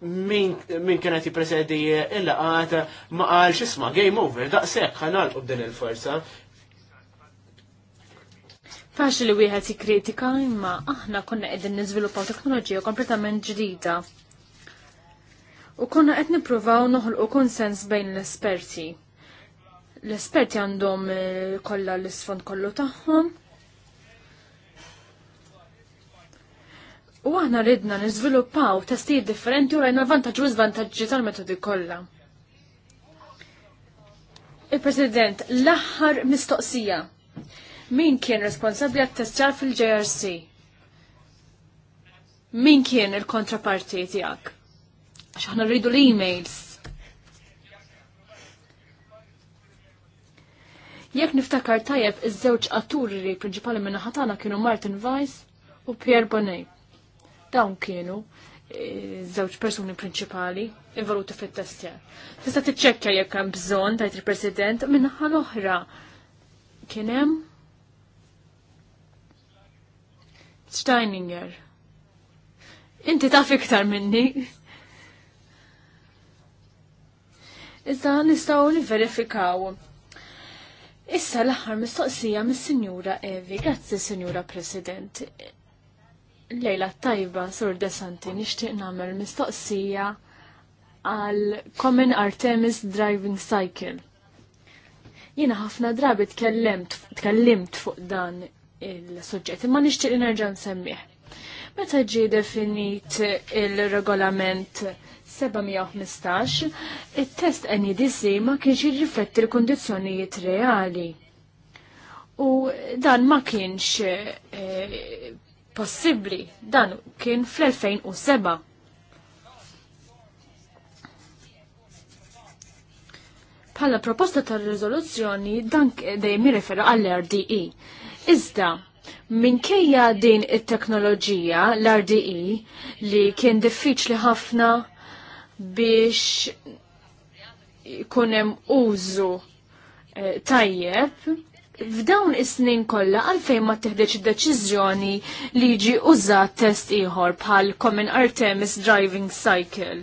min, kienet jipresedi il-laqat ma qalx isma' game over, daqshekk ħanal u din il-forsa, Faċli li wieħed jikkritika imma aħna konna qegħdin niżviluppaw teknoloġija kompletament ġdida. U konna qed nippruvaw noħolqu konsens bejn l-esperti. L-esperti għandhom eh, kollha l-isfond kollu tagħhom. U aħna ridna niżviluppaw testijiet differenti u rajna l-vantaġġi u żvantaġġi tal-metodi kollha. Il-President, l-aħħar mistoqsija min kien responsabli għat-testjar fil-JRC? Min kien il-kontraparti tijak? ċaħna rridu l-emails. Jekk niftakar tajjeb iż-żewġ atturi prinċipali minna ħatana kienu Martin Weiss u Pierre Bonnet. Dawn kienu e, żewġ persuni prinċipali involuti fit-testjar. Tista' tiċċekkja jekk hemm bżonn tajt il-President minna l-oħra kien hemm Steininger. Inti taf iktar minni. Issa nistgħu niverifikaw. Issa l-aħħar mistoqsija mis-Sinjura Evi, grazzi Sinjura President. Lejla tajba, Sur Desanti, nixtieq nagħmel mistoqsija għal Common Artemis Driving Cycle. Jiena ħafna drabi tkellimt tkellimt fuq dan il sujġet Ma nixtieq nerġa' nsemmih. Meta ġie definit il-regolament 715, it-test NEDC ma kienx jirrifletti l-kondizzjonijiet reali. U dan ma kienx eh, possibbli, dan kien fl-2007. Bħala proposta tal rezoluzzjoni dan dejjem jirrifera għall-RDE. Iżda, minkejja din it-teknoloġija, l-RDE, li kien diffiċli ħafna biex kunem użu eh, tajjeb, f'dawn is-snin kollha għalfejn ma teħdeċ deċiżjoni li jiġi użat test ieħor bħal Common Artemis Driving Cycle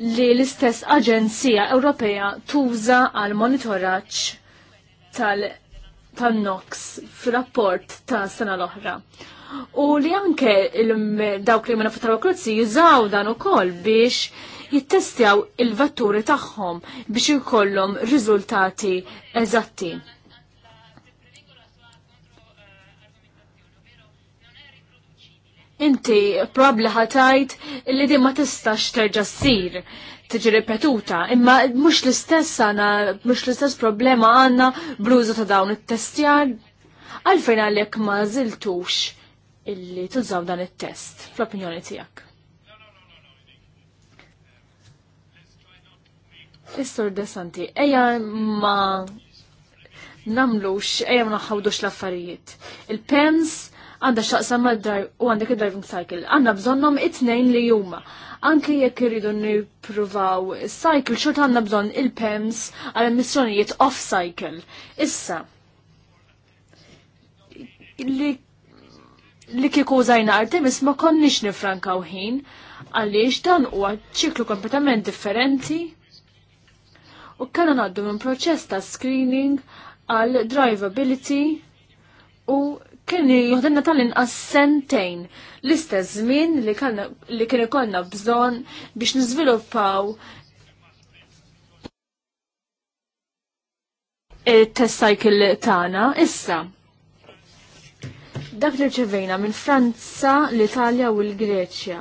li l-istess Aġenzija Ewropea tuża għal monitoraġġ tal- tan-NOx fil-rapport ta' sena l-oħra. U li anke dawk li minna fit-tarokrazi jużaw dan ukoll biex jittestjaw il-vetturi tagħhom biex jkollhom riżultati eżatti. inti probabli ħatajt li di ma tistax terġa ssir tiġi ripetuta, imma mhux l-istess għana, mhux l-istess problema għandna bluzu ta' dawn it-testjar, għalfejn għalhekk ma żiltux illi tużaw dan it-test, fl-opinjoni tiegħek. Istor desanti, eja ma namlux, eja ma naħawdux l-affarijiet. il pens xaqsa ma d dar u għandek id-driving cycle. Għanna bżonnhom it-tnejn li huma. Anke jekk irridu nippruvaw cycle xort għandna bżonn il-PEMS għal emissjonijiet off cycle. Issa li li kieku użajna Artemis ma konniex nifrankaw ħin għaliex dan huwa ċiklu kompletament differenti u kellna ngħaddu minn proċess ta' screening għal drivability u kien juħdenna tal-inqas sentejn l-istess żmien li kien ikollna bżonn biex niżviluppaw test cycle tagħna issa. Dak li ċevejna minn Franza, l-Italja u l-Greċja.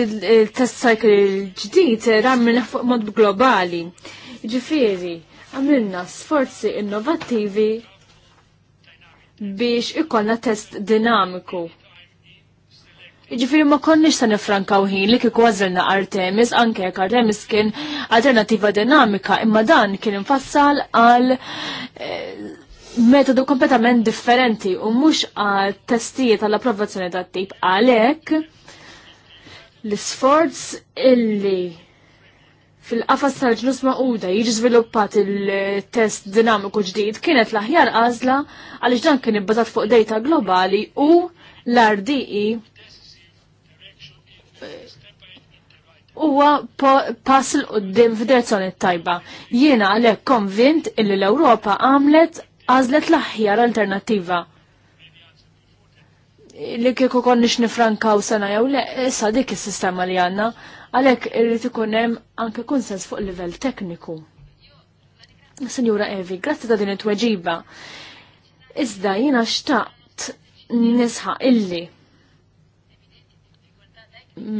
Il-test cycle ġdid ram minn mod globali. Ġifieri, għamilna sforzi innovattivi biex ikollna test dinamiku. Iġifiri ma konniex sa nifrankaw ħin li kiku għazilna Artemis, anke jek Artemis kien alternativa dinamika, imma dan kien infassal għal eh, metodu kompletament differenti u mux għal testijiet għal approvazzjoni tat tip għalek l-sforz illi fil-qafas tal-ġnus maquda jiġi żviluppat il-test dinamiku ġdid kienet l-aħjar għażla għaliex dan kien ibbażat fuq data globali u l-RDI e huwa pass l qoddim f'direzzjoni tajba. Jiena għalhekk konvint illi l-Ewropa għamlet għażlet l-aħjar alternattiva li kieku konnix nifrankaw sena jew le, issa dik is-sistema li għandna, għalhekk irrid ikun hemm anke kunsens fuq livell tekniku. Sinjura Evi, grazzi ta' din it-tweġiba. Iżda jiena xtaqt nisħaq illi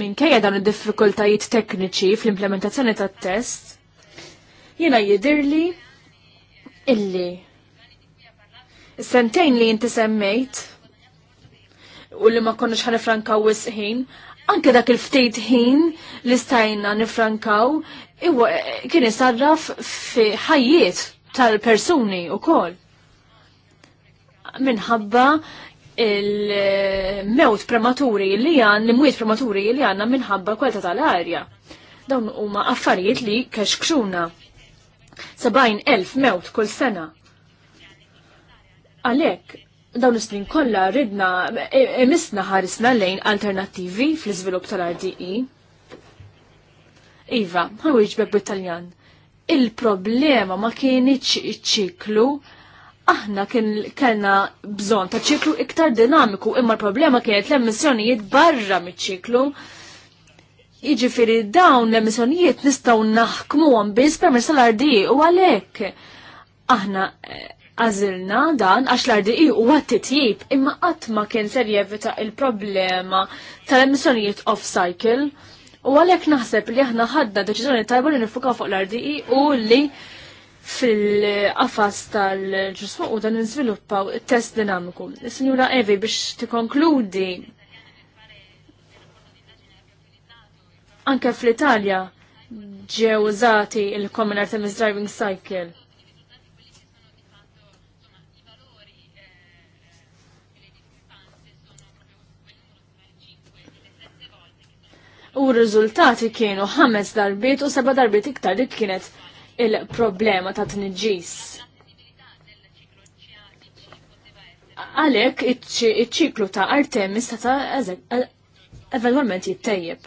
minkejja dawn id-diffikultajiet tekniċi fl-implementazzjoni tat-test, jiena jidirli illi Sentejn li jinti semmejt u li ma konniex ħanifrankaw wisħin, anke dak il-ftejt ħin li stajna nifrankaw, iwa eh, kien jisarraf fi ħajiet tal-persuni u kol. Minħabba il-mewt prematuri li għan, l-mwiet prematuri li għanna minħabba kwalta tal-arja. Dawn huma affarijiet li kaxkxuna. 70.000 mewt kull sena. Għalek, dawn is-snin kollha ridna e, emisna ħarisna lejn alternattivi fl-iżvilupp tal-RDI. E. Iva, ħaw iġbeb bit-Taljan. Il-problema ma kienx iċ-ċiklu aħna kien kellna bżonn ta' ċiklu iktar dinamiku, imma l-problema kienet l-emissjonijiet barra miċ-ċiklu. Jiġifieri dawn l-emissjonijiet nistgħu naħkmuhom biss permezz tal-RDI e u għalhekk aħna għazilna dan għax l-RDI u għattit titjib imma għatma kien ser jevita il-problema tal emissionijiet off-cycle u għalek naħseb li aħna ħadna deċiżjoni tajba li nifuka fuq l-RDI u li fil-qafas tal-ġusmu u dan nizviluppaw test dinamiku. Signora Evi, biex ti-konkludi, anke fl-Italja ġew użati il-Common Artemis Driving Cycle u r-riżultati kienu ħames darbiet u seba darbiet iktar dik kienet il-problema ta' t-nġis. Għalek iċ-ċiklu ta' Artemis ta' e- eventualment jittajjeb.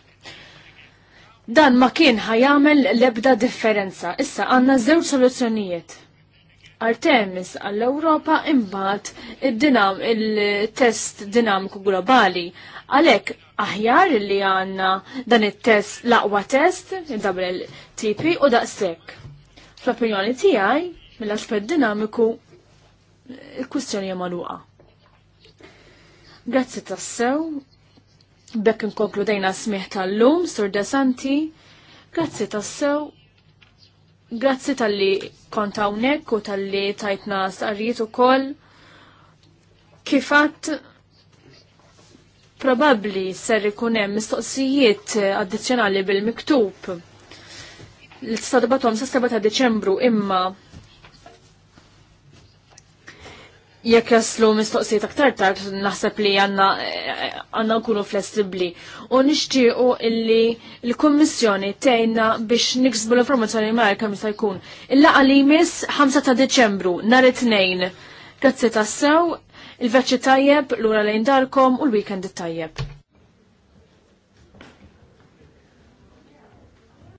Dan ma kien ħajamel lebda differenza. Issa għanna żewġ soluzzjonijiet. Artemis għall-Europa imbagħad id-dinam il-test dinamiku globali. Għalhekk aħjar li għanna dan il-test, laqwa test, il-WLTP u daqsek. Fl-opinjoni għaj, mill-aspet dinamiku, il-kustjoni jemaluqa. Grazzi tassew, bekk inkonkludejna smieħ tal-lum, Sur Desanti, grazzi tassew, grazzi tal-li kont hawnhekk u tal-li tajtna sqarrijiet ukoll. Kifat Probabbli ser ikunem hemm mistoqsijiet addizzjonali bil-miktub. L-istadbatom sa' 7 ta' Deċembru imma jekk jaslu mistoqsijiet aktar tard naħseb li għanna għanna nkunu flessibli. U nixtiequ illi l-Kummissjoni tejna biex niksbu l-informazzjoni mal kemm jista' jkun. Il-laqgħa li jmiss 5 ta' Deċembru nhar it-tnejn. Grazie tassew, il veċċi tajjeb, l-ura lejn darkom u l-weekend tajjeb.